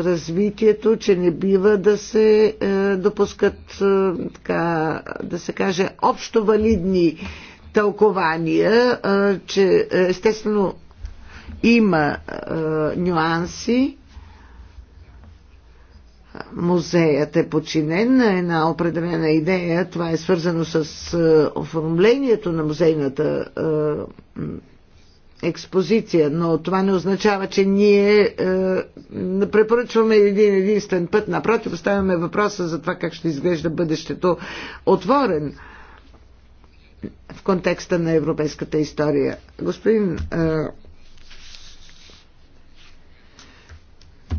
развитието, че не бива да се е, допускат, е, така, да се каже, общо валидни тълкования, е, че естествено има е, нюанси музеят е подчинен на една определена идея. Това е свързано с е, оформлението на музейната е, експозиция, но това не означава, че ние е, препоръчваме един единствен път. Напротив, оставяме въпроса за това как ще изглежда бъдещето отворен в контекста на европейската история. Господин е,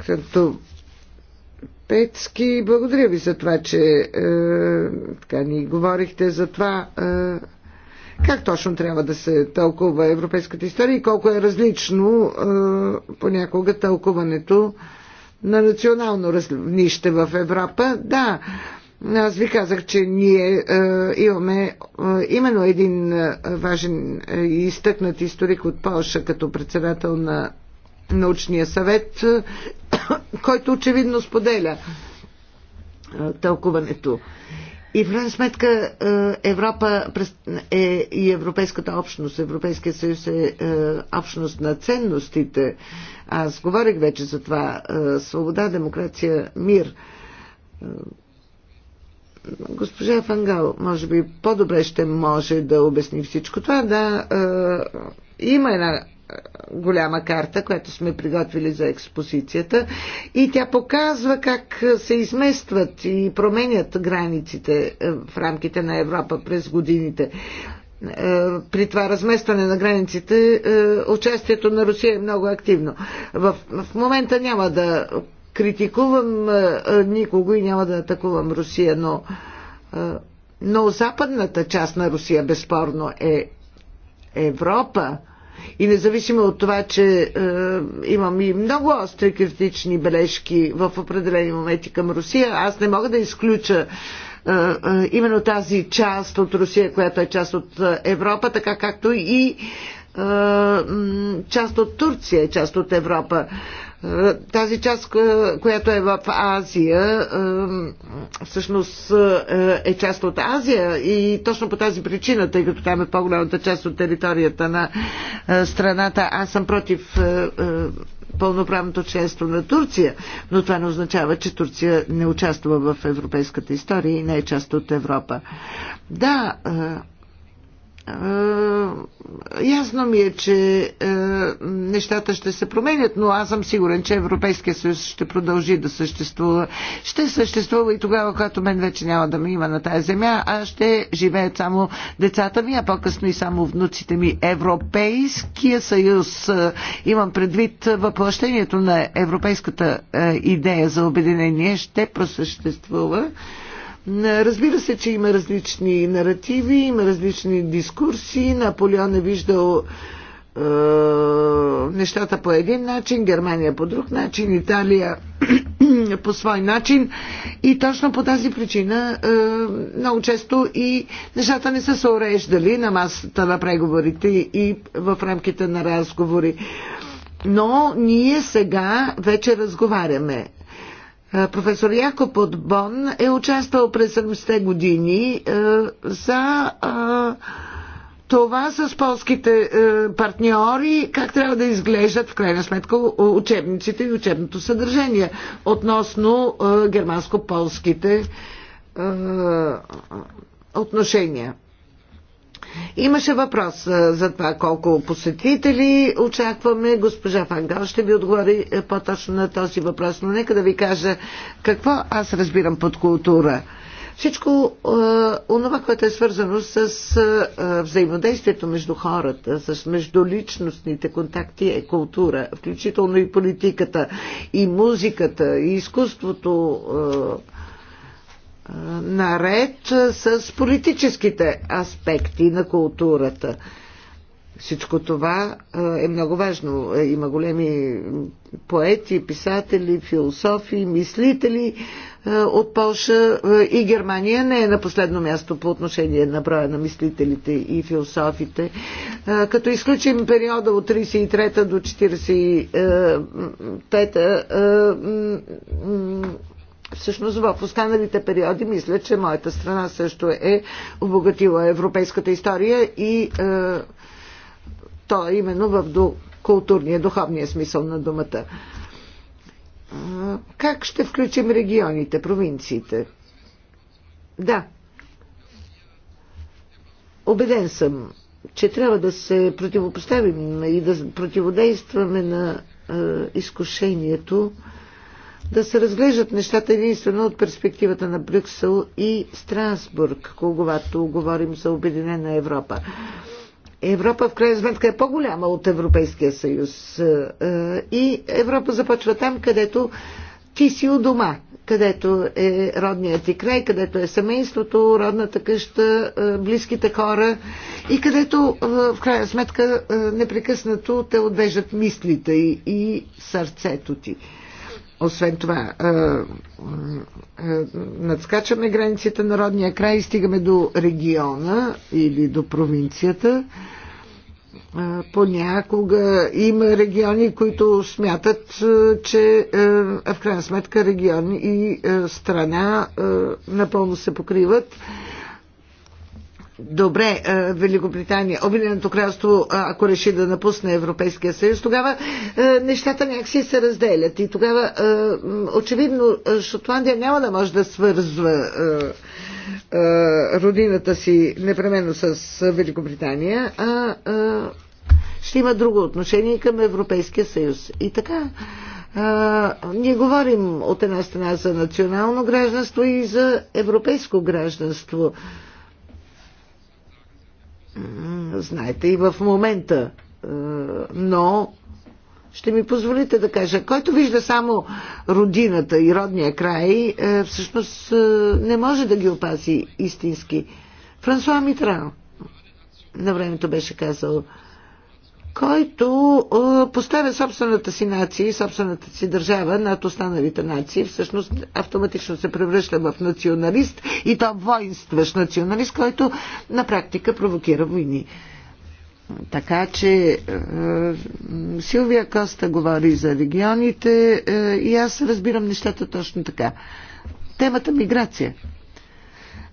като Пецки, благодаря ви за това, че е, така ни говорихте за това е, как точно трябва да се тълкува европейската история и колко е различно е, понякога тълкуването на национално равнище в Европа. Да, аз ви казах, че ние е, имаме е, именно един е, важен е, и е, изтъкнат историк от Польша като председател на научния съвет, [coughs] който очевидно споделя тълкуването. И в крайна сметка Европа е, и Европейската общност, Европейския съюз е, общност на ценностите. Аз говорих вече за това. свобода, демокрация, мир. Госпожа Фангал, може би по-добре ще може да обясни всичко това. Да, има една голяма карта, която сме приготвили за експозицията и тя показва как се изместват и променят границите е, в рамките на Европа през годините. Е, при това разместване на границите е, участието на Русия е много активно. В, в момента няма да критикувам никого и няма да атакувам Русия, но, но западната част на Русия безспорно е Европа. И независимо от това, че е, имам и много остри критични бележки в определени моменти към Русия, аз не мога да изключа е, е, именно тази част от Русия, която е част от е, Европа, така както и част от Турция е част от Европа тази част, която е в Азия, всъщност е част от Азия и точно по тази причина, тъй като там е по-голямата част от територията на страната, аз съм против пълноправното членство на Турция, но това не означава, че Турция не участва в европейската история и не е част от Европа. Да, е, ясно ми е, че е, нещата ще се променят, но аз съм сигурен, че Европейския съюз ще продължи да съществува. Ще съществува и тогава, когато мен вече няма да ме има на тази земя, а ще живеят само децата ми, а по-късно и само внуците ми. Европейския съюз, е, имам предвид въплъщението на европейската идея за обединение, ще просъществува. Разбира се, че има различни наративи, има различни дискурси. Наполеон е виждал е, нещата по един начин, Германия по друг начин, Италия [clears throat] по свой начин. И точно по тази причина е, много често и нещата не са се уреждали на масата на преговорите и в рамките на разговори. Но ние сега вече разговаряме Професор Якоб от Бон е участвал през 70-те години за това с полските партньори, как трябва да изглеждат в крайна сметка учебниците и учебното съдържание относно германско-полските отношения. Имаше въпрос за това колко посетители очакваме. Госпожа Фангал ще ви отговори по-точно на този въпрос, но нека да ви кажа какво аз разбирам под култура. Всичко онова, което е свързано с взаимодействието между хората, с междуличностните контакти е култура, включително и политиката, и музиката, и изкуството. А, наред с политическите аспекти на културата. Всичко това е много важно. Е, има големи поети, писатели, философи, мислители от Польша и Германия не е на последно място по отношение на броя на мислителите и философите. Като изключим периода от 33 до 45 Всъщност в останалите периоди мисля, че моята страна също е обогатила европейската история и е, то е именно в до, културния, духовния смисъл на думата. Е, как ще включим регионите, провинциите? Да. Обеден съм, че трябва да се противопоставим и да противодействаме на е, изкушението е, да се разглеждат нещата единствено от перспективата на Брюксел и Страсбург, когато говорим за Обединена Европа. Европа в крайна сметка е по-голяма от Европейския съюз е, е, и Европа започва там, където ти си у дома, където е родният ти край, където е семейството, родната къща, е, близките хора и където в крайна сметка непрекъснато те отвеждат мислите и, и сърцето ти. Освен това, надскачаме границите на родния край и стигаме до региона или до провинцията. Понякога има региони, които смятат, че в крайна сметка регион и страна напълно се покриват добре, е, Великобритания, Обединеното кралство, е, ако реши да напусне Европейския съюз, тогава е, нещата някакси се разделят и тогава очевидно Шотландия няма да може да свързва родината си непременно с Великобритания, а ще има друго отношение към Европейския съюз. И така, а, ние говорим от една страна за национално гражданство и за европейско гражданство знаете и в момента. Е, но ще ми позволите да кажа, който вижда само родината и родния край, е, всъщност е, не може да ги опази истински. Франсуа Митран на времето беше казал – който поставя собствената си нация и собствената си държава над останалите нации, всъщност автоматично се превръща в националист и то воинстваш националист, който на практика провокира войни. Така че Силвия Коста говори за регионите и аз разбирам нещата точно така. Темата миграция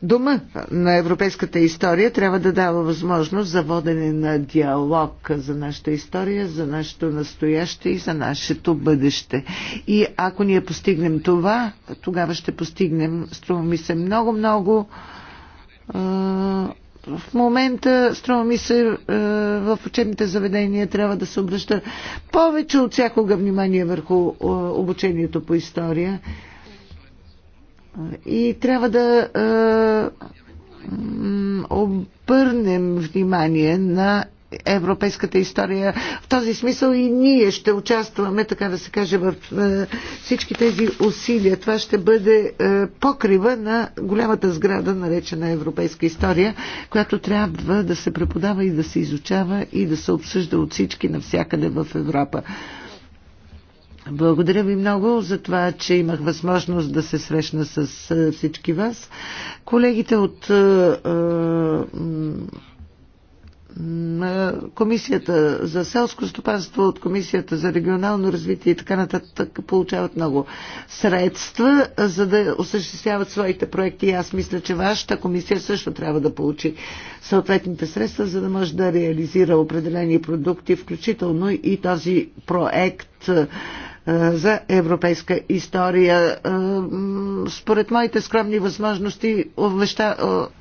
Дома на европейската история трябва да дава възможност за водене на диалог за нашата история, за нашето настояще и за нашето бъдеще. И ако ние постигнем това, тогава ще постигнем, струва ми се, много-много в момента, струва ми се, в учебните заведения трябва да се обръща повече от всякога внимание върху обучението по история и трябва да е, обърнем внимание на европейската история. В този смисъл и ние ще участваме, така да се каже, в е, всички тези усилия. Това ще бъде е, покрива на голямата сграда, наречена европейска история, която трябва да се преподава и да се изучава и да се обсъжда от всички навсякъде в Европа. Благодаря ви много за това, че имах възможност да се срещна с всички вас. Колегите от Комисията за селско стопанство, от Комисията за регионално развитие и така нататък получават много средства, за да осъществяват своите проекти. И аз мисля, че вашата комисия също трябва да получи съответните средства, за да може да реализира определени продукти, включително и този проект за европейска история. Според моите скромни възможности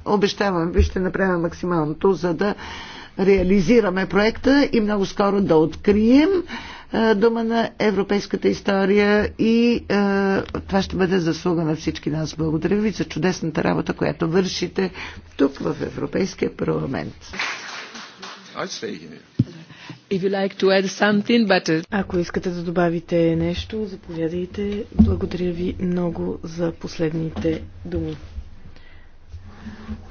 обещавам ви ще направя максималното, за да реализираме проекта и много скоро да открием дума на европейската история и това ще бъде заслуга на всички нас. Благодаря ви за чудесната работа, която вършите тук в Европейския парламент. If you like to add something, but... Uh, Ако искате да добавите нещо, заповядайте. Благодаря ви много за последните думи.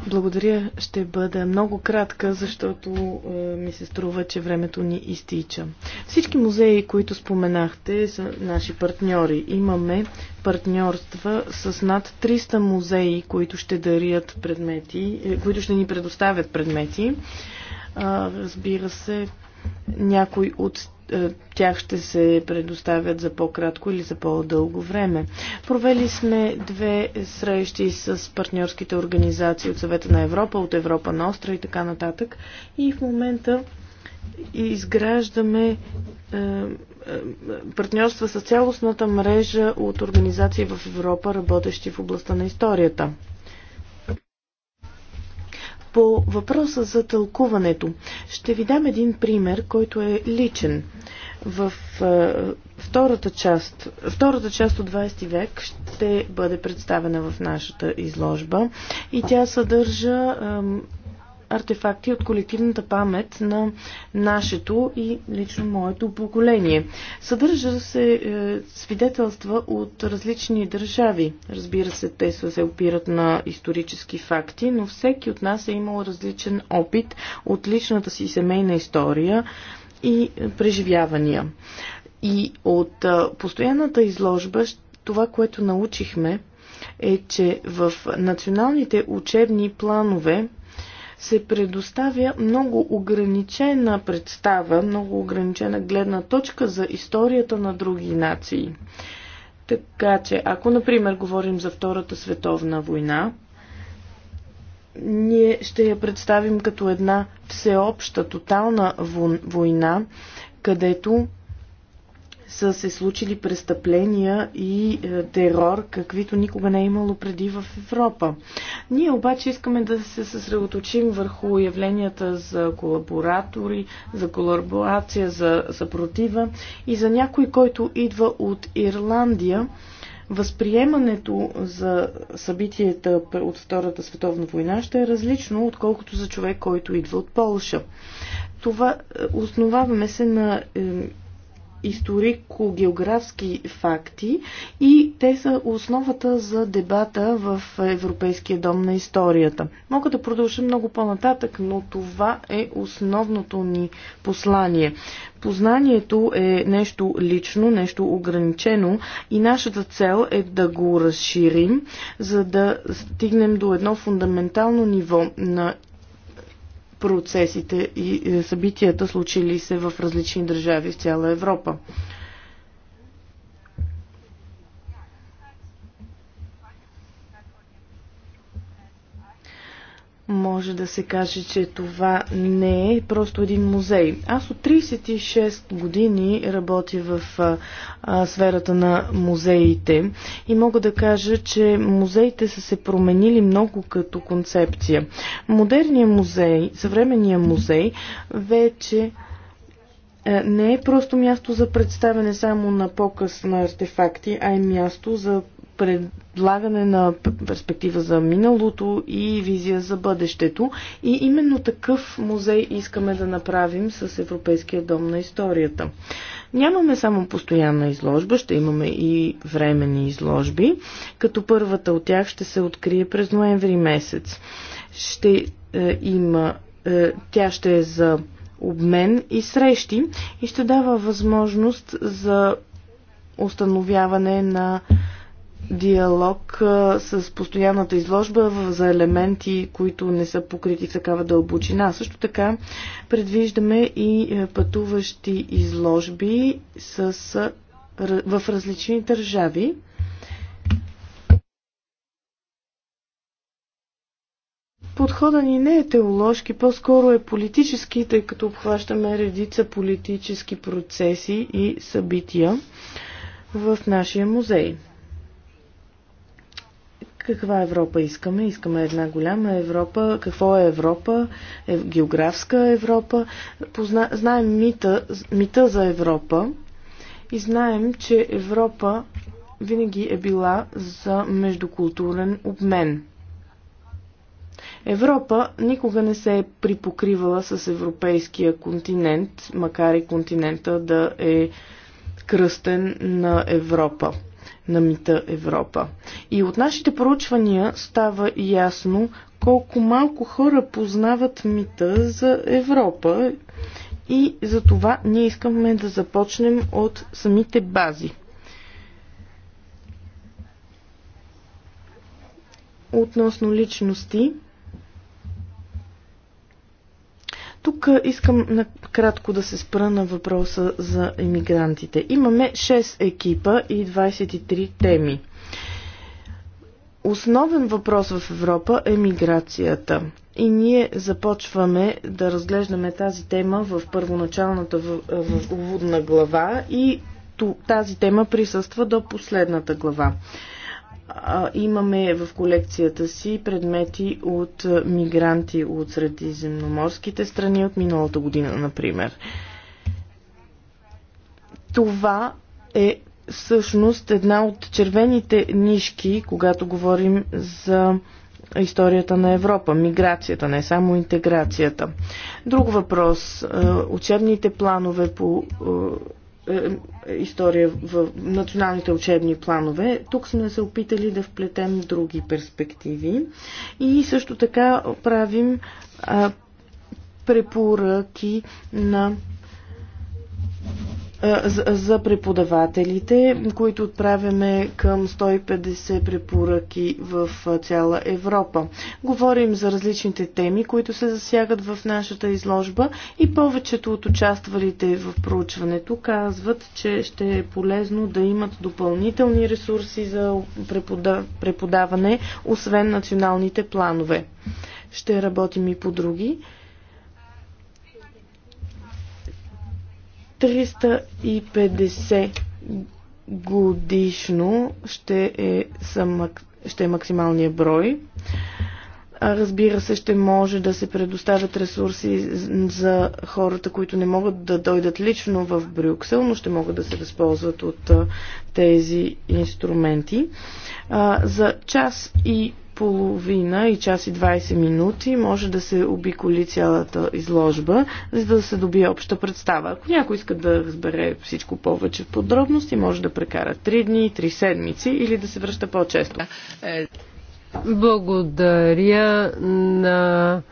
Благодаря. Ще бъда много кратка, защото е, ми се струва, че времето ни изтича. Всички музеи, които споменахте, са наши партньори. Имаме партньорства с над 300 музеи, които ще дарят предмети, е, които ще ни предоставят предмети. Разбира се, някой от е, тях ще се предоставят за по-кратко или за по-дълго време. Провели сме две срещи с партньорските организации от Съвета на Европа, от Европа на Остра и така нататък. И в момента изграждаме е, е, партньорства с цялостната мрежа от организации в Европа, работещи в областта на историята. По въпроса за тълкуването, ще ви дам един пример, който е личен. В е, втората част, втората част от 20 век ще бъде представена в нашата изложба и тя съдържа артефакти от колективната памет на нашето и лично моето поколение. Съдържа се е, свидетелства от различни държави. Разбира се, те се опират на исторически факти, но всеки от нас е имал различен опит от личната си семейна история и преживявания. И от е, постоянната изложба това, което научихме, е, че в националните учебни планове се предоставя много ограничена представа, много ограничена гледна точка за историята на други нации. Така че, ако, например, говорим за Втората световна война, ние ще я представим като една всеобща, тотална война, където са се случили престъпления и е, терор, каквито никога не е имало преди в Европа. Ние обаче искаме да се съсредоточим върху явленията за колаборатори, за колаборация, за съпротива и за някой, който идва от Ирландия. Възприемането за събитията от Втората световна война ще е различно, отколкото за човек, който идва от Полша. Това е, основаваме се на е, историко-географски факти и те са основата за дебата в Европейския дом на историята. Мога да продължа много по-нататък, но това е основното ни послание. Познанието е нещо лично, нещо ограничено и нашата цел е да го разширим, за да стигнем до едно фундаментално ниво на процесите и е, събитията, случили се в различни държави в цяла Европа. може да се каже, че това не е просто един музей. Аз от 36 години работя в а, сферата на музеите и мога да кажа, че музеите са се променили много като концепция. Модерният музей, съвременният музей вече е, не е просто място за представяне само на показ на артефакти, а е място за предлагане на перспектива за миналото и визия за бъдещето. И именно такъв музей искаме да направим с Европейския дом на историята. Нямаме само постоянна изложба, ще имаме и временни изложби, като първата от тях ще се открие през ноември месец. Ще е, има, е, тя ще е за обмен и срещи и ще дава възможност за установяване на диалог с постоянната изложба за елементи, които не са покрити в такава дълбочина. Също така предвиждаме и е, пътуващи изложби с, в различни държави. подхода ни не е теоложки, по-скоро е политически, тъй като обхващаме редица политически процеси и събития в нашия музей. Каква Европа искаме? Искаме една голяма Европа. Какво е Европа? Е, географска Европа. Позна, знаем мита, мита за Европа и знаем, че Европа винаги е била за междукултурен обмен. Европа никога не се е припокривала с европейския континент, макар и континента да е кръстен на Европа на мита Европа. И от нашите проучвания става ясно колко малко хора познават мита за Европа и за това ние искаме да започнем от самите бази. Относно личности, Тук искам накратко да се спра на въпроса за иммигрантите. Имаме 6 екипа и 23 теми. Основен въпрос в Европа е миграцията. И ние започваме да разглеждаме тази тема в първоначалната уводна глава и тази тема присъства до последната глава имаме в колекцията си предмети от мигранти от средиземноморските страни от миналата година, например. Това е всъщност една от червените нишки, когато говорим за историята на Европа, миграцията, не само интеграцията. Друг въпрос. Учебните планове по е, история в националните учебни планове. Тук сме се опитали да вплетем други перспективи и също така правим е, препоръки на за преподавателите, които отправяме към 150 препоръки в цяла Европа. Говорим за различните теми, които се засягат в нашата изложба и повечето от участвалите в проучването казват, че ще е полезно да имат допълнителни ресурси за преподаване, освен националните планове. Ще работим и по други 350 годишно ще е, съм, ще е максималния брой. Разбира се, ще може да се предоставят ресурси за хората, които не могат да дойдат лично в Брюксел, но ще могат да се възползват от тези инструменти. За час и половина и час и 20 минути може да се обиколи цялата изложба, за да се добие обща представа. Ако някой иска да разбере всичко повече в подробности, може да прекара 3 дни, 3 седмици или да се връща по-често. Благодаря на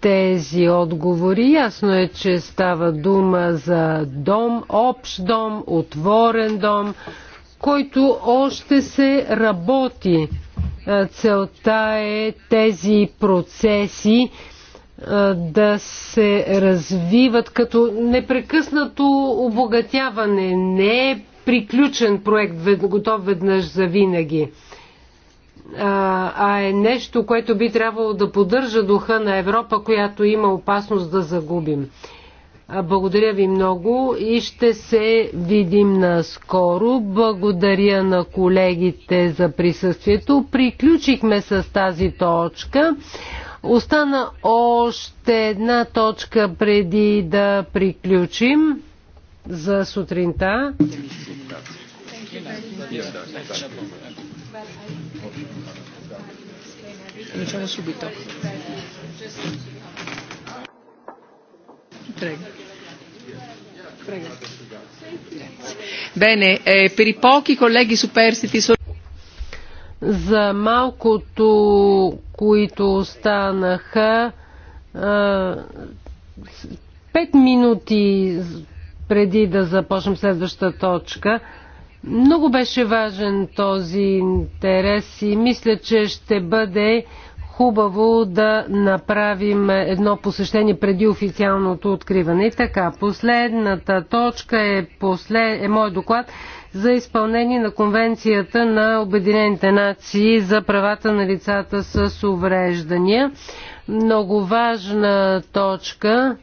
тези отговори. Ясно е, че става дума за дом, общ дом, отворен дом, който още се работи. Целта е тези процеси да се развиват като непрекъснато обогатяване. Не е приключен проект, готов веднъж за винаги, а е нещо, което би трябвало да поддържа духа на Европа, която има опасност да загубим. Благодаря ви много и ще се видим наскоро. Благодаря на колегите за присъствието. Приключихме с тази точка. Остана още една точка преди да приключим за сутринта. Cominciamo ами subito. Prego. Prego. Bene, eh, per i pochi colleghi superstiti sono... За малкото, които останаха, пет минути преди да започнем следваща точка, много беше важен този интерес и мисля, че ще бъде хубаво да направим едно посещение преди официалното откриване. И така, последната точка е, послед... е мой доклад за изпълнение на Конвенцията на Обединените нации за правата на лицата с увреждания. Много важна точка.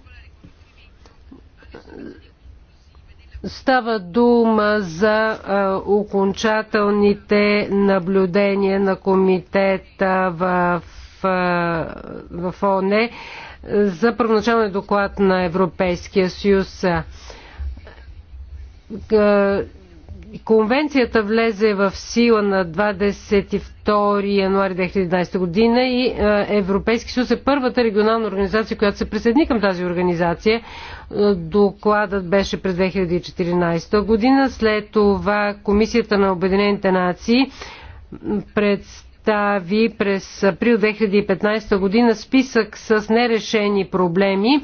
Става дума за а, окончателните наблюдения на комитета в в ООН за първоначалния доклад на Европейския съюз. Конвенцията влезе в сила на 22 януари 2011 година и Европейски съюз е първата регионална организация, която се присъедини към тази организация. Докладът беше през 2014 година. След това Комисията на Обединените нации представи представи през април 2015 година списък с нерешени проблеми. Е,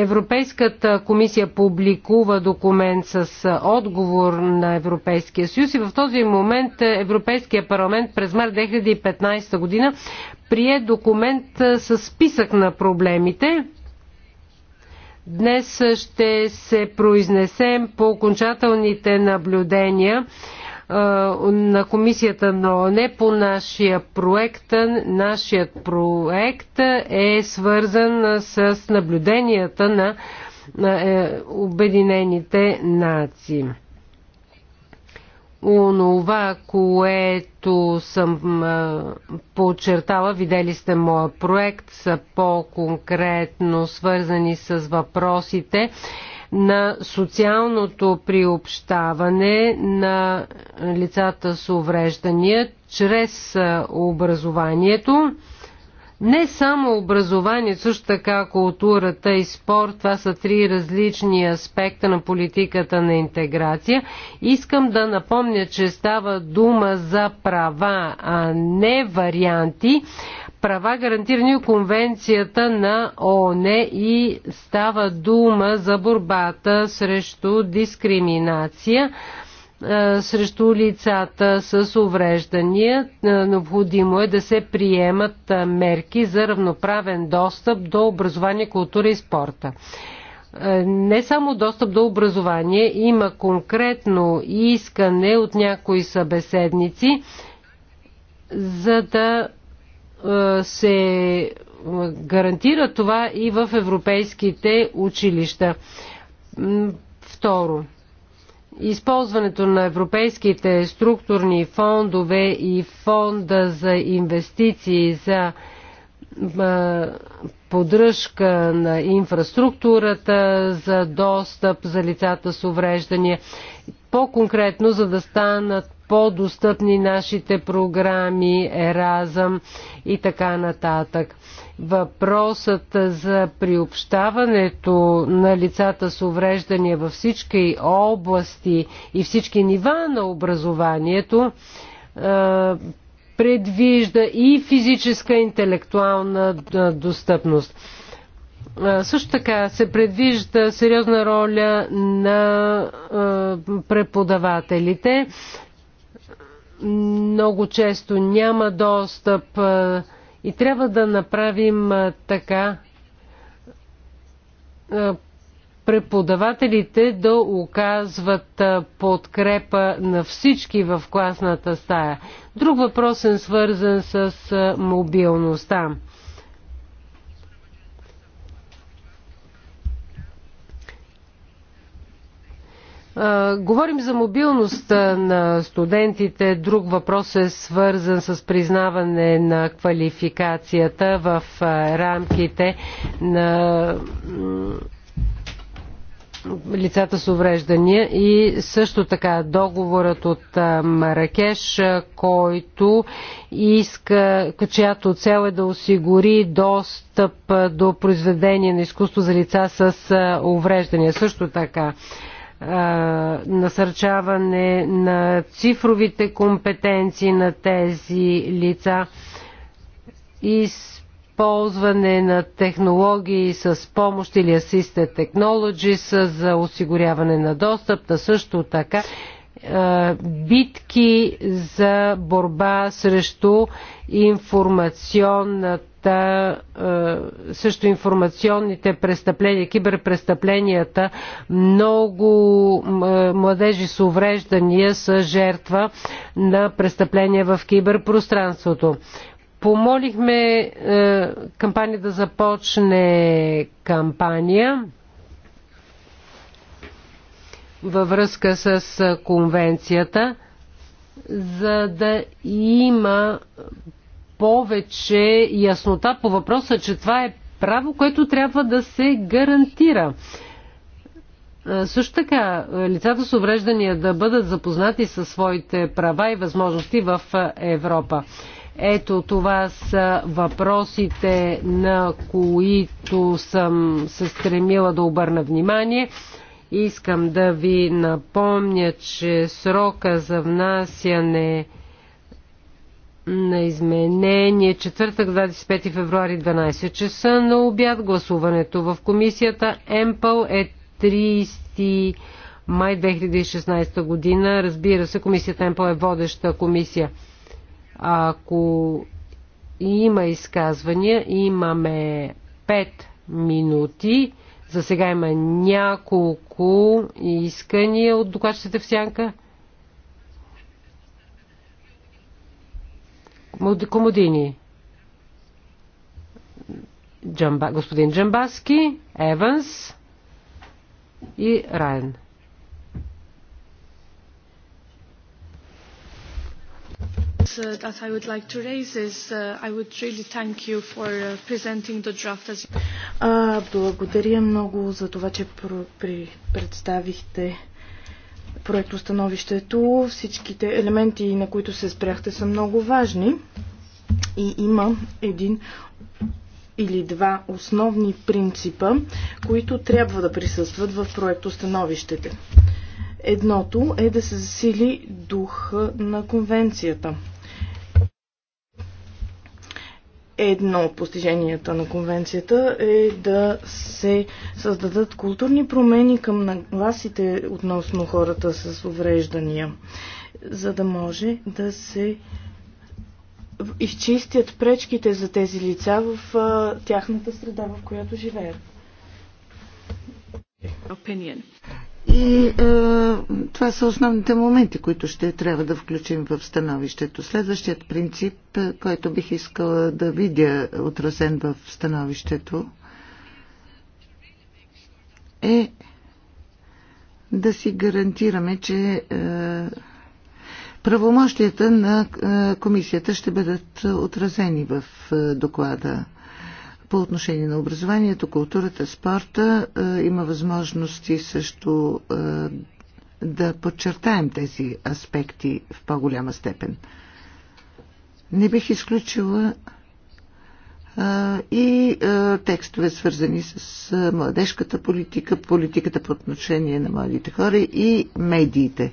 Европейската комисия публикува документ с отговор на Европейския съюз и в този момент Европейския парламент през март 2015 година прие документ с списък на проблемите. Днес ще се произнесем по окончателните наблюдения на комисията на ОНЕ по нашия проект. Нашият проект е свързан с наблюденията на е, Обединените нации. Онова, което съм подчертала, видели сте моя проект, са по-конкретно свързани с въпросите, на социалното приобщаване на лицата с увреждания чрез образованието. Не само образование, също така културата и спорт, това са три различни аспекта на политиката на интеграция. Искам да напомня, че става дума за права, а не варианти права, гарантирани от конвенцията на ООН и става дума за борбата срещу дискриминация е, срещу лицата с увреждания. Е, необходимо е да се приемат е, мерки за равноправен достъп до образование, култура и спорта. Не само достъп до образование, има конкретно искане от някои събеседници, за да е, се гарантира това и в европейските училища. Второ, използването на европейските структурни фондове и фонда за инвестиции за е, поддръжка на инфраструктурата, за достъп за лицата с увреждания, по-конкретно за да станат по-достъпни нашите програми, Еразъм и така нататък. Въпросът за приобщаването на лицата с увреждания във всички области и всички нива на образованието е, предвижда и физическа, и интелектуална е, достъпност. Е, също така се предвижда сериозна роля на преподавателите много често няма достъп и трябва да направим така преподавателите да оказват подкрепа на всички в класната стая. Друг въпрос е свързан с мобилността. Говорим за мобилност на студентите. Друг въпрос е свързан с признаване на квалификацията в рамките на лицата с увреждания и също така договорът от Маракеш, който иска, чиято цел е да осигури достъп до произведение на изкуство за лица с увреждания. Също така насърчаване на цифровите компетенции на тези лица, използване на технологии с помощ или Assisted Technologies за осигуряване на достъп, а също така битки за борба срещу информационната а, е, също информационните престъпления, киберпрестъпленията, много е, младежи с увреждания са жертва на престъпления в киберпространството. Помолихме е, кампания да започне кампания във връзка с конвенцията, за да има повече яснота по въпроса, че това е право, което трябва да се гарантира. Също така, лицата с увреждания да бъдат запознати със своите права и възможности в Европа. Ето това са въпросите, на които съм се стремила да обърна внимание. Искам да ви напомня, че срока за внасяне на изменение четвъртък 25 февруари 12 часа на обяд. Гласуването в комисията МПЛ е 30 май 2016 година. Разбира се, комисията МПЛ е водеща комисия. Ако има изказвания, имаме 5 минути. За сега има няколко искания от докладчетата в сянка. Комодини. Джамба, господин Джамбаски, Еванс и Райан. that I would like to raise is uh, I would really thank you for uh, presenting the draft as. Uh, благодаря много за това, че при представихте проектостановището. Всичките елементи, на които се спряхте, са много важни и има един или два основни принципа, които трябва да присъстват в проектостановищете. Едното е да се засили духа на конвенцията – Едно от постиженията на конвенцията е да се създадат културни промени към нагласите относно хората с увреждания, за да може да се изчистят пречките за тези лица в а, тяхната среда, в която живеят. Opinion. И е, това са основните моменти, които ще трябва да включим в становището. Следващият принцип, е, който бих искала да видя отразен в становището, е да си гарантираме, че е, правомощията на е, комисията ще бъдат отразени в е, доклада. По отношение на образованието, културата, спорта е, има възможности също е, да подчертаем тези аспекти в по-голяма степен. Не бих изключила е, и текстове свързани с младежката политика, политиката по отношение на младите хора и медиите.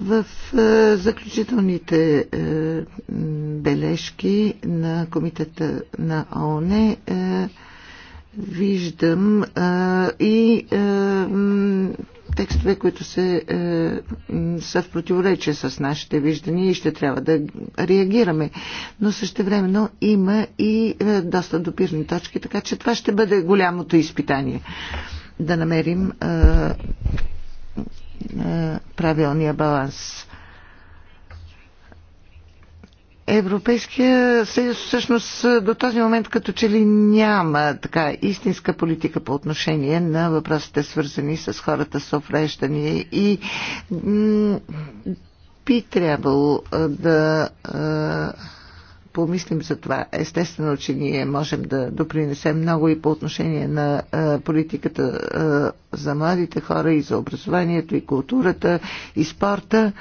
В е, заключителните е, бележки на Комитета на ООН е, виждам и текстове, които се, е, са в противоречие с нашите виждания и ще трябва да реагираме. Но също времено има и е, доста допирни точки, така че това ще бъде голямото изпитание да намерим е, е, правилния баланс. Европейския съюз всъщност до този момент като че ли няма така истинска политика по отношение на въпросите свързани с хората с увреждания и би трябвало да помислим за това. Естествено, че ние можем да допринесем много и по отношение на политиката за младите хора и за образованието и културата и спорта.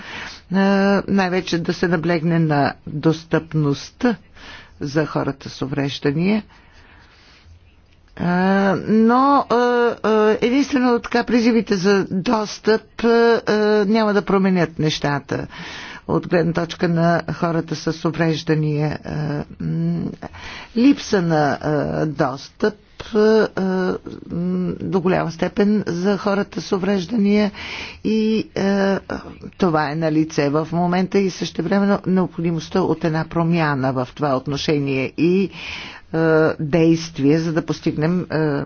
Най-вече да се наблегне на достъпността за хората с увреждания но единствено така призивите за достъп няма да променят нещата от гледна точка на хората с увреждания. Е, липса на е, достъп е, до голяма степен за хората с увреждания и е, това е на лице в момента и също време необходимостта от една промяна в това отношение и е, действие, за да постигнем е,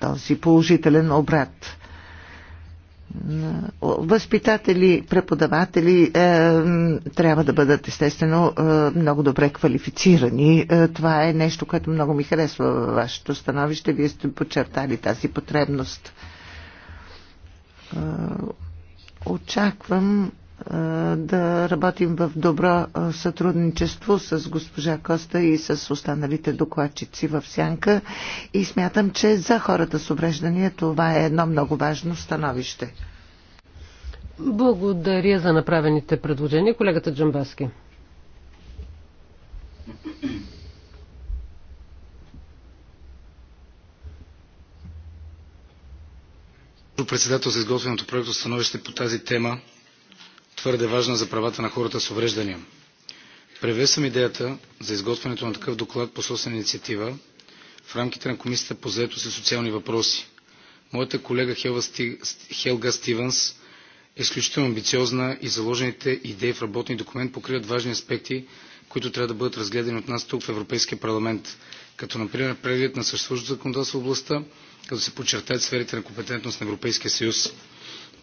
този положителен обрат. Възпитатели, преподаватели е, трябва да бъдат естествено е, много добре квалифицирани. Е, това е нещо, което много ми харесва във вашето становище. Вие сте подчертали тази потребност. Е, очаквам да работим в добро сътрудничество с госпожа Коста и с останалите докладчици в Сянка и смятам, че за хората с увреждания това е едно много важно становище. Благодаря за направените предложения. Колегата Джамбаски. Председател за изготвеното проекто становище по тази тема твърде важна за правата на хората с увреждания. Превесвам идеята за изготвянето на такъв доклад по собствена инициатива в рамките на Комисията по заетост и социални въпроси. Моята колега Хелга Стивенс е изключително амбициозна и заложените идеи в работни документ покриват важни аспекти, които трябва да бъдат разгледани от нас тук в Европейския парламент, като например преглед на съществуващото законодателство в областта, като се подчертаят сферите на компетентност на Европейския съюз.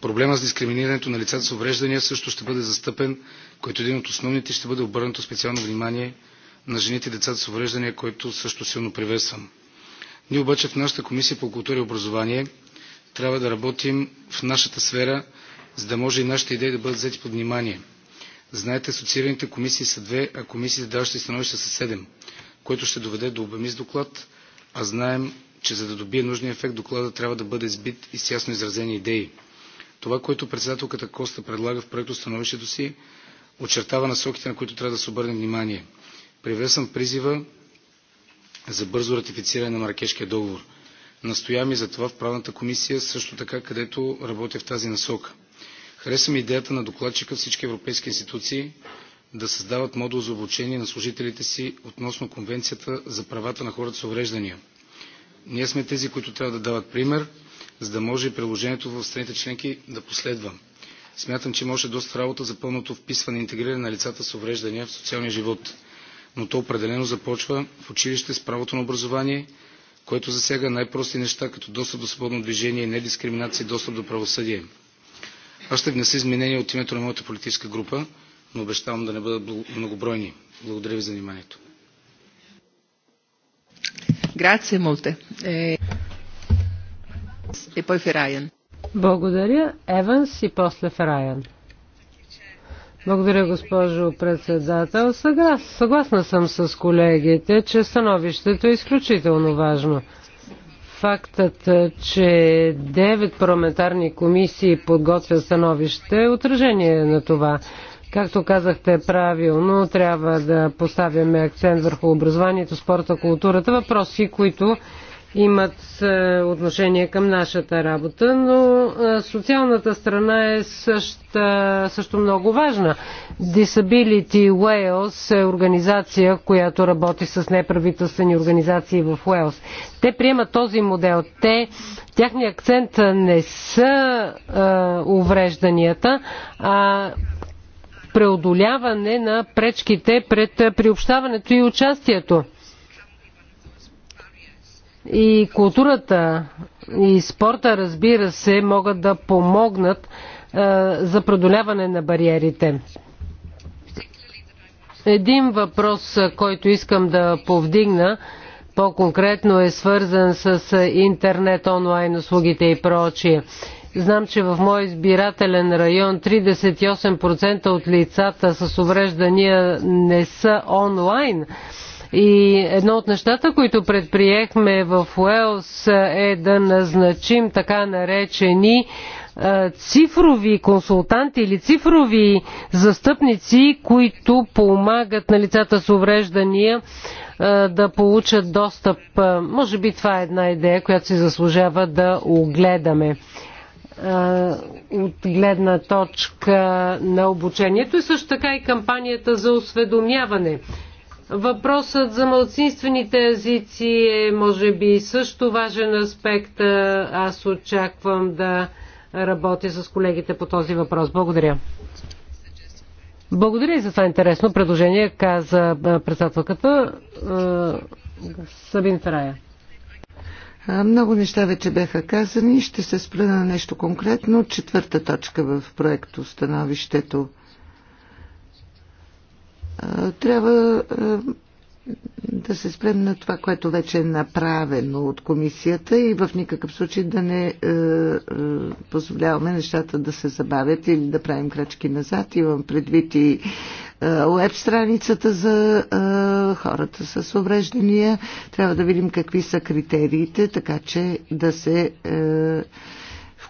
Проблема с дискриминирането на лицата с увреждания също ще бъде застъпен, който е един от основните ще бъде обърнато специално внимание на жените и децата с увреждания, който също силно приветствам. Ние обаче в нашата комисия по култура и образование трябва да работим в нашата сфера, за да може и нашите идеи да бъдат взети под внимание. Знаете, асоциираните комисии са две, а комисиите даващи становища са седем, което ще доведе до обемист доклад, а знаем, че за да добие нужния ефект доклада трябва да бъде сбит и с ясно изразени идеи. Това, което председателката Коста предлага в проекто становището си, очертава насоките, на които трябва да се обърне внимание. Привесвам призива за бързо ратифициране на Маракешкия договор. Настоявам и за това в правната комисия, също така където работя в тази насока. Харесвам идеята на докладчика всички европейски институции да създават модул за обучение на служителите си относно Конвенцията за правата на хората с увреждания. Ние сме тези, които трябва да дават пример за да може приложението в страните членки да последва. Смятам, че може доста работа за пълното вписване и интегриране на лицата с увреждания в социалния живот, но то определено започва в училище с правото на образование, което засяга най-прости неща, като достъп до свободно движение, недискриминация и достъп до правосъдие. Аз ще внеса изменения от името на моята политическа група, но обещавам да не бъдат многобройни. Благодаря ви за вниманието. Grazie molte. Eh, и пой Ферайен. Благодаря, Еванс и после Ферайен. Благодаря, госпожо председател. съгласна съм с колегите, че становището е изключително важно. Фактът, че девет парламентарни комисии подготвят становище е отражение на това. Както казахте правилно, трябва да поставяме акцент върху образованието, спорта, културата, въпроси, които имат е, отношение към нашата работа, но е, социалната страна е също, също много важна. Disability Wales е организация, която работи с неправителствени организации в Уелс. Те приемат този модел. Те, тяхният акцент не са а, е, уврежданията, а преодоляване на пречките пред приобщаването и участието и културата и спорта, разбира се, могат да помогнат за преодоляване на бариерите. Един въпрос, който искам да повдигна, по-конкретно е свързан с интернет, онлайн услугите и прочие. Знам, че в мой избирателен район 38% от лицата с увреждания не са онлайн и едно от нещата, които предприехме в Уелс е да назначим така наречени цифрови консултанти или цифрови застъпници, които помагат на лицата с увреждания да получат достъп. Може би това е една идея, която си заслужава да огледаме от гледна точка на обучението и също така и кампанията за осведомяване. Въпросът за малцинствените езици е, може би, също важен аспект. Аз очаквам да работя с колегите по този въпрос. Благодаря. Благодаря и за това интересно предложение, каза председателката Сабин Фрая. Много неща вече бяха казани. Ще се спра на нещо конкретно. Четвърта точка в проекто становището. Трябва да се спрем на това, което вече е направено от комисията и в никакъв случай да не позволяваме нещата да се забавят или да правим крачки назад. Имам предвид и уеб страницата за хората с увреждания. Трябва да видим какви са критериите, така че да се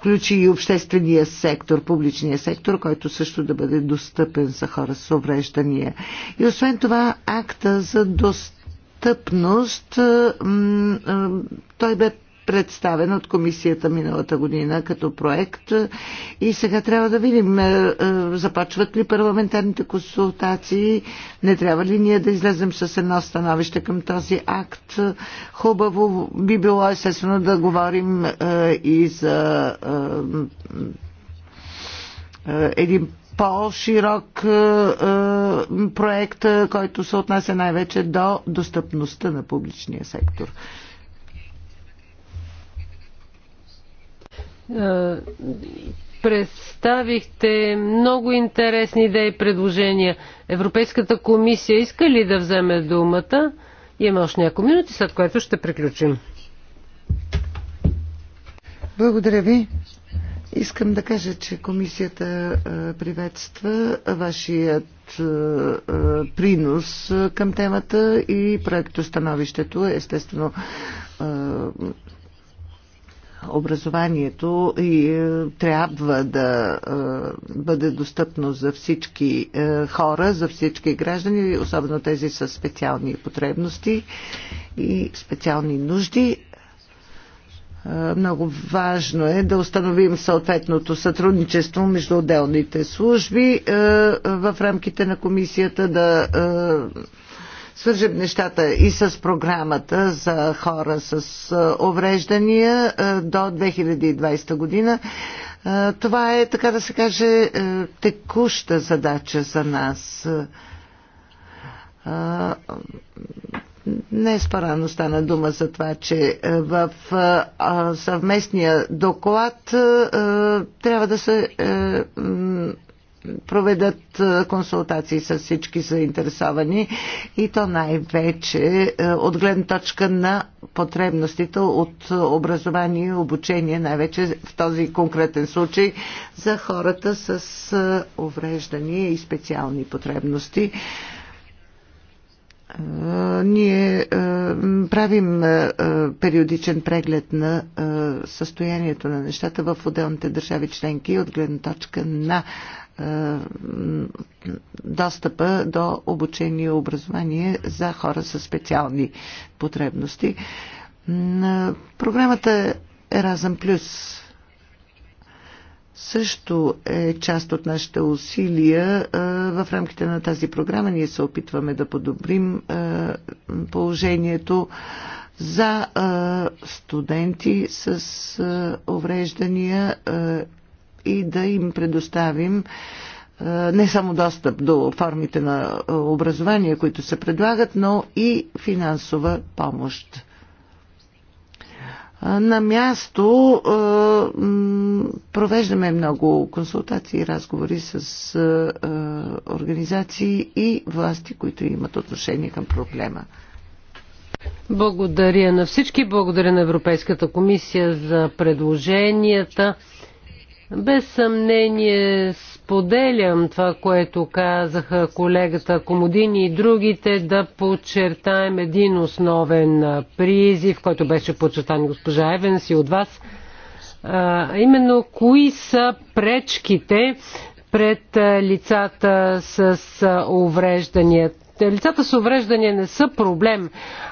включи и обществения сектор, публичния сектор, който също да бъде достъпен за хора с увреждания. И освен това, акта за достъпност, той бе представен от комисията миналата година като проект и сега трябва да видим е, е, започват ли парламентарните консултации, не трябва ли ние да излезем с едно становище към този акт. Хубаво би било естествено да говорим е, и за един по-широк проект, който се отнася най-вече до достъпността на публичния сектор. Е, представихте много интересни идеи и предложения. Европейската комисия иска ли да вземе думата? Има още няколко минути, след което ще приключим. Благодаря ви. Искам да кажа, че комисията е, приветства вашият е, принос към темата и проектостановището. Естествено, образованието и е, трябва да е, бъде достъпно за всички е, хора, за всички граждани, особено тези с специални потребности и специални нужди. Много важно е да установим съответното сътрудничество между отделните служби в рамките на комисията да свържем нещата и с програмата за хора с увреждания до 2020 година. Това е, така да се каже, текуща задача за нас. е парано стана дума за това, че в съвместния доклад трябва да се проведат консултации с всички заинтересовани и то най-вече от гледна точка на потребностите от образование и обучение, най-вече в този конкретен случай за хората с увреждания и специални потребности ние правим периодичен преглед на състоянието на нещата в отделните държави членки от гледна точка на е, достъпа до обучение и образование за хора с специални потребности. Е, програмата Еразъм Плюс също е част от нашите усилия. Е, в рамките на тази програма ние се опитваме да подобрим положението за студенти с увреждания и да им предоставим е, не само достъп до формите на е, образование, които се предлагат, но и финансова помощ. Е, на място провеждаме много консултации и разговори с организации и власти, които имат отношение към проблема. Благодаря на всички, благодаря на Европейската комисия за предложенията. Без съмнение споделям това, което казаха колегата Комодини и другите, да подчертаем един основен призив, който беше подчертан госпожа Евенс и от вас. А, именно кои са пречките пред лицата с увреждания. Лицата с увреждания не са проблем.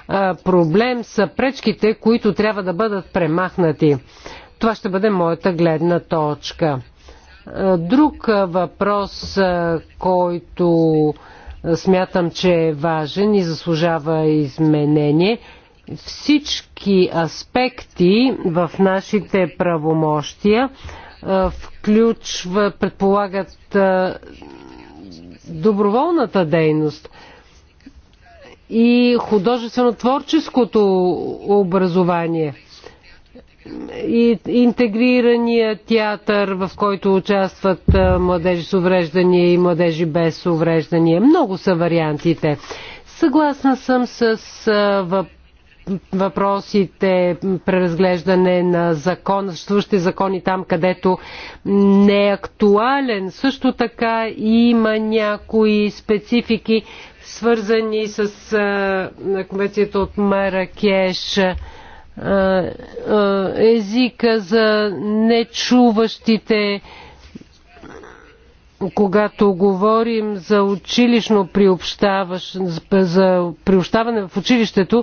А, проблем са пречките, които трябва да бъдат премахнати. Това ще бъде моята гледна точка. Е, друг е, въпрос, е, който смятам, че е важен и заслужава изменение. Всички аспекти в нашите правомощия включва, предполагат доброволната дейност и художествено-творческото образование и интегрирания театър, в който участват младежи с увреждания и младежи без увреждания. Много са вариантите. Съгласна съм с въпросите, преразглеждане на закон, съществуващи закони там, където не е актуален. Също така има някои специфики, свързани с конвенцията от Маракеш е, е, езика за нечуващите, когато говорим за училищно за приобщаване в училището, е,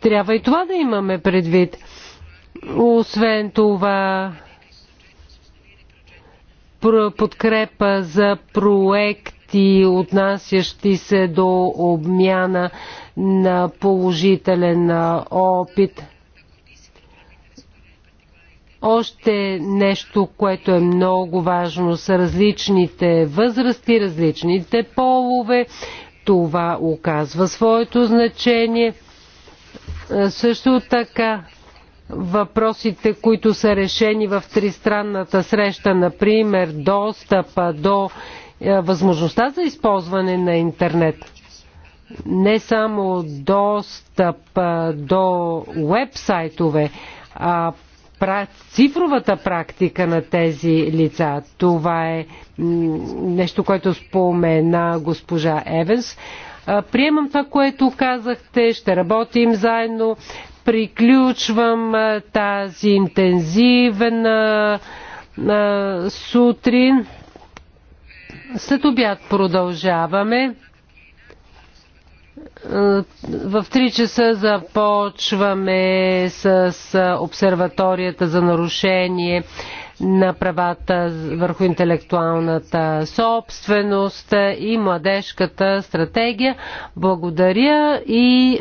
трябва и това да имаме предвид. Освен това, подкрепа за проект проекти, отнасящи се до обмяна на положителен опит. Още нещо, което е много важно, са различните възрасти, различните полове. Това оказва своето значение. Също така въпросите, които са решени в тристранната среща, например достъпа до е, възможността за използване на интернет. Не само достъп е, до вебсайтове, а цифровата практика на тези лица. Това е нещо, което спомена госпожа Евенс. Е, приемам това, което казахте, ще работим заедно. Приключвам тази интензивна сутрин. След обяд продължаваме. Е, в 3 часа започваме с обсерваторията за нарушение на правата върху интелектуалната собственост и младежката стратегия. Благодаря и